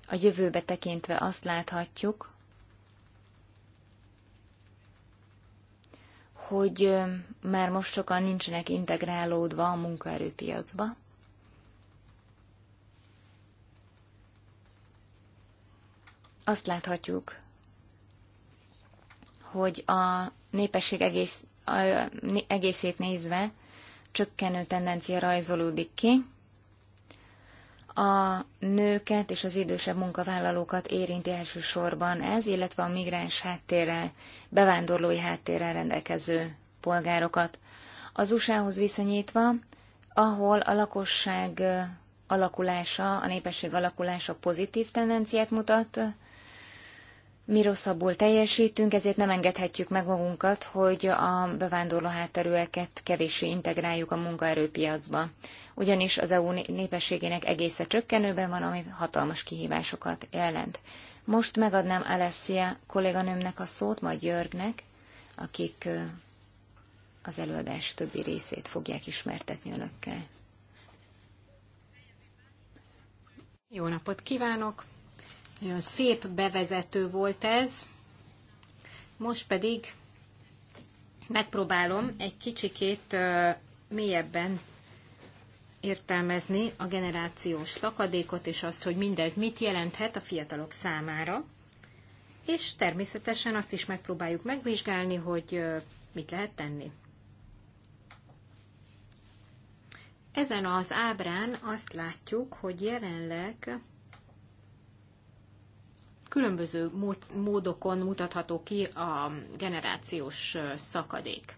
A jövőbe tekintve azt láthatjuk, hogy már most sokan nincsenek integrálódva a munkaerőpiacba. azt láthatjuk, hogy a népesség egész, a, egészét nézve csökkenő tendencia rajzolódik ki. A nőket és az idősebb munkavállalókat érinti elsősorban ez, illetve a migráns háttérrel, bevándorlói háttérrel rendelkező polgárokat. Az USA-hoz viszonyítva, ahol a lakosság alakulása, a népesség alakulása pozitív tendenciát mutat, mi rosszabbul teljesítünk, ezért nem engedhetjük meg magunkat, hogy a bevándorló hátterűeket kevéssé integráljuk a munkaerőpiacba. Ugyanis az EU népességének egészen csökkenőben van, ami hatalmas kihívásokat jelent. Most megadnám Alessia kolléganőmnek a szót, majd Jörgnek, akik az előadás többi részét fogják ismertetni önökkel. Jó napot kívánok! Nagyon szép bevezető volt ez. Most pedig megpróbálom egy kicsikét mélyebben értelmezni a generációs szakadékot, és azt, hogy mindez mit jelenthet a fiatalok számára. És természetesen azt is megpróbáljuk megvizsgálni, hogy mit lehet tenni. Ezen az ábrán azt látjuk, hogy jelenleg különböző módokon mutatható ki a generációs szakadék.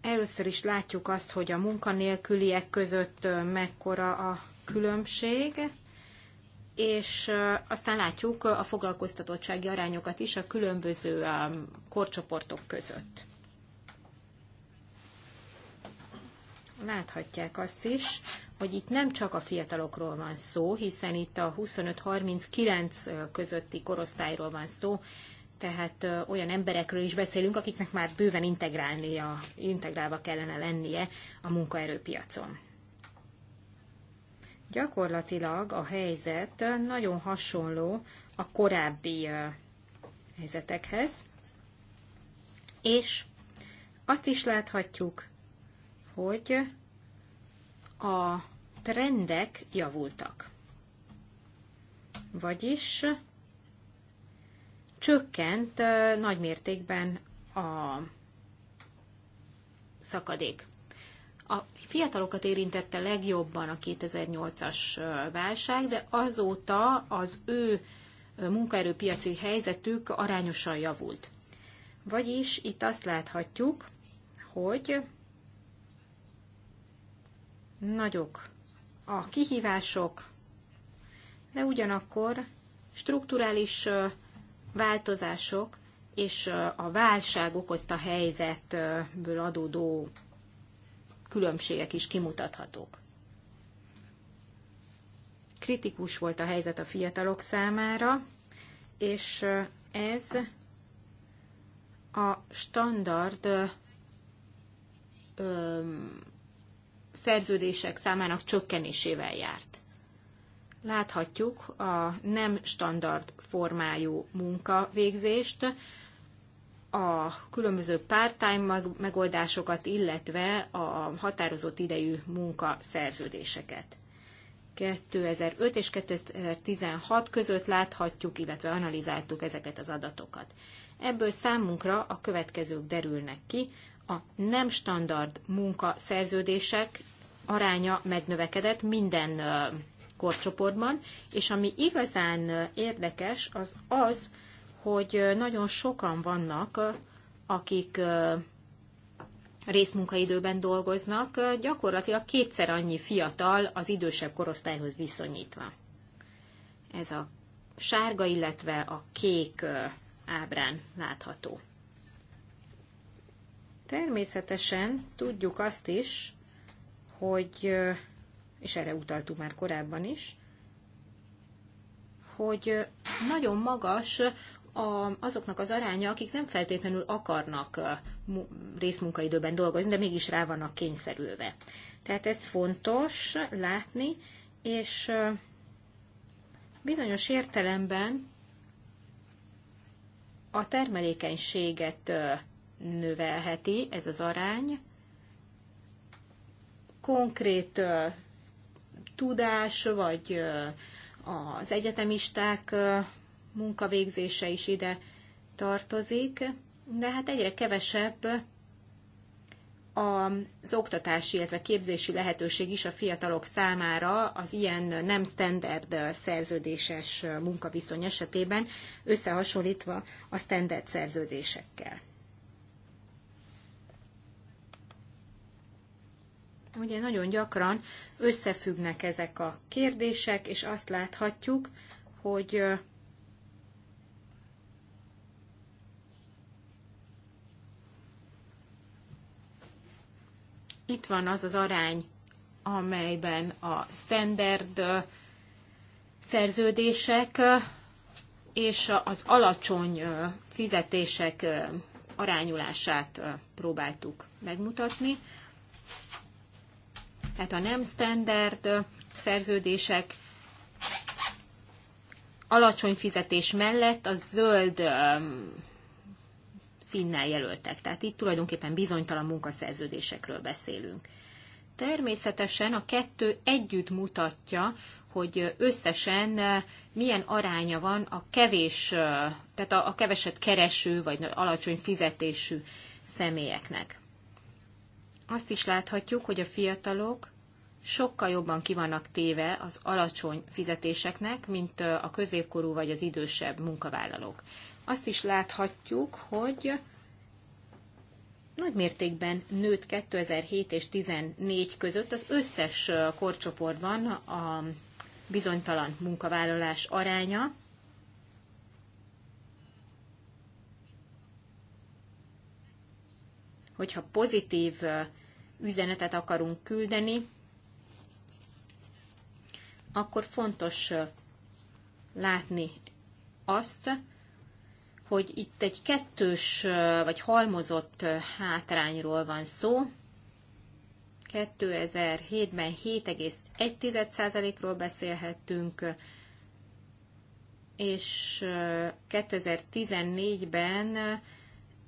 Először is látjuk azt, hogy a munkanélküliek között mekkora a különbség, és aztán látjuk a foglalkoztatottsági arányokat is a különböző korcsoportok között. láthatják azt is, hogy itt nem csak a fiatalokról van szó, hiszen itt a 25-39 közötti korosztályról van szó, tehát olyan emberekről is beszélünk, akiknek már bőven integrálnia, integrálva kellene lennie a munkaerőpiacon. Gyakorlatilag a helyzet nagyon hasonló a korábbi helyzetekhez, és azt is láthatjuk, hogy a trendek javultak. Vagyis csökkent nagy mértékben a szakadék. A fiatalokat érintette legjobban a 2008-as válság, de azóta az ő munkaerőpiaci helyzetük arányosan javult. Vagyis itt azt láthatjuk, hogy nagyok a kihívások, de ugyanakkor strukturális változások és a válság okozta helyzetből adódó különbségek is kimutathatók. Kritikus volt a helyzet a fiatalok számára, és ez a standard szerződések számának csökkenésével járt. Láthatjuk a nem standard formájú munkavégzést, a különböző part-time megoldásokat, illetve a határozott idejű munkaszerződéseket. 2005 és 2016 között láthatjuk, illetve analizáltuk ezeket az adatokat. Ebből számunkra a következők derülnek ki. A nem standard munkaszerződések aránya megnövekedett minden korcsoportban, és ami igazán érdekes, az az, hogy nagyon sokan vannak, akik részmunkaidőben dolgoznak, gyakorlatilag kétszer annyi fiatal az idősebb korosztályhoz viszonyítva. Ez a sárga, illetve a kék ábrán látható. Természetesen tudjuk azt is, hogy, és erre utaltuk már korábban is, hogy nagyon magas a, azoknak az aránya, akik nem feltétlenül akarnak részmunkaidőben dolgozni, de mégis rá vannak kényszerülve. Tehát ez fontos látni, és bizonyos értelemben a termelékenységet növelheti ez az arány, konkrét tudás, vagy az egyetemisták munkavégzése is ide tartozik, de hát egyre kevesebb az oktatási, illetve képzési lehetőség is a fiatalok számára az ilyen nem standard szerződéses munkaviszony esetében összehasonlítva a standard szerződésekkel. ugye nagyon gyakran összefüggnek ezek a kérdések, és azt láthatjuk, hogy itt van az az arány, amelyben a standard szerződések és az alacsony fizetések arányulását próbáltuk megmutatni tehát a nem standard szerződések alacsony fizetés mellett a zöld színnel jelöltek. Tehát itt tulajdonképpen bizonytalan munkaszerződésekről beszélünk. Természetesen a kettő együtt mutatja, hogy összesen milyen aránya van a kevés, tehát a, keveset kereső vagy alacsony fizetésű személyeknek azt is láthatjuk, hogy a fiatalok sokkal jobban kivannak téve az alacsony fizetéseknek, mint a középkorú vagy az idősebb munkavállalók. Azt is láthatjuk, hogy nagy mértékben nőtt 2007 és 2014 között az összes korcsoportban a bizonytalan munkavállalás aránya, hogyha pozitív üzenetet akarunk küldeni, akkor fontos látni azt, hogy itt egy kettős vagy halmozott hátrányról van szó. 2007-ben 7,1%-ról beszélhettünk, és 2014-ben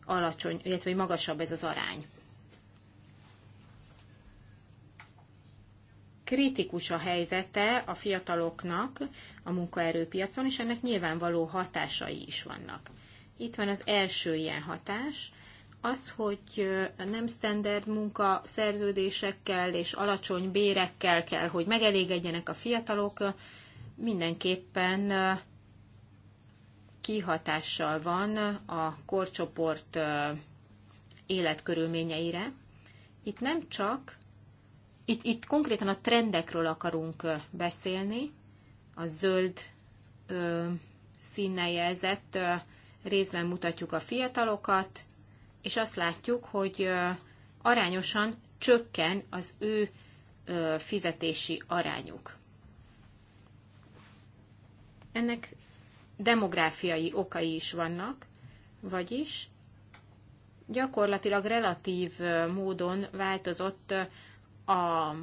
alacsony, illetve hogy magasabb ez az arány. Kritikus a helyzete a fiataloknak a munkaerőpiacon, és ennek nyilvánvaló hatásai is vannak. Itt van az első ilyen hatás, az, hogy nem standard munka szerződésekkel és alacsony bérekkel kell, hogy megelégedjenek a fiatalok, mindenképpen kihatással van a korcsoport életkörülményeire. Itt nem csak, itt, itt konkrétan a trendekről akarunk beszélni, a zöld ö, színnel jelzett ö, részben mutatjuk a fiatalokat, és azt látjuk, hogy ö, arányosan csökken az ő ö, fizetési arányuk. Ennek demográfiai okai is vannak, vagyis gyakorlatilag relatív módon változott a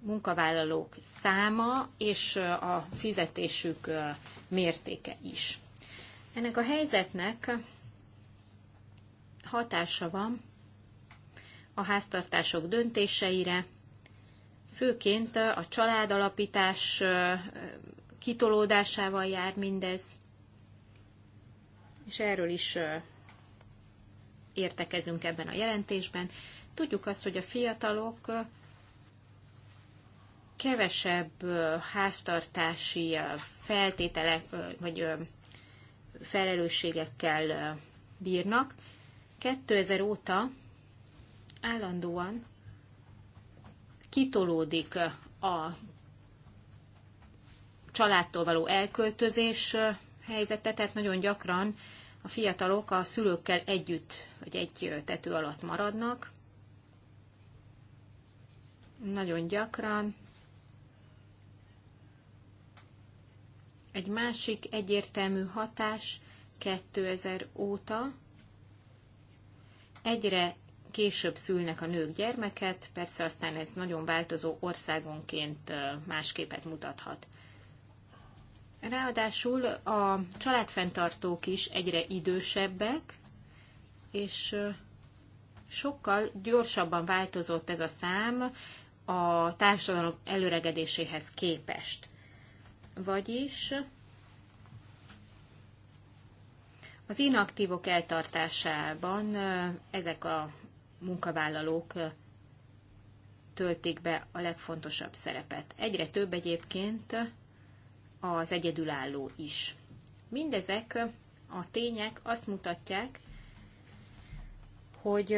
munkavállalók száma és a fizetésük mértéke is. Ennek a helyzetnek hatása van a háztartások döntéseire, főként a családalapítás kitolódásával jár mindez, és erről is értekezünk ebben a jelentésben. Tudjuk azt, hogy a fiatalok kevesebb háztartási feltételek vagy felelősségekkel bírnak. 2000 óta állandóan kitolódik a családtól való elköltözés helyzete, tehát nagyon gyakran a fiatalok a szülőkkel együtt, vagy egy tető alatt maradnak. Nagyon gyakran. Egy másik egyértelmű hatás 2000 óta egyre később szülnek a nők gyermeket, persze aztán ez nagyon változó országonként más képet mutathat. Ráadásul a családfenntartók is egyre idősebbek, és sokkal gyorsabban változott ez a szám a társadalom előregedéséhez képest. Vagyis az inaktívok eltartásában ezek a munkavállalók töltik be a legfontosabb szerepet. Egyre több egyébként az egyedülálló is. Mindezek a tények azt mutatják, hogy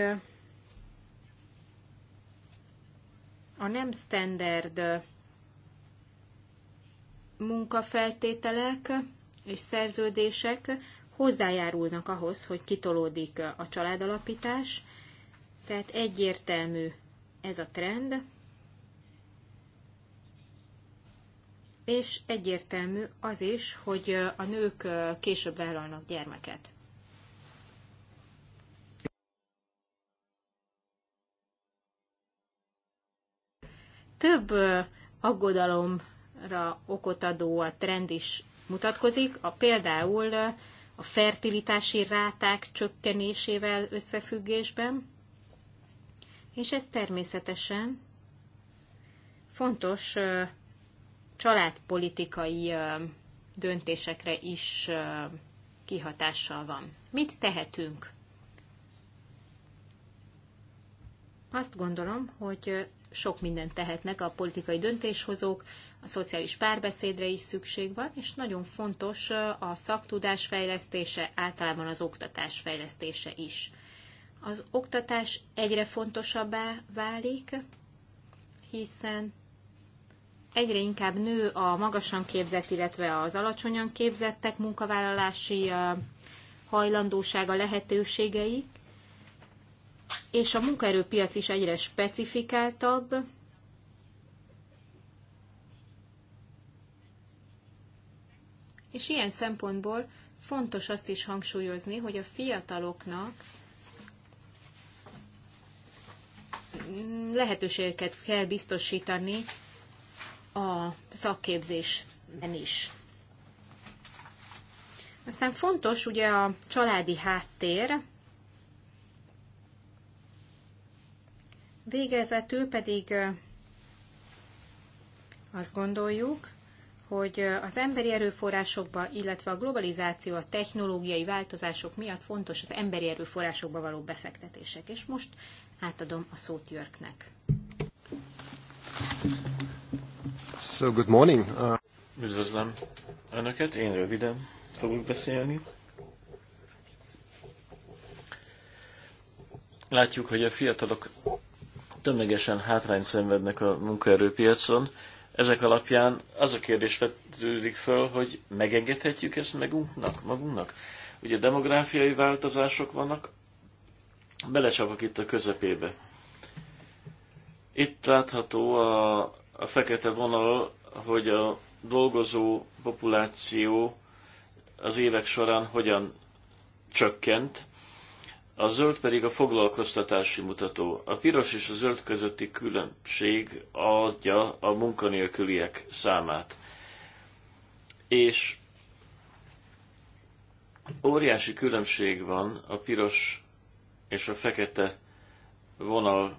a nem standard munkafeltételek és szerződések hozzájárulnak ahhoz, hogy kitolódik a családalapítás, tehát egyértelmű ez a trend, és egyértelmű az is, hogy a nők később vállalnak gyermeket. Több aggodalomra okot adó a trend is mutatkozik, a például a fertilitási ráták csökkenésével összefüggésben, és ez természetesen fontos családpolitikai döntésekre is kihatással van. Mit tehetünk? Azt gondolom, hogy sok mindent tehetnek a politikai döntéshozók, a szociális párbeszédre is szükség van, és nagyon fontos a szaktudás fejlesztése, általában az oktatás fejlesztése is. Az oktatás egyre fontosabbá válik, hiszen egyre inkább nő a magasan képzett, illetve az alacsonyan képzettek munkavállalási hajlandósága lehetőségei, és a munkaerőpiac is egyre specifikáltabb, És ilyen szempontból fontos azt is hangsúlyozni, hogy a fiataloknak lehetőségeket kell biztosítani a szakképzésben is. Aztán fontos ugye a családi háttér, végezetül pedig azt gondoljuk, hogy az emberi erőforrásokba, illetve a globalizáció, a technológiai változások miatt fontos az emberi erőforrásokba való befektetések. És most átadom a szót Jörgnek. So, good morning. Uh... Üdvözlöm Önöket, én röviden fogok beszélni. Látjuk, hogy a fiatalok tömegesen hátrányt szenvednek a munkaerőpiacon. Ezek alapján az a kérdés vetődik föl, hogy megengedhetjük ezt magunknak? magunknak? Ugye demográfiai változások vannak, belecsapok itt a közepébe. Itt látható a a fekete vonal, hogy a dolgozó populáció az évek során hogyan csökkent, a zöld pedig a foglalkoztatási mutató. A piros és a zöld közötti különbség adja a munkanélküliek számát. És óriási különbség van a piros és a fekete vonal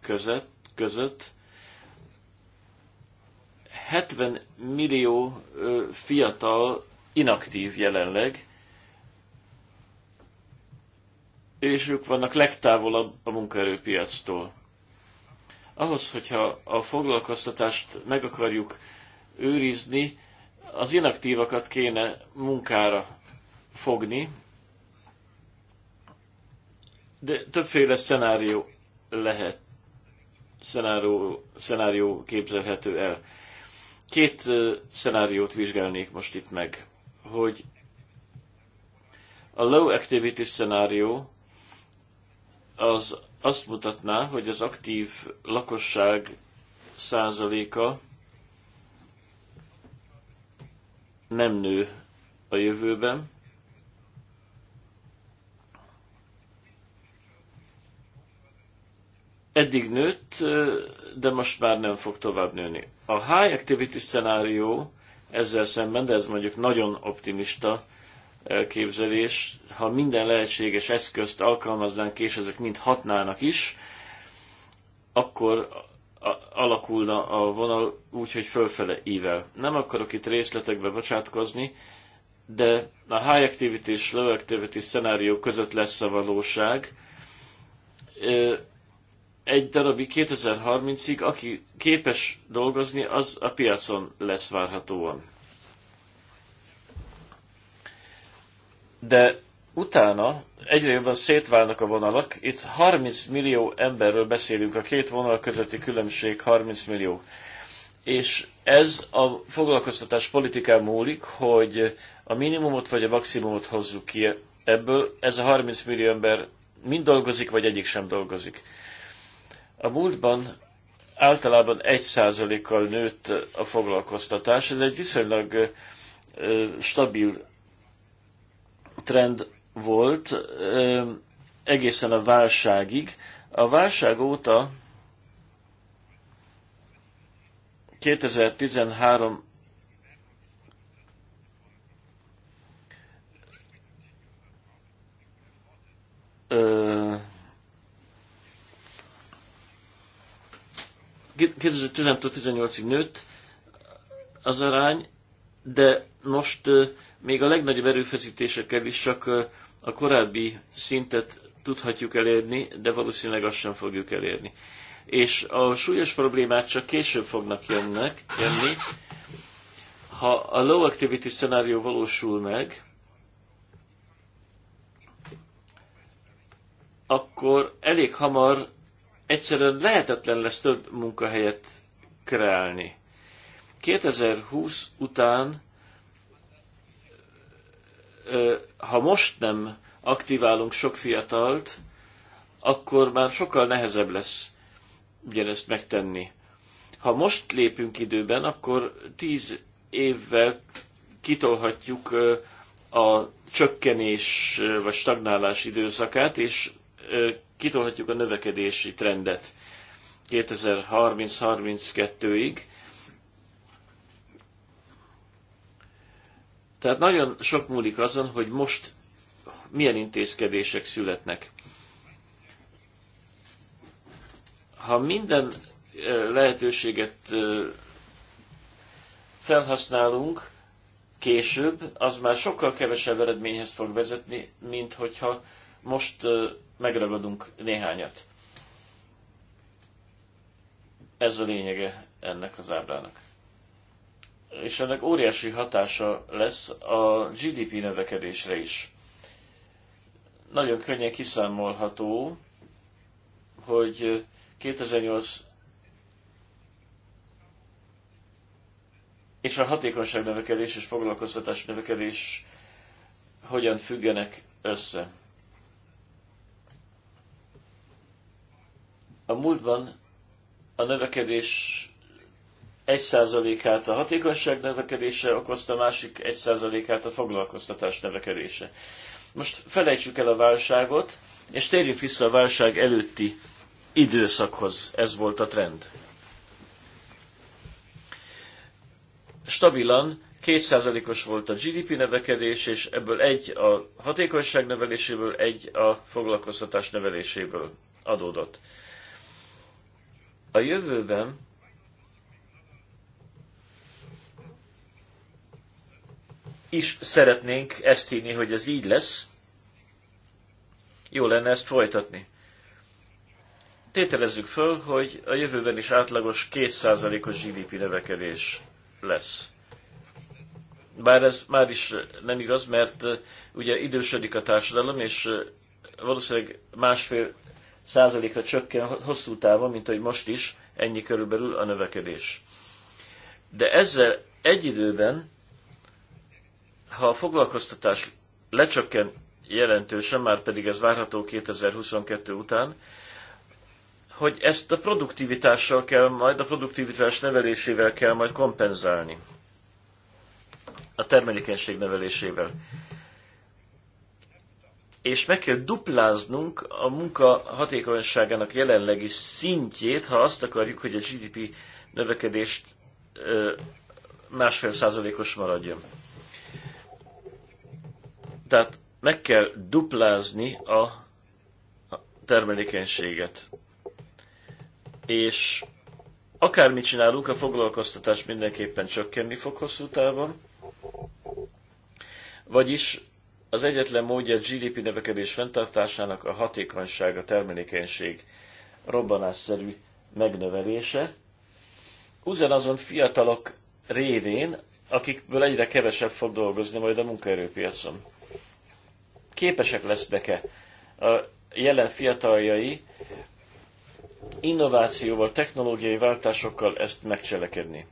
között között 70 millió fiatal inaktív jelenleg, és ők vannak legtávolabb a munkaerőpiactól. Ahhoz, hogyha a foglalkoztatást meg akarjuk őrizni, az inaktívakat kéne munkára fogni, de többféle szenárió lehet szenárió, szenárió képzelhető el. Két szenáriót vizsgálnék most itt meg, hogy a low activity szenárió az azt mutatná, hogy az aktív lakosság százaléka nem nő a jövőben, eddig nőtt, de most már nem fog tovább nőni. A high activity szenárió ezzel szemben, de ez mondjuk nagyon optimista elképzelés, ha minden lehetséges eszközt alkalmaznánk, és ezek mind hatnának is, akkor alakulna a vonal úgy, hogy fölfele ível. Nem akarok itt részletekbe bocsátkozni, de a high activity és low activity szenárió között lesz a valóság, egy darabig 2030-ig, aki képes dolgozni, az a piacon lesz várhatóan. De utána egyre jobban szétválnak a vonalak. Itt 30 millió emberről beszélünk, a két vonal közötti különbség 30 millió. És ez a foglalkoztatás politikán múlik, hogy a minimumot vagy a maximumot hozzuk ki ebből. Ez a 30 millió ember mind dolgozik, vagy egyik sem dolgozik. A múltban általában 1%-kal nőtt a foglalkoztatás. Ez egy viszonylag stabil trend volt egészen a válságig. A válság óta 2013 2015-től 18-ig nőtt az arány, de most még a legnagyobb erőfeszítésekkel is csak a korábbi szintet tudhatjuk elérni, de valószínűleg azt sem fogjuk elérni. És a súlyos problémák csak később fognak jönnek, jönni. Ha a low activity szenárió valósul meg, akkor elég hamar egyszerűen lehetetlen lesz több munkahelyet kreálni. 2020 után, ha most nem aktiválunk sok fiatalt, akkor már sokkal nehezebb lesz ugyanezt megtenni. Ha most lépünk időben, akkor tíz évvel kitolhatjuk a csökkenés vagy stagnálás időszakát, és kitolhatjuk a növekedési trendet 2030-32-ig. Tehát nagyon sok múlik azon, hogy most milyen intézkedések születnek. Ha minden lehetőséget felhasználunk később, az már sokkal kevesebb eredményhez fog vezetni, mint hogyha most megragadunk néhányat. Ez a lényege ennek az ábrának. És ennek óriási hatása lesz a GDP növekedésre is. Nagyon könnyen kiszámolható, hogy 2008 és a hatékonyság növekedés és foglalkoztatás növekedés hogyan függenek össze. A múltban a növekedés egy át a hatékonyság növekedése okozta, a másik egy százalékát a foglalkoztatás növekedése. Most felejtsük el a válságot, és térjünk vissza a válság előtti időszakhoz. Ez volt a trend. Stabilan 2%-os volt a GDP növekedés, és ebből egy a hatékonyság növeléséből, egy a foglalkoztatás növeléséből adódott. A jövőben is szeretnénk ezt hinni, hogy ez így lesz. Jó lenne ezt folytatni. Tételezzük föl, hogy a jövőben is átlagos 2%-os GDP növekedés lesz. Bár ez már is nem igaz, mert uh, ugye idősödik a társadalom, és uh, valószínűleg másfél százalékra csökken hosszú távon, mint ahogy most is, ennyi körülbelül a növekedés. De ezzel egy időben, ha a foglalkoztatás lecsökken jelentősen, már pedig ez várható 2022 után, hogy ezt a produktivitással kell majd, a produktivitás nevelésével kell majd kompenzálni. A termelékenység nevelésével és meg kell dupláznunk a munka hatékonyságának jelenlegi szintjét, ha azt akarjuk, hogy a GDP növekedést másfél százalékos maradjon. Tehát meg kell duplázni a termelékenységet. És akármit csinálunk, a foglalkoztatás mindenképpen csökkenni fog hosszú távon, vagyis az egyetlen módja a GDP növekedés fenntartásának a hatékonyság, a termelékenység robbanásszerű megnövelése. Ugyanazon fiatalok révén, akikből egyre kevesebb fog dolgozni majd a munkaerőpiacon. Képesek lesznek-e a jelen fiataljai innovációval, technológiai váltásokkal ezt megcselekedni?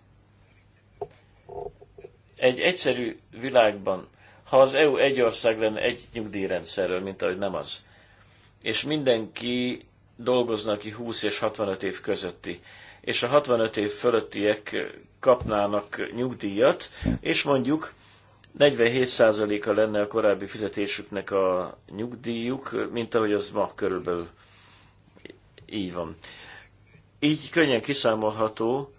Egy egyszerű világban ha az EU egy ország lenne egy nyugdíjrendszerről, mint ahogy nem az, és mindenki dolgozna ki 20 és 65 év közötti, és a 65 év fölöttiek kapnának nyugdíjat, és mondjuk 47%-a lenne a korábbi fizetésüknek a nyugdíjuk, mint ahogy az ma körülbelül így van. Így könnyen kiszámolható,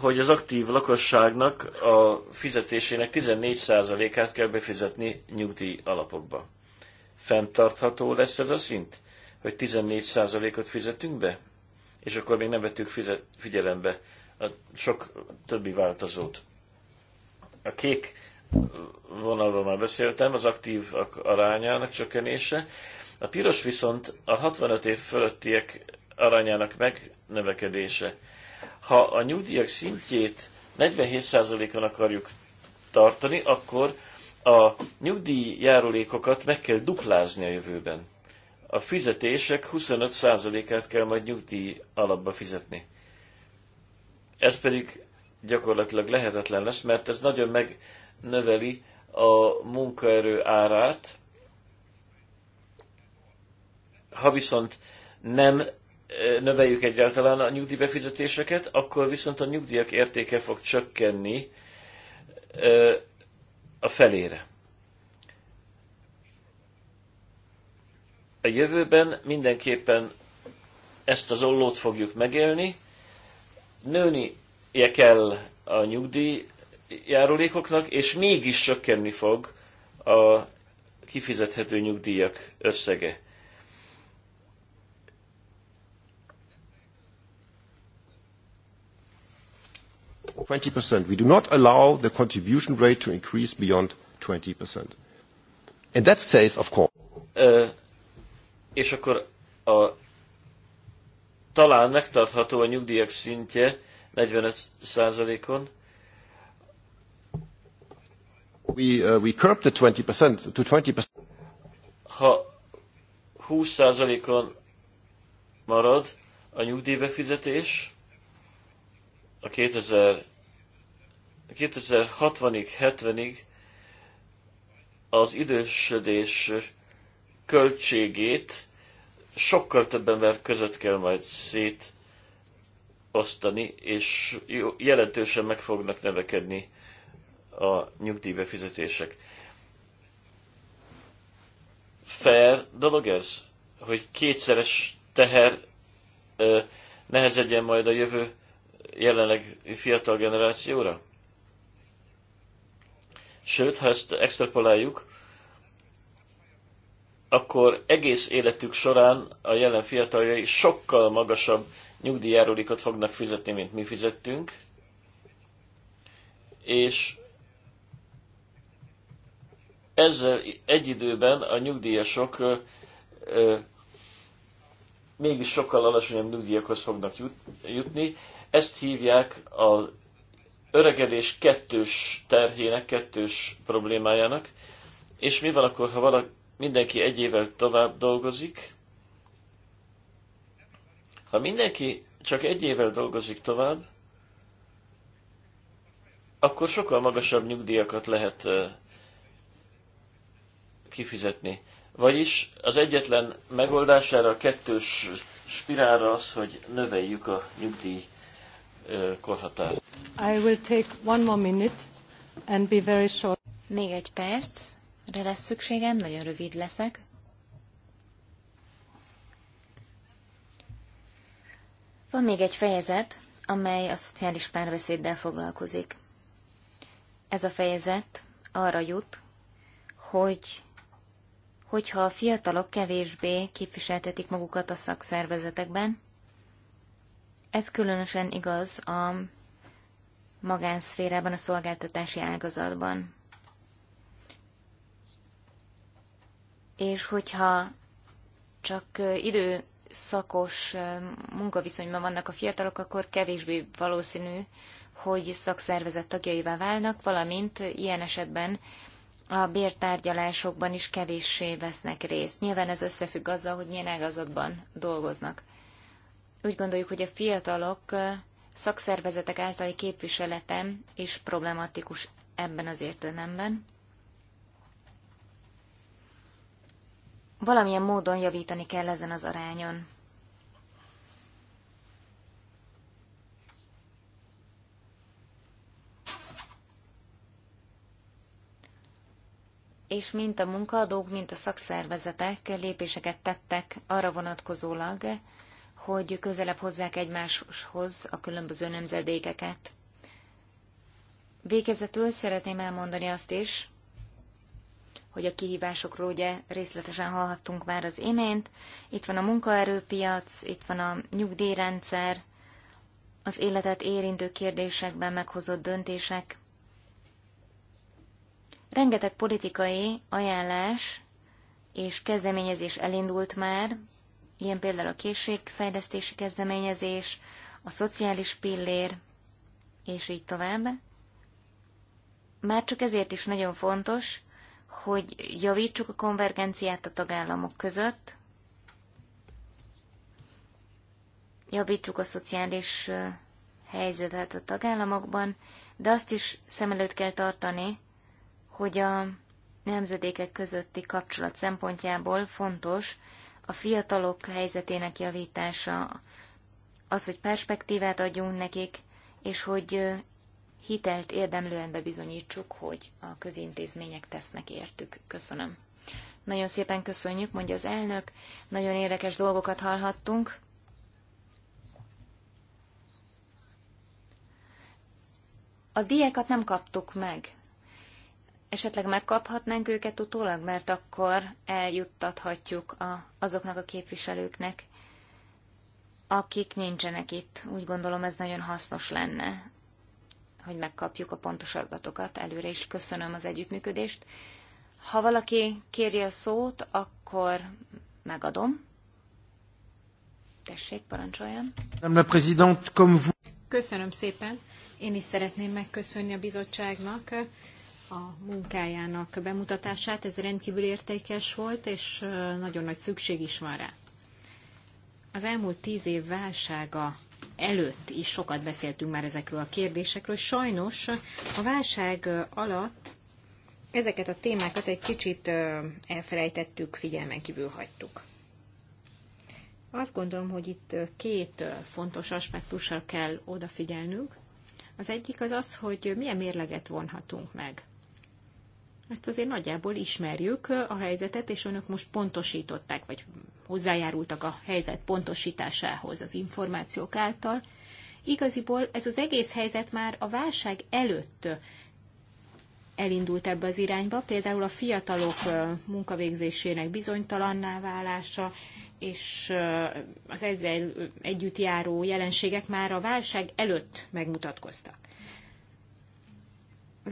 hogy az aktív lakosságnak a fizetésének 14%-át kell befizetni nyugdíj alapokba. Fenntartható lesz ez a szint, hogy 14%-ot fizetünk be? És akkor még nem vettük fizet, figyelembe a sok többi változót. A kék vonalról már beszéltem, az aktív arányának csökkenése. A piros viszont a 65 év fölöttiek arányának megnövekedése. Ha a nyugdíjak szintjét 47%-on akarjuk tartani, akkor a nyugdíjjárulékokat meg kell duplázni a jövőben. A fizetések 25%-át kell majd nyugdíj alapba fizetni. Ez pedig gyakorlatilag lehetetlen lesz, mert ez nagyon megnöveli a munkaerő árát. Ha viszont nem növeljük egyáltalán a nyugdíjbefizetéseket, akkor viszont a nyugdíjak értéke fog csökkenni a felére. A jövőben mindenképpen ezt az ollót fogjuk megélni, nőnie kell a nyugdíj járulékoknak, és mégis csökkenni fog a kifizethető nyugdíjak összege. 20%. We do not allow the contribution rate to increase beyond 20%. In that case, of course. Uh, és akkor a, talán megtartható a nyugdíjak szintje 45%-on. We, uh, we curb the 20% to 20%. Ha 20%-on marad a nyugdíjbefizetés, a 2060-ig, 70-ig az idősödés költségét sokkal több ember között kell majd szét osztani, és jelentősen meg fognak növekedni a nyugdíjbefizetések. Fair dolog ez, hogy kétszeres teher ö, nehezedjen majd a jövő jelenleg fiatal generációra? Sőt, ha ezt extrapoláljuk, akkor egész életük során a jelen fiataljai sokkal magasabb nyugdíjárulékot fognak fizetni, mint mi fizettünk, és ezzel egy időben a nyugdíjasok ö, ö, mégis sokkal alacsonyabb nyugdíjakhoz fognak jutni, ezt hívják az öregedés kettős terhének, kettős problémájának. És mi van akkor, ha valaki, mindenki egy évvel tovább dolgozik? Ha mindenki csak egy évvel dolgozik tovább, akkor sokkal magasabb nyugdíjakat lehet kifizetni. Vagyis az egyetlen megoldására a kettős spirálra az, hogy növeljük a nyugdíj korhatár. I will take one more minute and be very short. Még egy perc, de lesz szükségem, nagyon rövid leszek. Van még egy fejezet, amely a szociális párbeszéddel foglalkozik. Ez a fejezet arra jut, hogy hogyha a fiatalok kevésbé képviseltetik magukat a szakszervezetekben, ez különösen igaz a magánszférában, a szolgáltatási ágazatban. És hogyha csak időszakos munkaviszonyban vannak a fiatalok, akkor kevésbé valószínű, hogy szakszervezet tagjaivá válnak, valamint ilyen esetben a bértárgyalásokban is kevéssé vesznek részt. Nyilván ez összefügg azzal, hogy milyen ágazatban dolgoznak. Úgy gondoljuk, hogy a fiatalok szakszervezetek általi képviselete is problematikus ebben az értelemben. Valamilyen módon javítani kell ezen az arányon. és mint a munkaadók, mint a szakszervezetek lépéseket tettek arra vonatkozólag, hogy közelebb hozzák egymáshoz a különböző nemzedékeket. Végezetül szeretném elmondani azt is, hogy a kihívásokról ugye részletesen hallhattunk már az imént. Itt van a munkaerőpiac, itt van a nyugdíjrendszer, az életet érintő kérdésekben meghozott döntések. Rengeteg politikai ajánlás és kezdeményezés elindult már, ilyen például a készségfejlesztési kezdeményezés, a szociális pillér, és így tovább. Már csak ezért is nagyon fontos, hogy javítsuk a konvergenciát a tagállamok között, javítsuk a szociális helyzetet a tagállamokban, de azt is szem előtt kell tartani, hogy a nemzedékek közötti kapcsolat szempontjából fontos, a fiatalok helyzetének javítása, az, hogy perspektívát adjunk nekik, és hogy hitelt érdemlően bebizonyítsuk, hogy a közintézmények tesznek értük. Köszönöm. Nagyon szépen köszönjük, mondja az elnök. Nagyon érdekes dolgokat hallhattunk. A diákat nem kaptuk meg. Esetleg megkaphatnánk őket utólag, mert akkor eljuttathatjuk a, azoknak a képviselőknek, akik nincsenek itt. Úgy gondolom ez nagyon hasznos lenne, hogy megkapjuk a pontos adatokat. Előre is köszönöm az együttműködést. Ha valaki kéri a szót, akkor megadom. Tessék, parancsoljon. Köszönöm szépen. Én is szeretném megköszönni a bizottságnak a munkájának bemutatását, ez rendkívül értékes volt, és nagyon nagy szükség is van rá. Az elmúlt tíz év válsága előtt is sokat beszéltünk már ezekről a kérdésekről. Sajnos a válság alatt ezeket a témákat egy kicsit elfelejtettük, figyelmen kívül hagytuk. Azt gondolom, hogy itt két fontos aspektussal kell odafigyelnünk. Az egyik az az, hogy milyen mérleget vonhatunk meg. Ezt azért nagyjából ismerjük a helyzetet, és önök most pontosították, vagy hozzájárultak a helyzet pontosításához az információk által. Igaziból ez az egész helyzet már a válság előtt elindult ebbe az irányba, például a fiatalok munkavégzésének bizonytalanná válása, és az ezzel együtt járó jelenségek már a válság előtt megmutatkoztak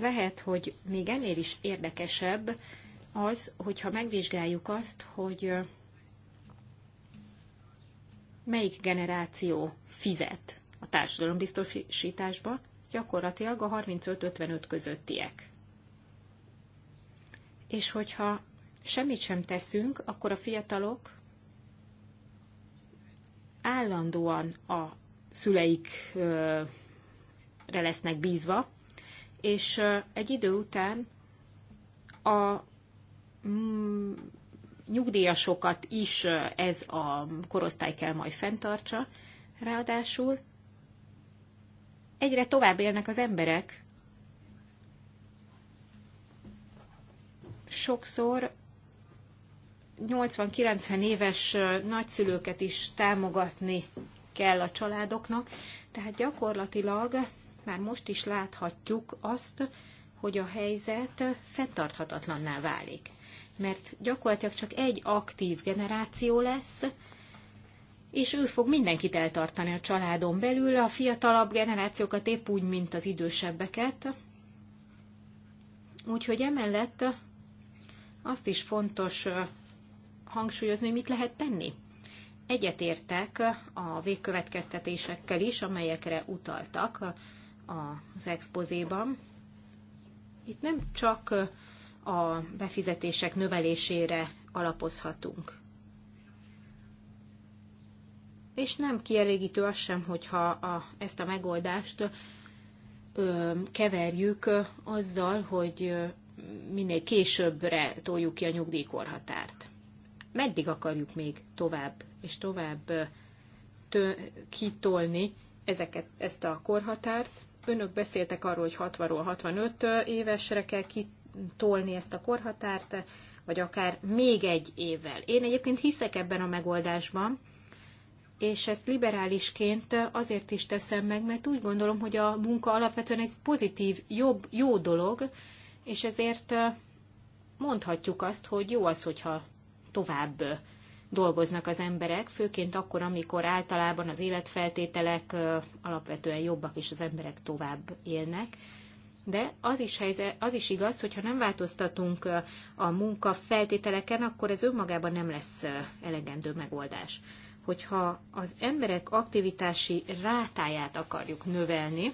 lehet, hogy még ennél is érdekesebb az, hogyha megvizsgáljuk azt, hogy melyik generáció fizet a társadalombiztosításba, gyakorlatilag a 35-55 közöttiek. És hogyha semmit sem teszünk, akkor a fiatalok állandóan a szüleikre lesznek bízva, és egy idő után a mm, nyugdíjasokat is ez a korosztály kell majd fenntartsa. Ráadásul egyre tovább élnek az emberek. Sokszor 80-90 éves nagyszülőket is támogatni kell a családoknak, tehát gyakorlatilag már most is láthatjuk azt, hogy a helyzet fenntarthatatlanná válik. Mert gyakorlatilag csak egy aktív generáció lesz, és ő fog mindenkit eltartani a családon belül, a fiatalabb generációkat épp úgy, mint az idősebbeket. Úgyhogy emellett azt is fontos hangsúlyozni, hogy mit lehet tenni. Egyetértek a végkövetkeztetésekkel is, amelyekre utaltak az expozéban. Itt nem csak a befizetések növelésére alapozhatunk. És nem kielégítő az sem, hogyha a, ezt a megoldást ö, keverjük azzal, hogy minél későbbre toljuk ki a nyugdíjkorhatárt. Meddig akarjuk még tovább és tovább tő, kitolni ezeket, ezt a korhatárt? Önök beszéltek arról, hogy 60-ról 65 évesre kell kitolni ezt a korhatárt, vagy akár még egy évvel. Én egyébként hiszek ebben a megoldásban, és ezt liberálisként azért is teszem meg, mert úgy gondolom, hogy a munka alapvetően egy pozitív, jobb, jó dolog, és ezért mondhatjuk azt, hogy jó az, hogyha tovább dolgoznak az emberek, főként akkor, amikor általában az életfeltételek alapvetően jobbak, és az emberek tovább élnek. De az is, helyzet, az is igaz, hogyha nem változtatunk a munka feltételeken, akkor ez önmagában nem lesz elegendő megoldás. Hogyha az emberek aktivitási rátáját akarjuk növelni,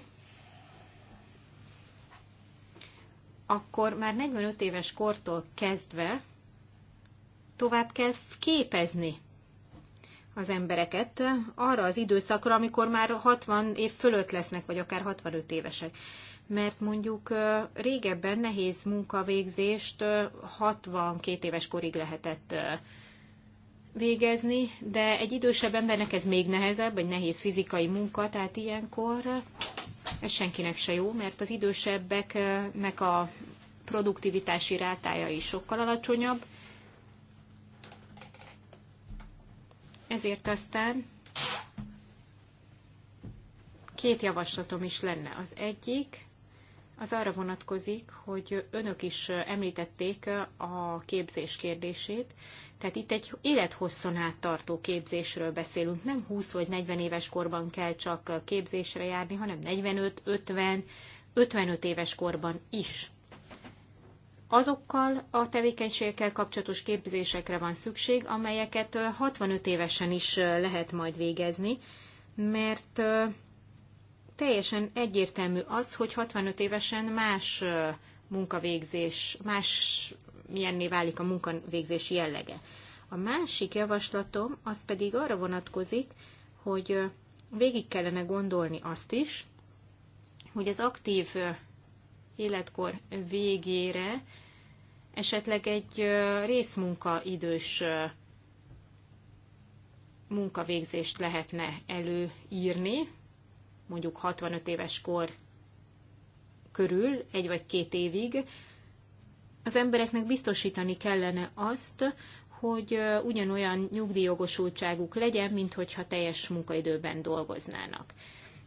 akkor már 45 éves kortól kezdve tovább kell képezni az embereket arra az időszakra, amikor már 60 év fölött lesznek, vagy akár 65 évesek. Mert mondjuk régebben nehéz munkavégzést 62 éves korig lehetett végezni, de egy idősebb embernek ez még nehezebb, vagy nehéz fizikai munka, tehát ilyenkor ez senkinek se jó, mert az idősebbeknek a produktivitási rátája is sokkal alacsonyabb, Ezért aztán két javaslatom is lenne. Az egyik az arra vonatkozik, hogy önök is említették a képzés kérdését. Tehát itt egy élethosszon át tartó képzésről beszélünk. Nem 20 vagy 40 éves korban kell csak képzésre járni, hanem 45, 50, 55 éves korban is azokkal a tevékenységekkel kapcsolatos képzésekre van szükség, amelyeket 65 évesen is lehet majd végezni, mert teljesen egyértelmű az, hogy 65 évesen más munkavégzés, más milyenné válik a munkavégzési jellege. A másik javaslatom az pedig arra vonatkozik, hogy végig kellene gondolni azt is, hogy az aktív életkor végére esetleg egy részmunkaidős munkavégzést lehetne előírni, mondjuk 65 éves kor körül, egy vagy két évig, az embereknek biztosítani kellene azt, hogy ugyanolyan nyugdíjogosultságuk legyen, mint hogyha teljes munkaidőben dolgoznának.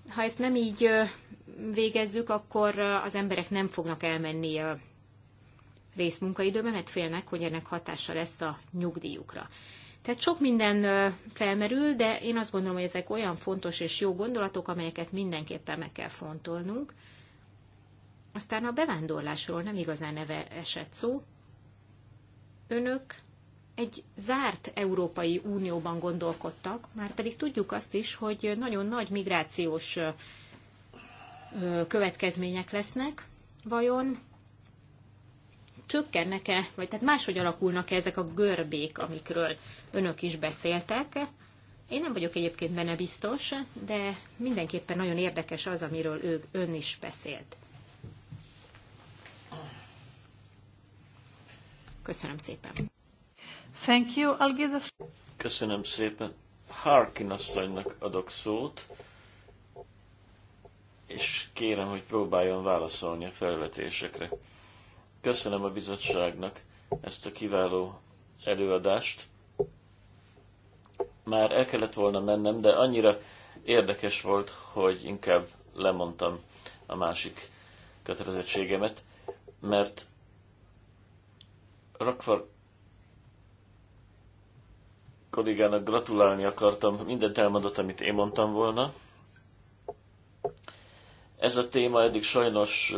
Ha ezt nem így végezzük, akkor az emberek nem fognak elmenni részmunkaidőben, mert félnek, hogy ennek hatása lesz a nyugdíjukra. Tehát sok minden felmerül, de én azt gondolom, hogy ezek olyan fontos és jó gondolatok, amelyeket mindenképpen meg kell fontolnunk. Aztán a bevándorlásról nem igazán neve esett szó. Önök egy zárt Európai Unióban gondolkodtak, már pedig tudjuk azt is, hogy nagyon nagy migrációs következmények lesznek. Vajon csökkennek-e, vagy tehát máshogy alakulnak -e ezek a görbék, amikről önök is beszéltek. Én nem vagyok egyébként benne biztos, de mindenképpen nagyon érdekes az, amiről ő, ön is beszélt. Köszönöm szépen. Thank you. I'll give the... Köszönöm szépen. Harkin asszonynak adok szót, és kérem, hogy próbáljon válaszolni a felvetésekre. Köszönöm a bizottságnak ezt a kiváló előadást. Már el kellett volna mennem, de annyira érdekes volt, hogy inkább lemondtam a másik kötelezettségemet, mert Rakvar kollégának gratulálni akartam, mindent elmondott, amit én mondtam volna. Ez a téma eddig sajnos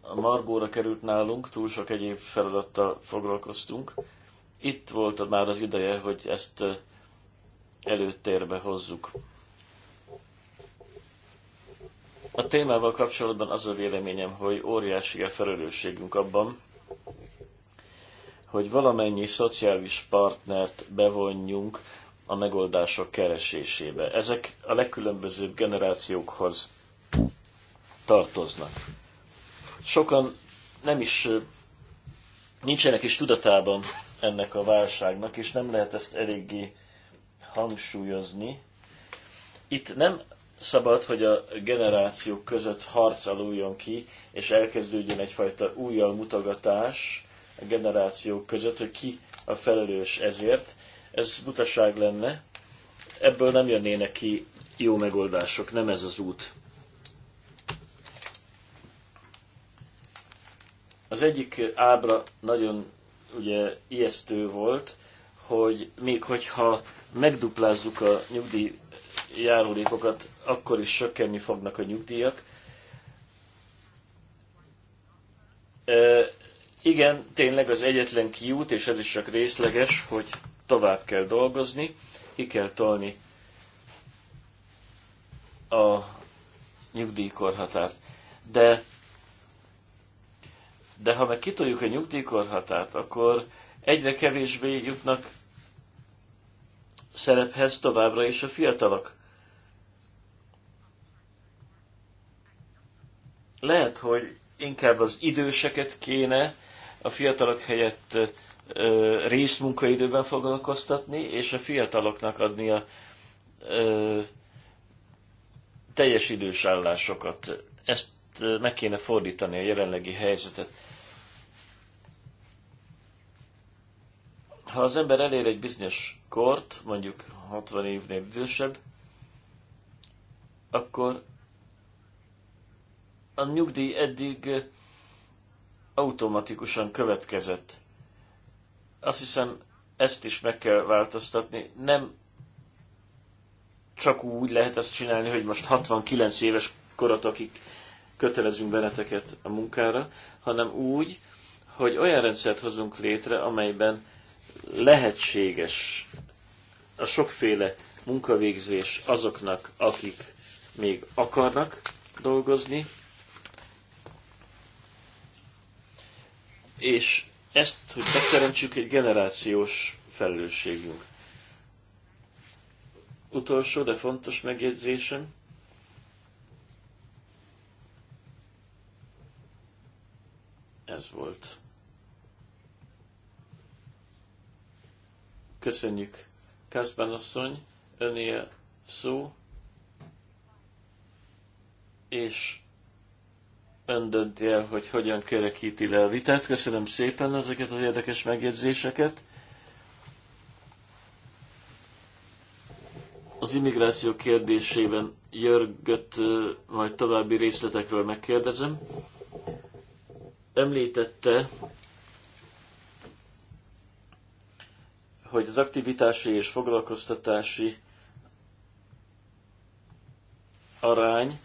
a margóra került nálunk, túl sok egyéb feladattal foglalkoztunk. Itt volt már az ideje, hogy ezt előtérbe hozzuk. A témával kapcsolatban az a véleményem, hogy óriási a felelősségünk abban, hogy valamennyi szociális partnert bevonjunk a megoldások keresésébe. Ezek a legkülönbözőbb generációkhoz tartoznak sokan nem is nincsenek is tudatában ennek a válságnak, és nem lehet ezt eléggé hangsúlyozni. Itt nem szabad, hogy a generációk között harc aluljon ki, és elkezdődjön egyfajta újjal mutogatás a generációk között, hogy ki a felelős ezért. Ez butaság lenne. Ebből nem jönnének ki jó megoldások, nem ez az út. Az egyik ábra nagyon ugye ijesztő volt, hogy még hogyha megduplázzuk a nyugdíj járulékokat, akkor is sökkenni fognak a nyugdíjak. E, igen, tényleg az egyetlen kiút, és ez is csak részleges, hogy tovább kell dolgozni, ki kell tolni a nyugdíjkorhatárt. De de ha meg kitoljuk a nyugdíjkorhatát, akkor egyre kevésbé jutnak szerephez továbbra is a fiatalok. Lehet, hogy inkább az időseket kéne a fiatalok helyett ö, részmunkaidőben foglalkoztatni, és a fiataloknak adni a ö, teljes idős állásokat. Ezt meg kéne fordítani a jelenlegi helyzetet. Ha az ember elér egy bizonyos kort, mondjuk 60 évnél idősebb, akkor a nyugdíj eddig automatikusan következett. Azt hiszem, ezt is meg kell változtatni. Nem csak úgy lehet ezt csinálni, hogy most 69 éves akik kötelezünk benneteket a munkára, hanem úgy, hogy olyan rendszert hozunk létre, amelyben lehetséges a sokféle munkavégzés azoknak, akik még akarnak dolgozni, és ezt, hogy megteremtsük, egy generációs felelősségünk. Utolsó, de fontos megjegyzésem. ez volt. Köszönjük. Kászbán asszony, önél szó, és ön dönti el, hogy hogyan kerekíti le a vitát. Köszönöm szépen ezeket az érdekes megjegyzéseket. Az immigráció kérdésében Jörgöt majd további részletekről megkérdezem említette, hogy az aktivitási és foglalkoztatási arány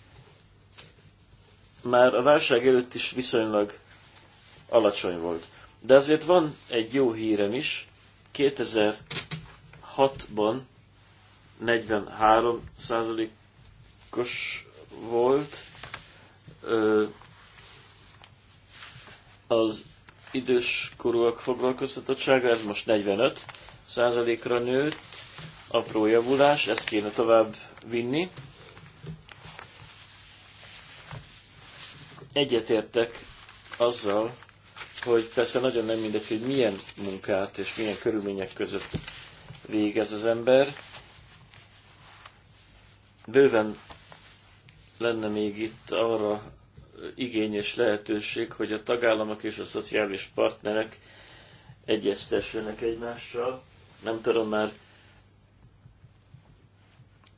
már a válság előtt is viszonylag alacsony volt. De azért van egy jó hírem is. 2006-ban 43 os volt, az időskorúak foglalkoztatottsága, ez most 45 százalékra nőtt, apró javulás, ezt kéne tovább vinni. Egyetértek azzal, hogy persze nagyon nem mindegy, hogy milyen munkát és milyen körülmények között végez az ember. Bőven lenne még itt arra igény és lehetőség, hogy a tagállamok és a szociális partnerek egyeztessenek egymással. Nem tudom már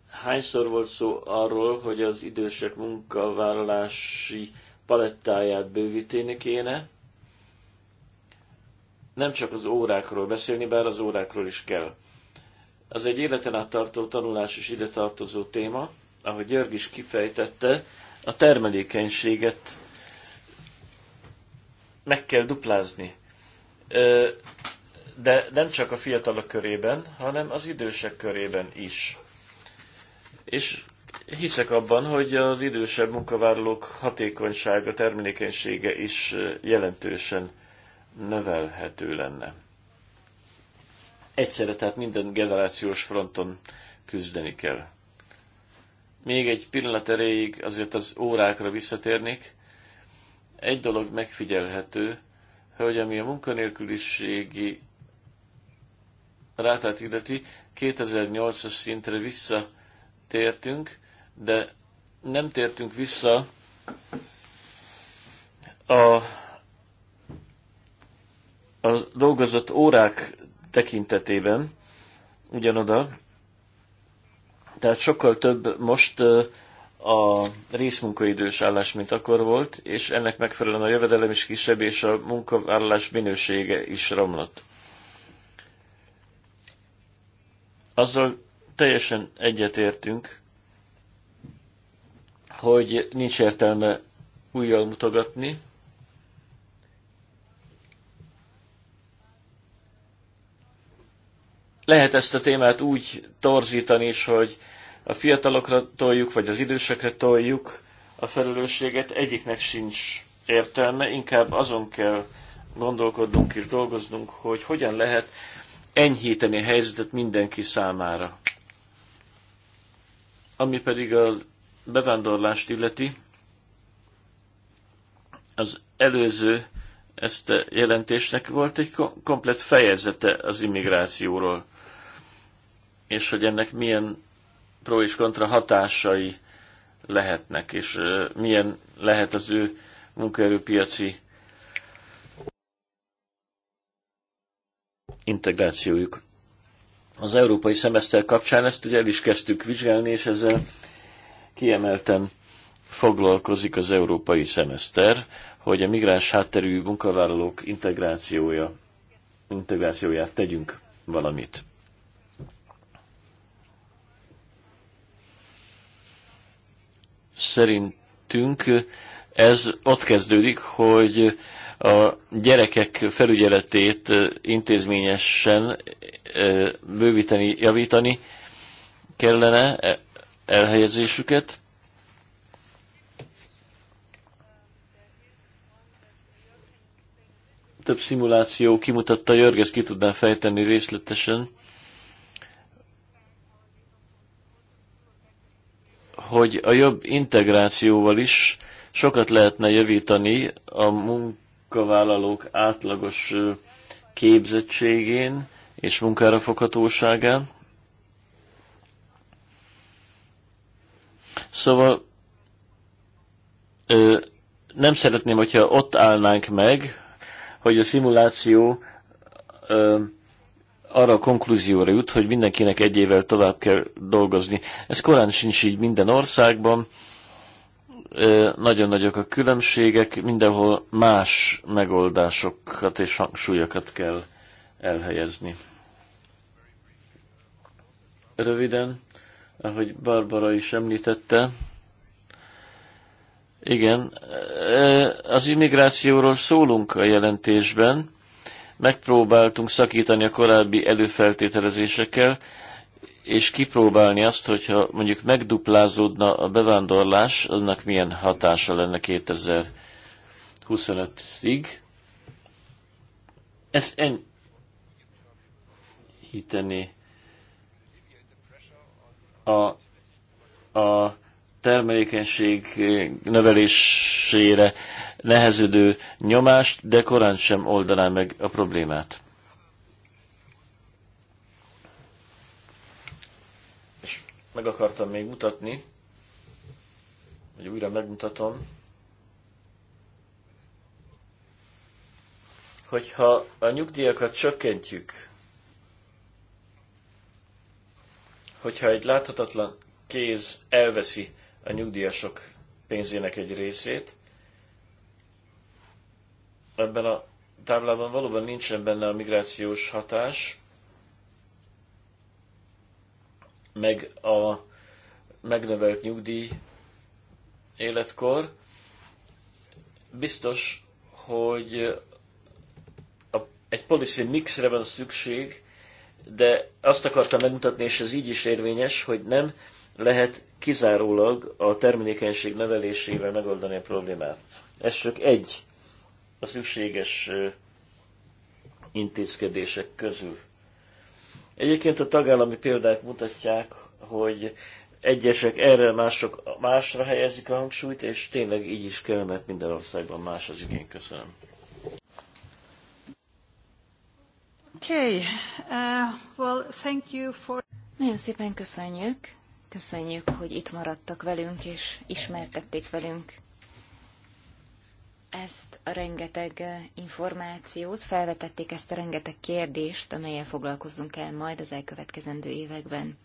hányszor volt szó arról, hogy az idősek munkavállalási palettáját bővíteni kéne. Nem csak az órákról beszélni, bár az órákról is kell. Az egy életen át tartó tanulás is ide tartozó téma, ahogy György is kifejtette, a termelékenységet meg kell duplázni. De nem csak a fiatalok körében, hanem az idősek körében is. És hiszek abban, hogy az idősebb munkavállalók hatékonysága, termelékenysége is jelentősen növelhető lenne. Egyszerre tehát minden generációs fronton küzdeni kell. Még egy pillanat erejéig azért az órákra visszatérnék. Egy dolog megfigyelhető, hogy ami a munkanélküliségi rátát illeti, 2008-as szintre visszatértünk, de nem tértünk vissza a, a dolgozott órák tekintetében ugyanoda, tehát sokkal több most a részmunkaidős állás, mint akkor volt, és ennek megfelelően a jövedelem is kisebb, és a munkavállalás minősége is romlott. Azzal teljesen egyetértünk, hogy nincs értelme újjal mutogatni, Lehet ezt a témát úgy torzítani is, hogy a fiatalokra toljuk, vagy az idősekre toljuk a felelősséget, egyiknek sincs értelme, inkább azon kell gondolkodnunk és dolgoznunk, hogy hogyan lehet enyhíteni a helyzetet mindenki számára. Ami pedig a bevándorlást illeti, az előző ezt a jelentésnek volt egy komplet fejezete az immigrációról és hogy ennek milyen pro és kontra hatásai lehetnek, és milyen lehet az ő munkaerőpiaci integrációjuk. Az európai szemeszter kapcsán ezt ugye el is kezdtük vizsgálni, és ezzel kiemelten foglalkozik az európai szemeszter, hogy a migráns hátterű munkavállalók integrációja, integrációját tegyünk valamit. szerintünk ez ott kezdődik, hogy a gyerekek felügyeletét eh, intézményesen eh, bővíteni, javítani kellene e, elhelyezésüket. Több szimuláció kimutatta, ezt ki tudnám fejteni részletesen, hogy a jobb integrációval is sokat lehetne javítani a munkavállalók átlagos képzettségén és munkára foghatóságán. Szóval nem szeretném, hogyha ott állnánk meg, hogy a szimuláció arra a konklúzióra jut, hogy mindenkinek egy évvel tovább kell dolgozni. Ez korán sincs így minden országban, nagyon nagyok a különbségek, mindenhol más megoldásokat és hangsúlyokat kell elhelyezni. Röviden, ahogy Barbara is említette, igen, az immigrációról szólunk a jelentésben, megpróbáltunk szakítani a korábbi előfeltételezésekkel, és kipróbálni azt, hogyha mondjuk megduplázódna a bevándorlás, annak milyen hatása lenne 2025-ig. Ez ennyi hiteni a, a termelékenység növelésére nehezedő nyomást, de korán sem oldaná meg a problémát. És meg akartam még mutatni, hogy újra megmutatom, hogyha a nyugdíjakat csökkentjük, hogyha egy láthatatlan kéz elveszi a nyugdíjasok pénzének egy részét, ebben a táblában valóban nincsen benne a migrációs hatás, meg a megnövelt nyugdíj életkor. Biztos, hogy a, egy policy mixre van szükség, de azt akartam megmutatni, és ez így is érvényes, hogy nem lehet kizárólag a termelékenység növelésével megoldani a problémát. Ez csak egy a szükséges intézkedések közül. Egyébként a tagállami példák mutatják, hogy egyesek erre, mások másra helyezik a hangsúlyt, és tényleg így is kell, mert minden országban más az igény. Köszönöm. Okay. Uh, well, thank you for... Nagyon szépen köszönjük. Köszönjük, hogy itt maradtak velünk, és ismertették velünk ezt a rengeteg eh, információt, felvetették ezt a rengeteg kérdést, amelyen foglalkozzunk el majd az elkövetkezendő években.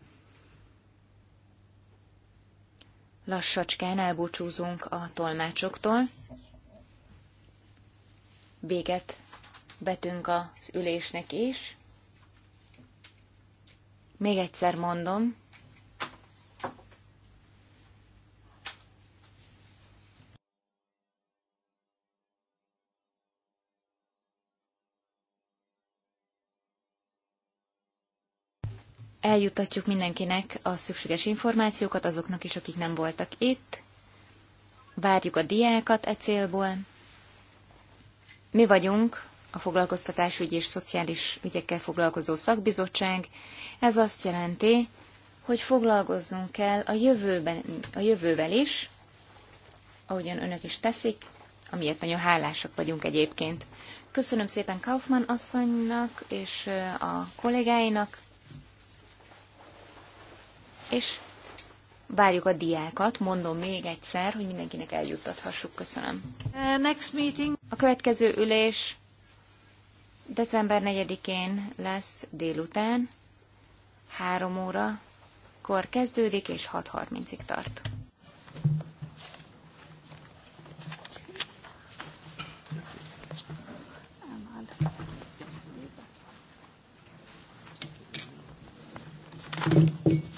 Lassacskán elbúcsúzunk a tolmácsoktól. Véget betünk az ülésnek is. Még egyszer mondom, eljutatjuk mindenkinek a szükséges információkat, azoknak is, akik nem voltak itt. Várjuk a diákat e célból. Mi vagyunk a foglalkoztatásügyi és szociális ügyekkel foglalkozó szakbizottság. Ez azt jelenti, hogy foglalkozzunk kell a, jövőben, a jövővel is, ahogyan önök is teszik, amiért nagyon hálásak vagyunk egyébként. Köszönöm szépen Kaufmann asszonynak és a kollégáinak, és várjuk a diákat, mondom még egyszer, hogy mindenkinek eljuttathassuk. Köszönöm. Uh, next meeting. A következő ülés december 4-én lesz délután, 3 óra kor kezdődik, és 6.30-ig tart. Thank you.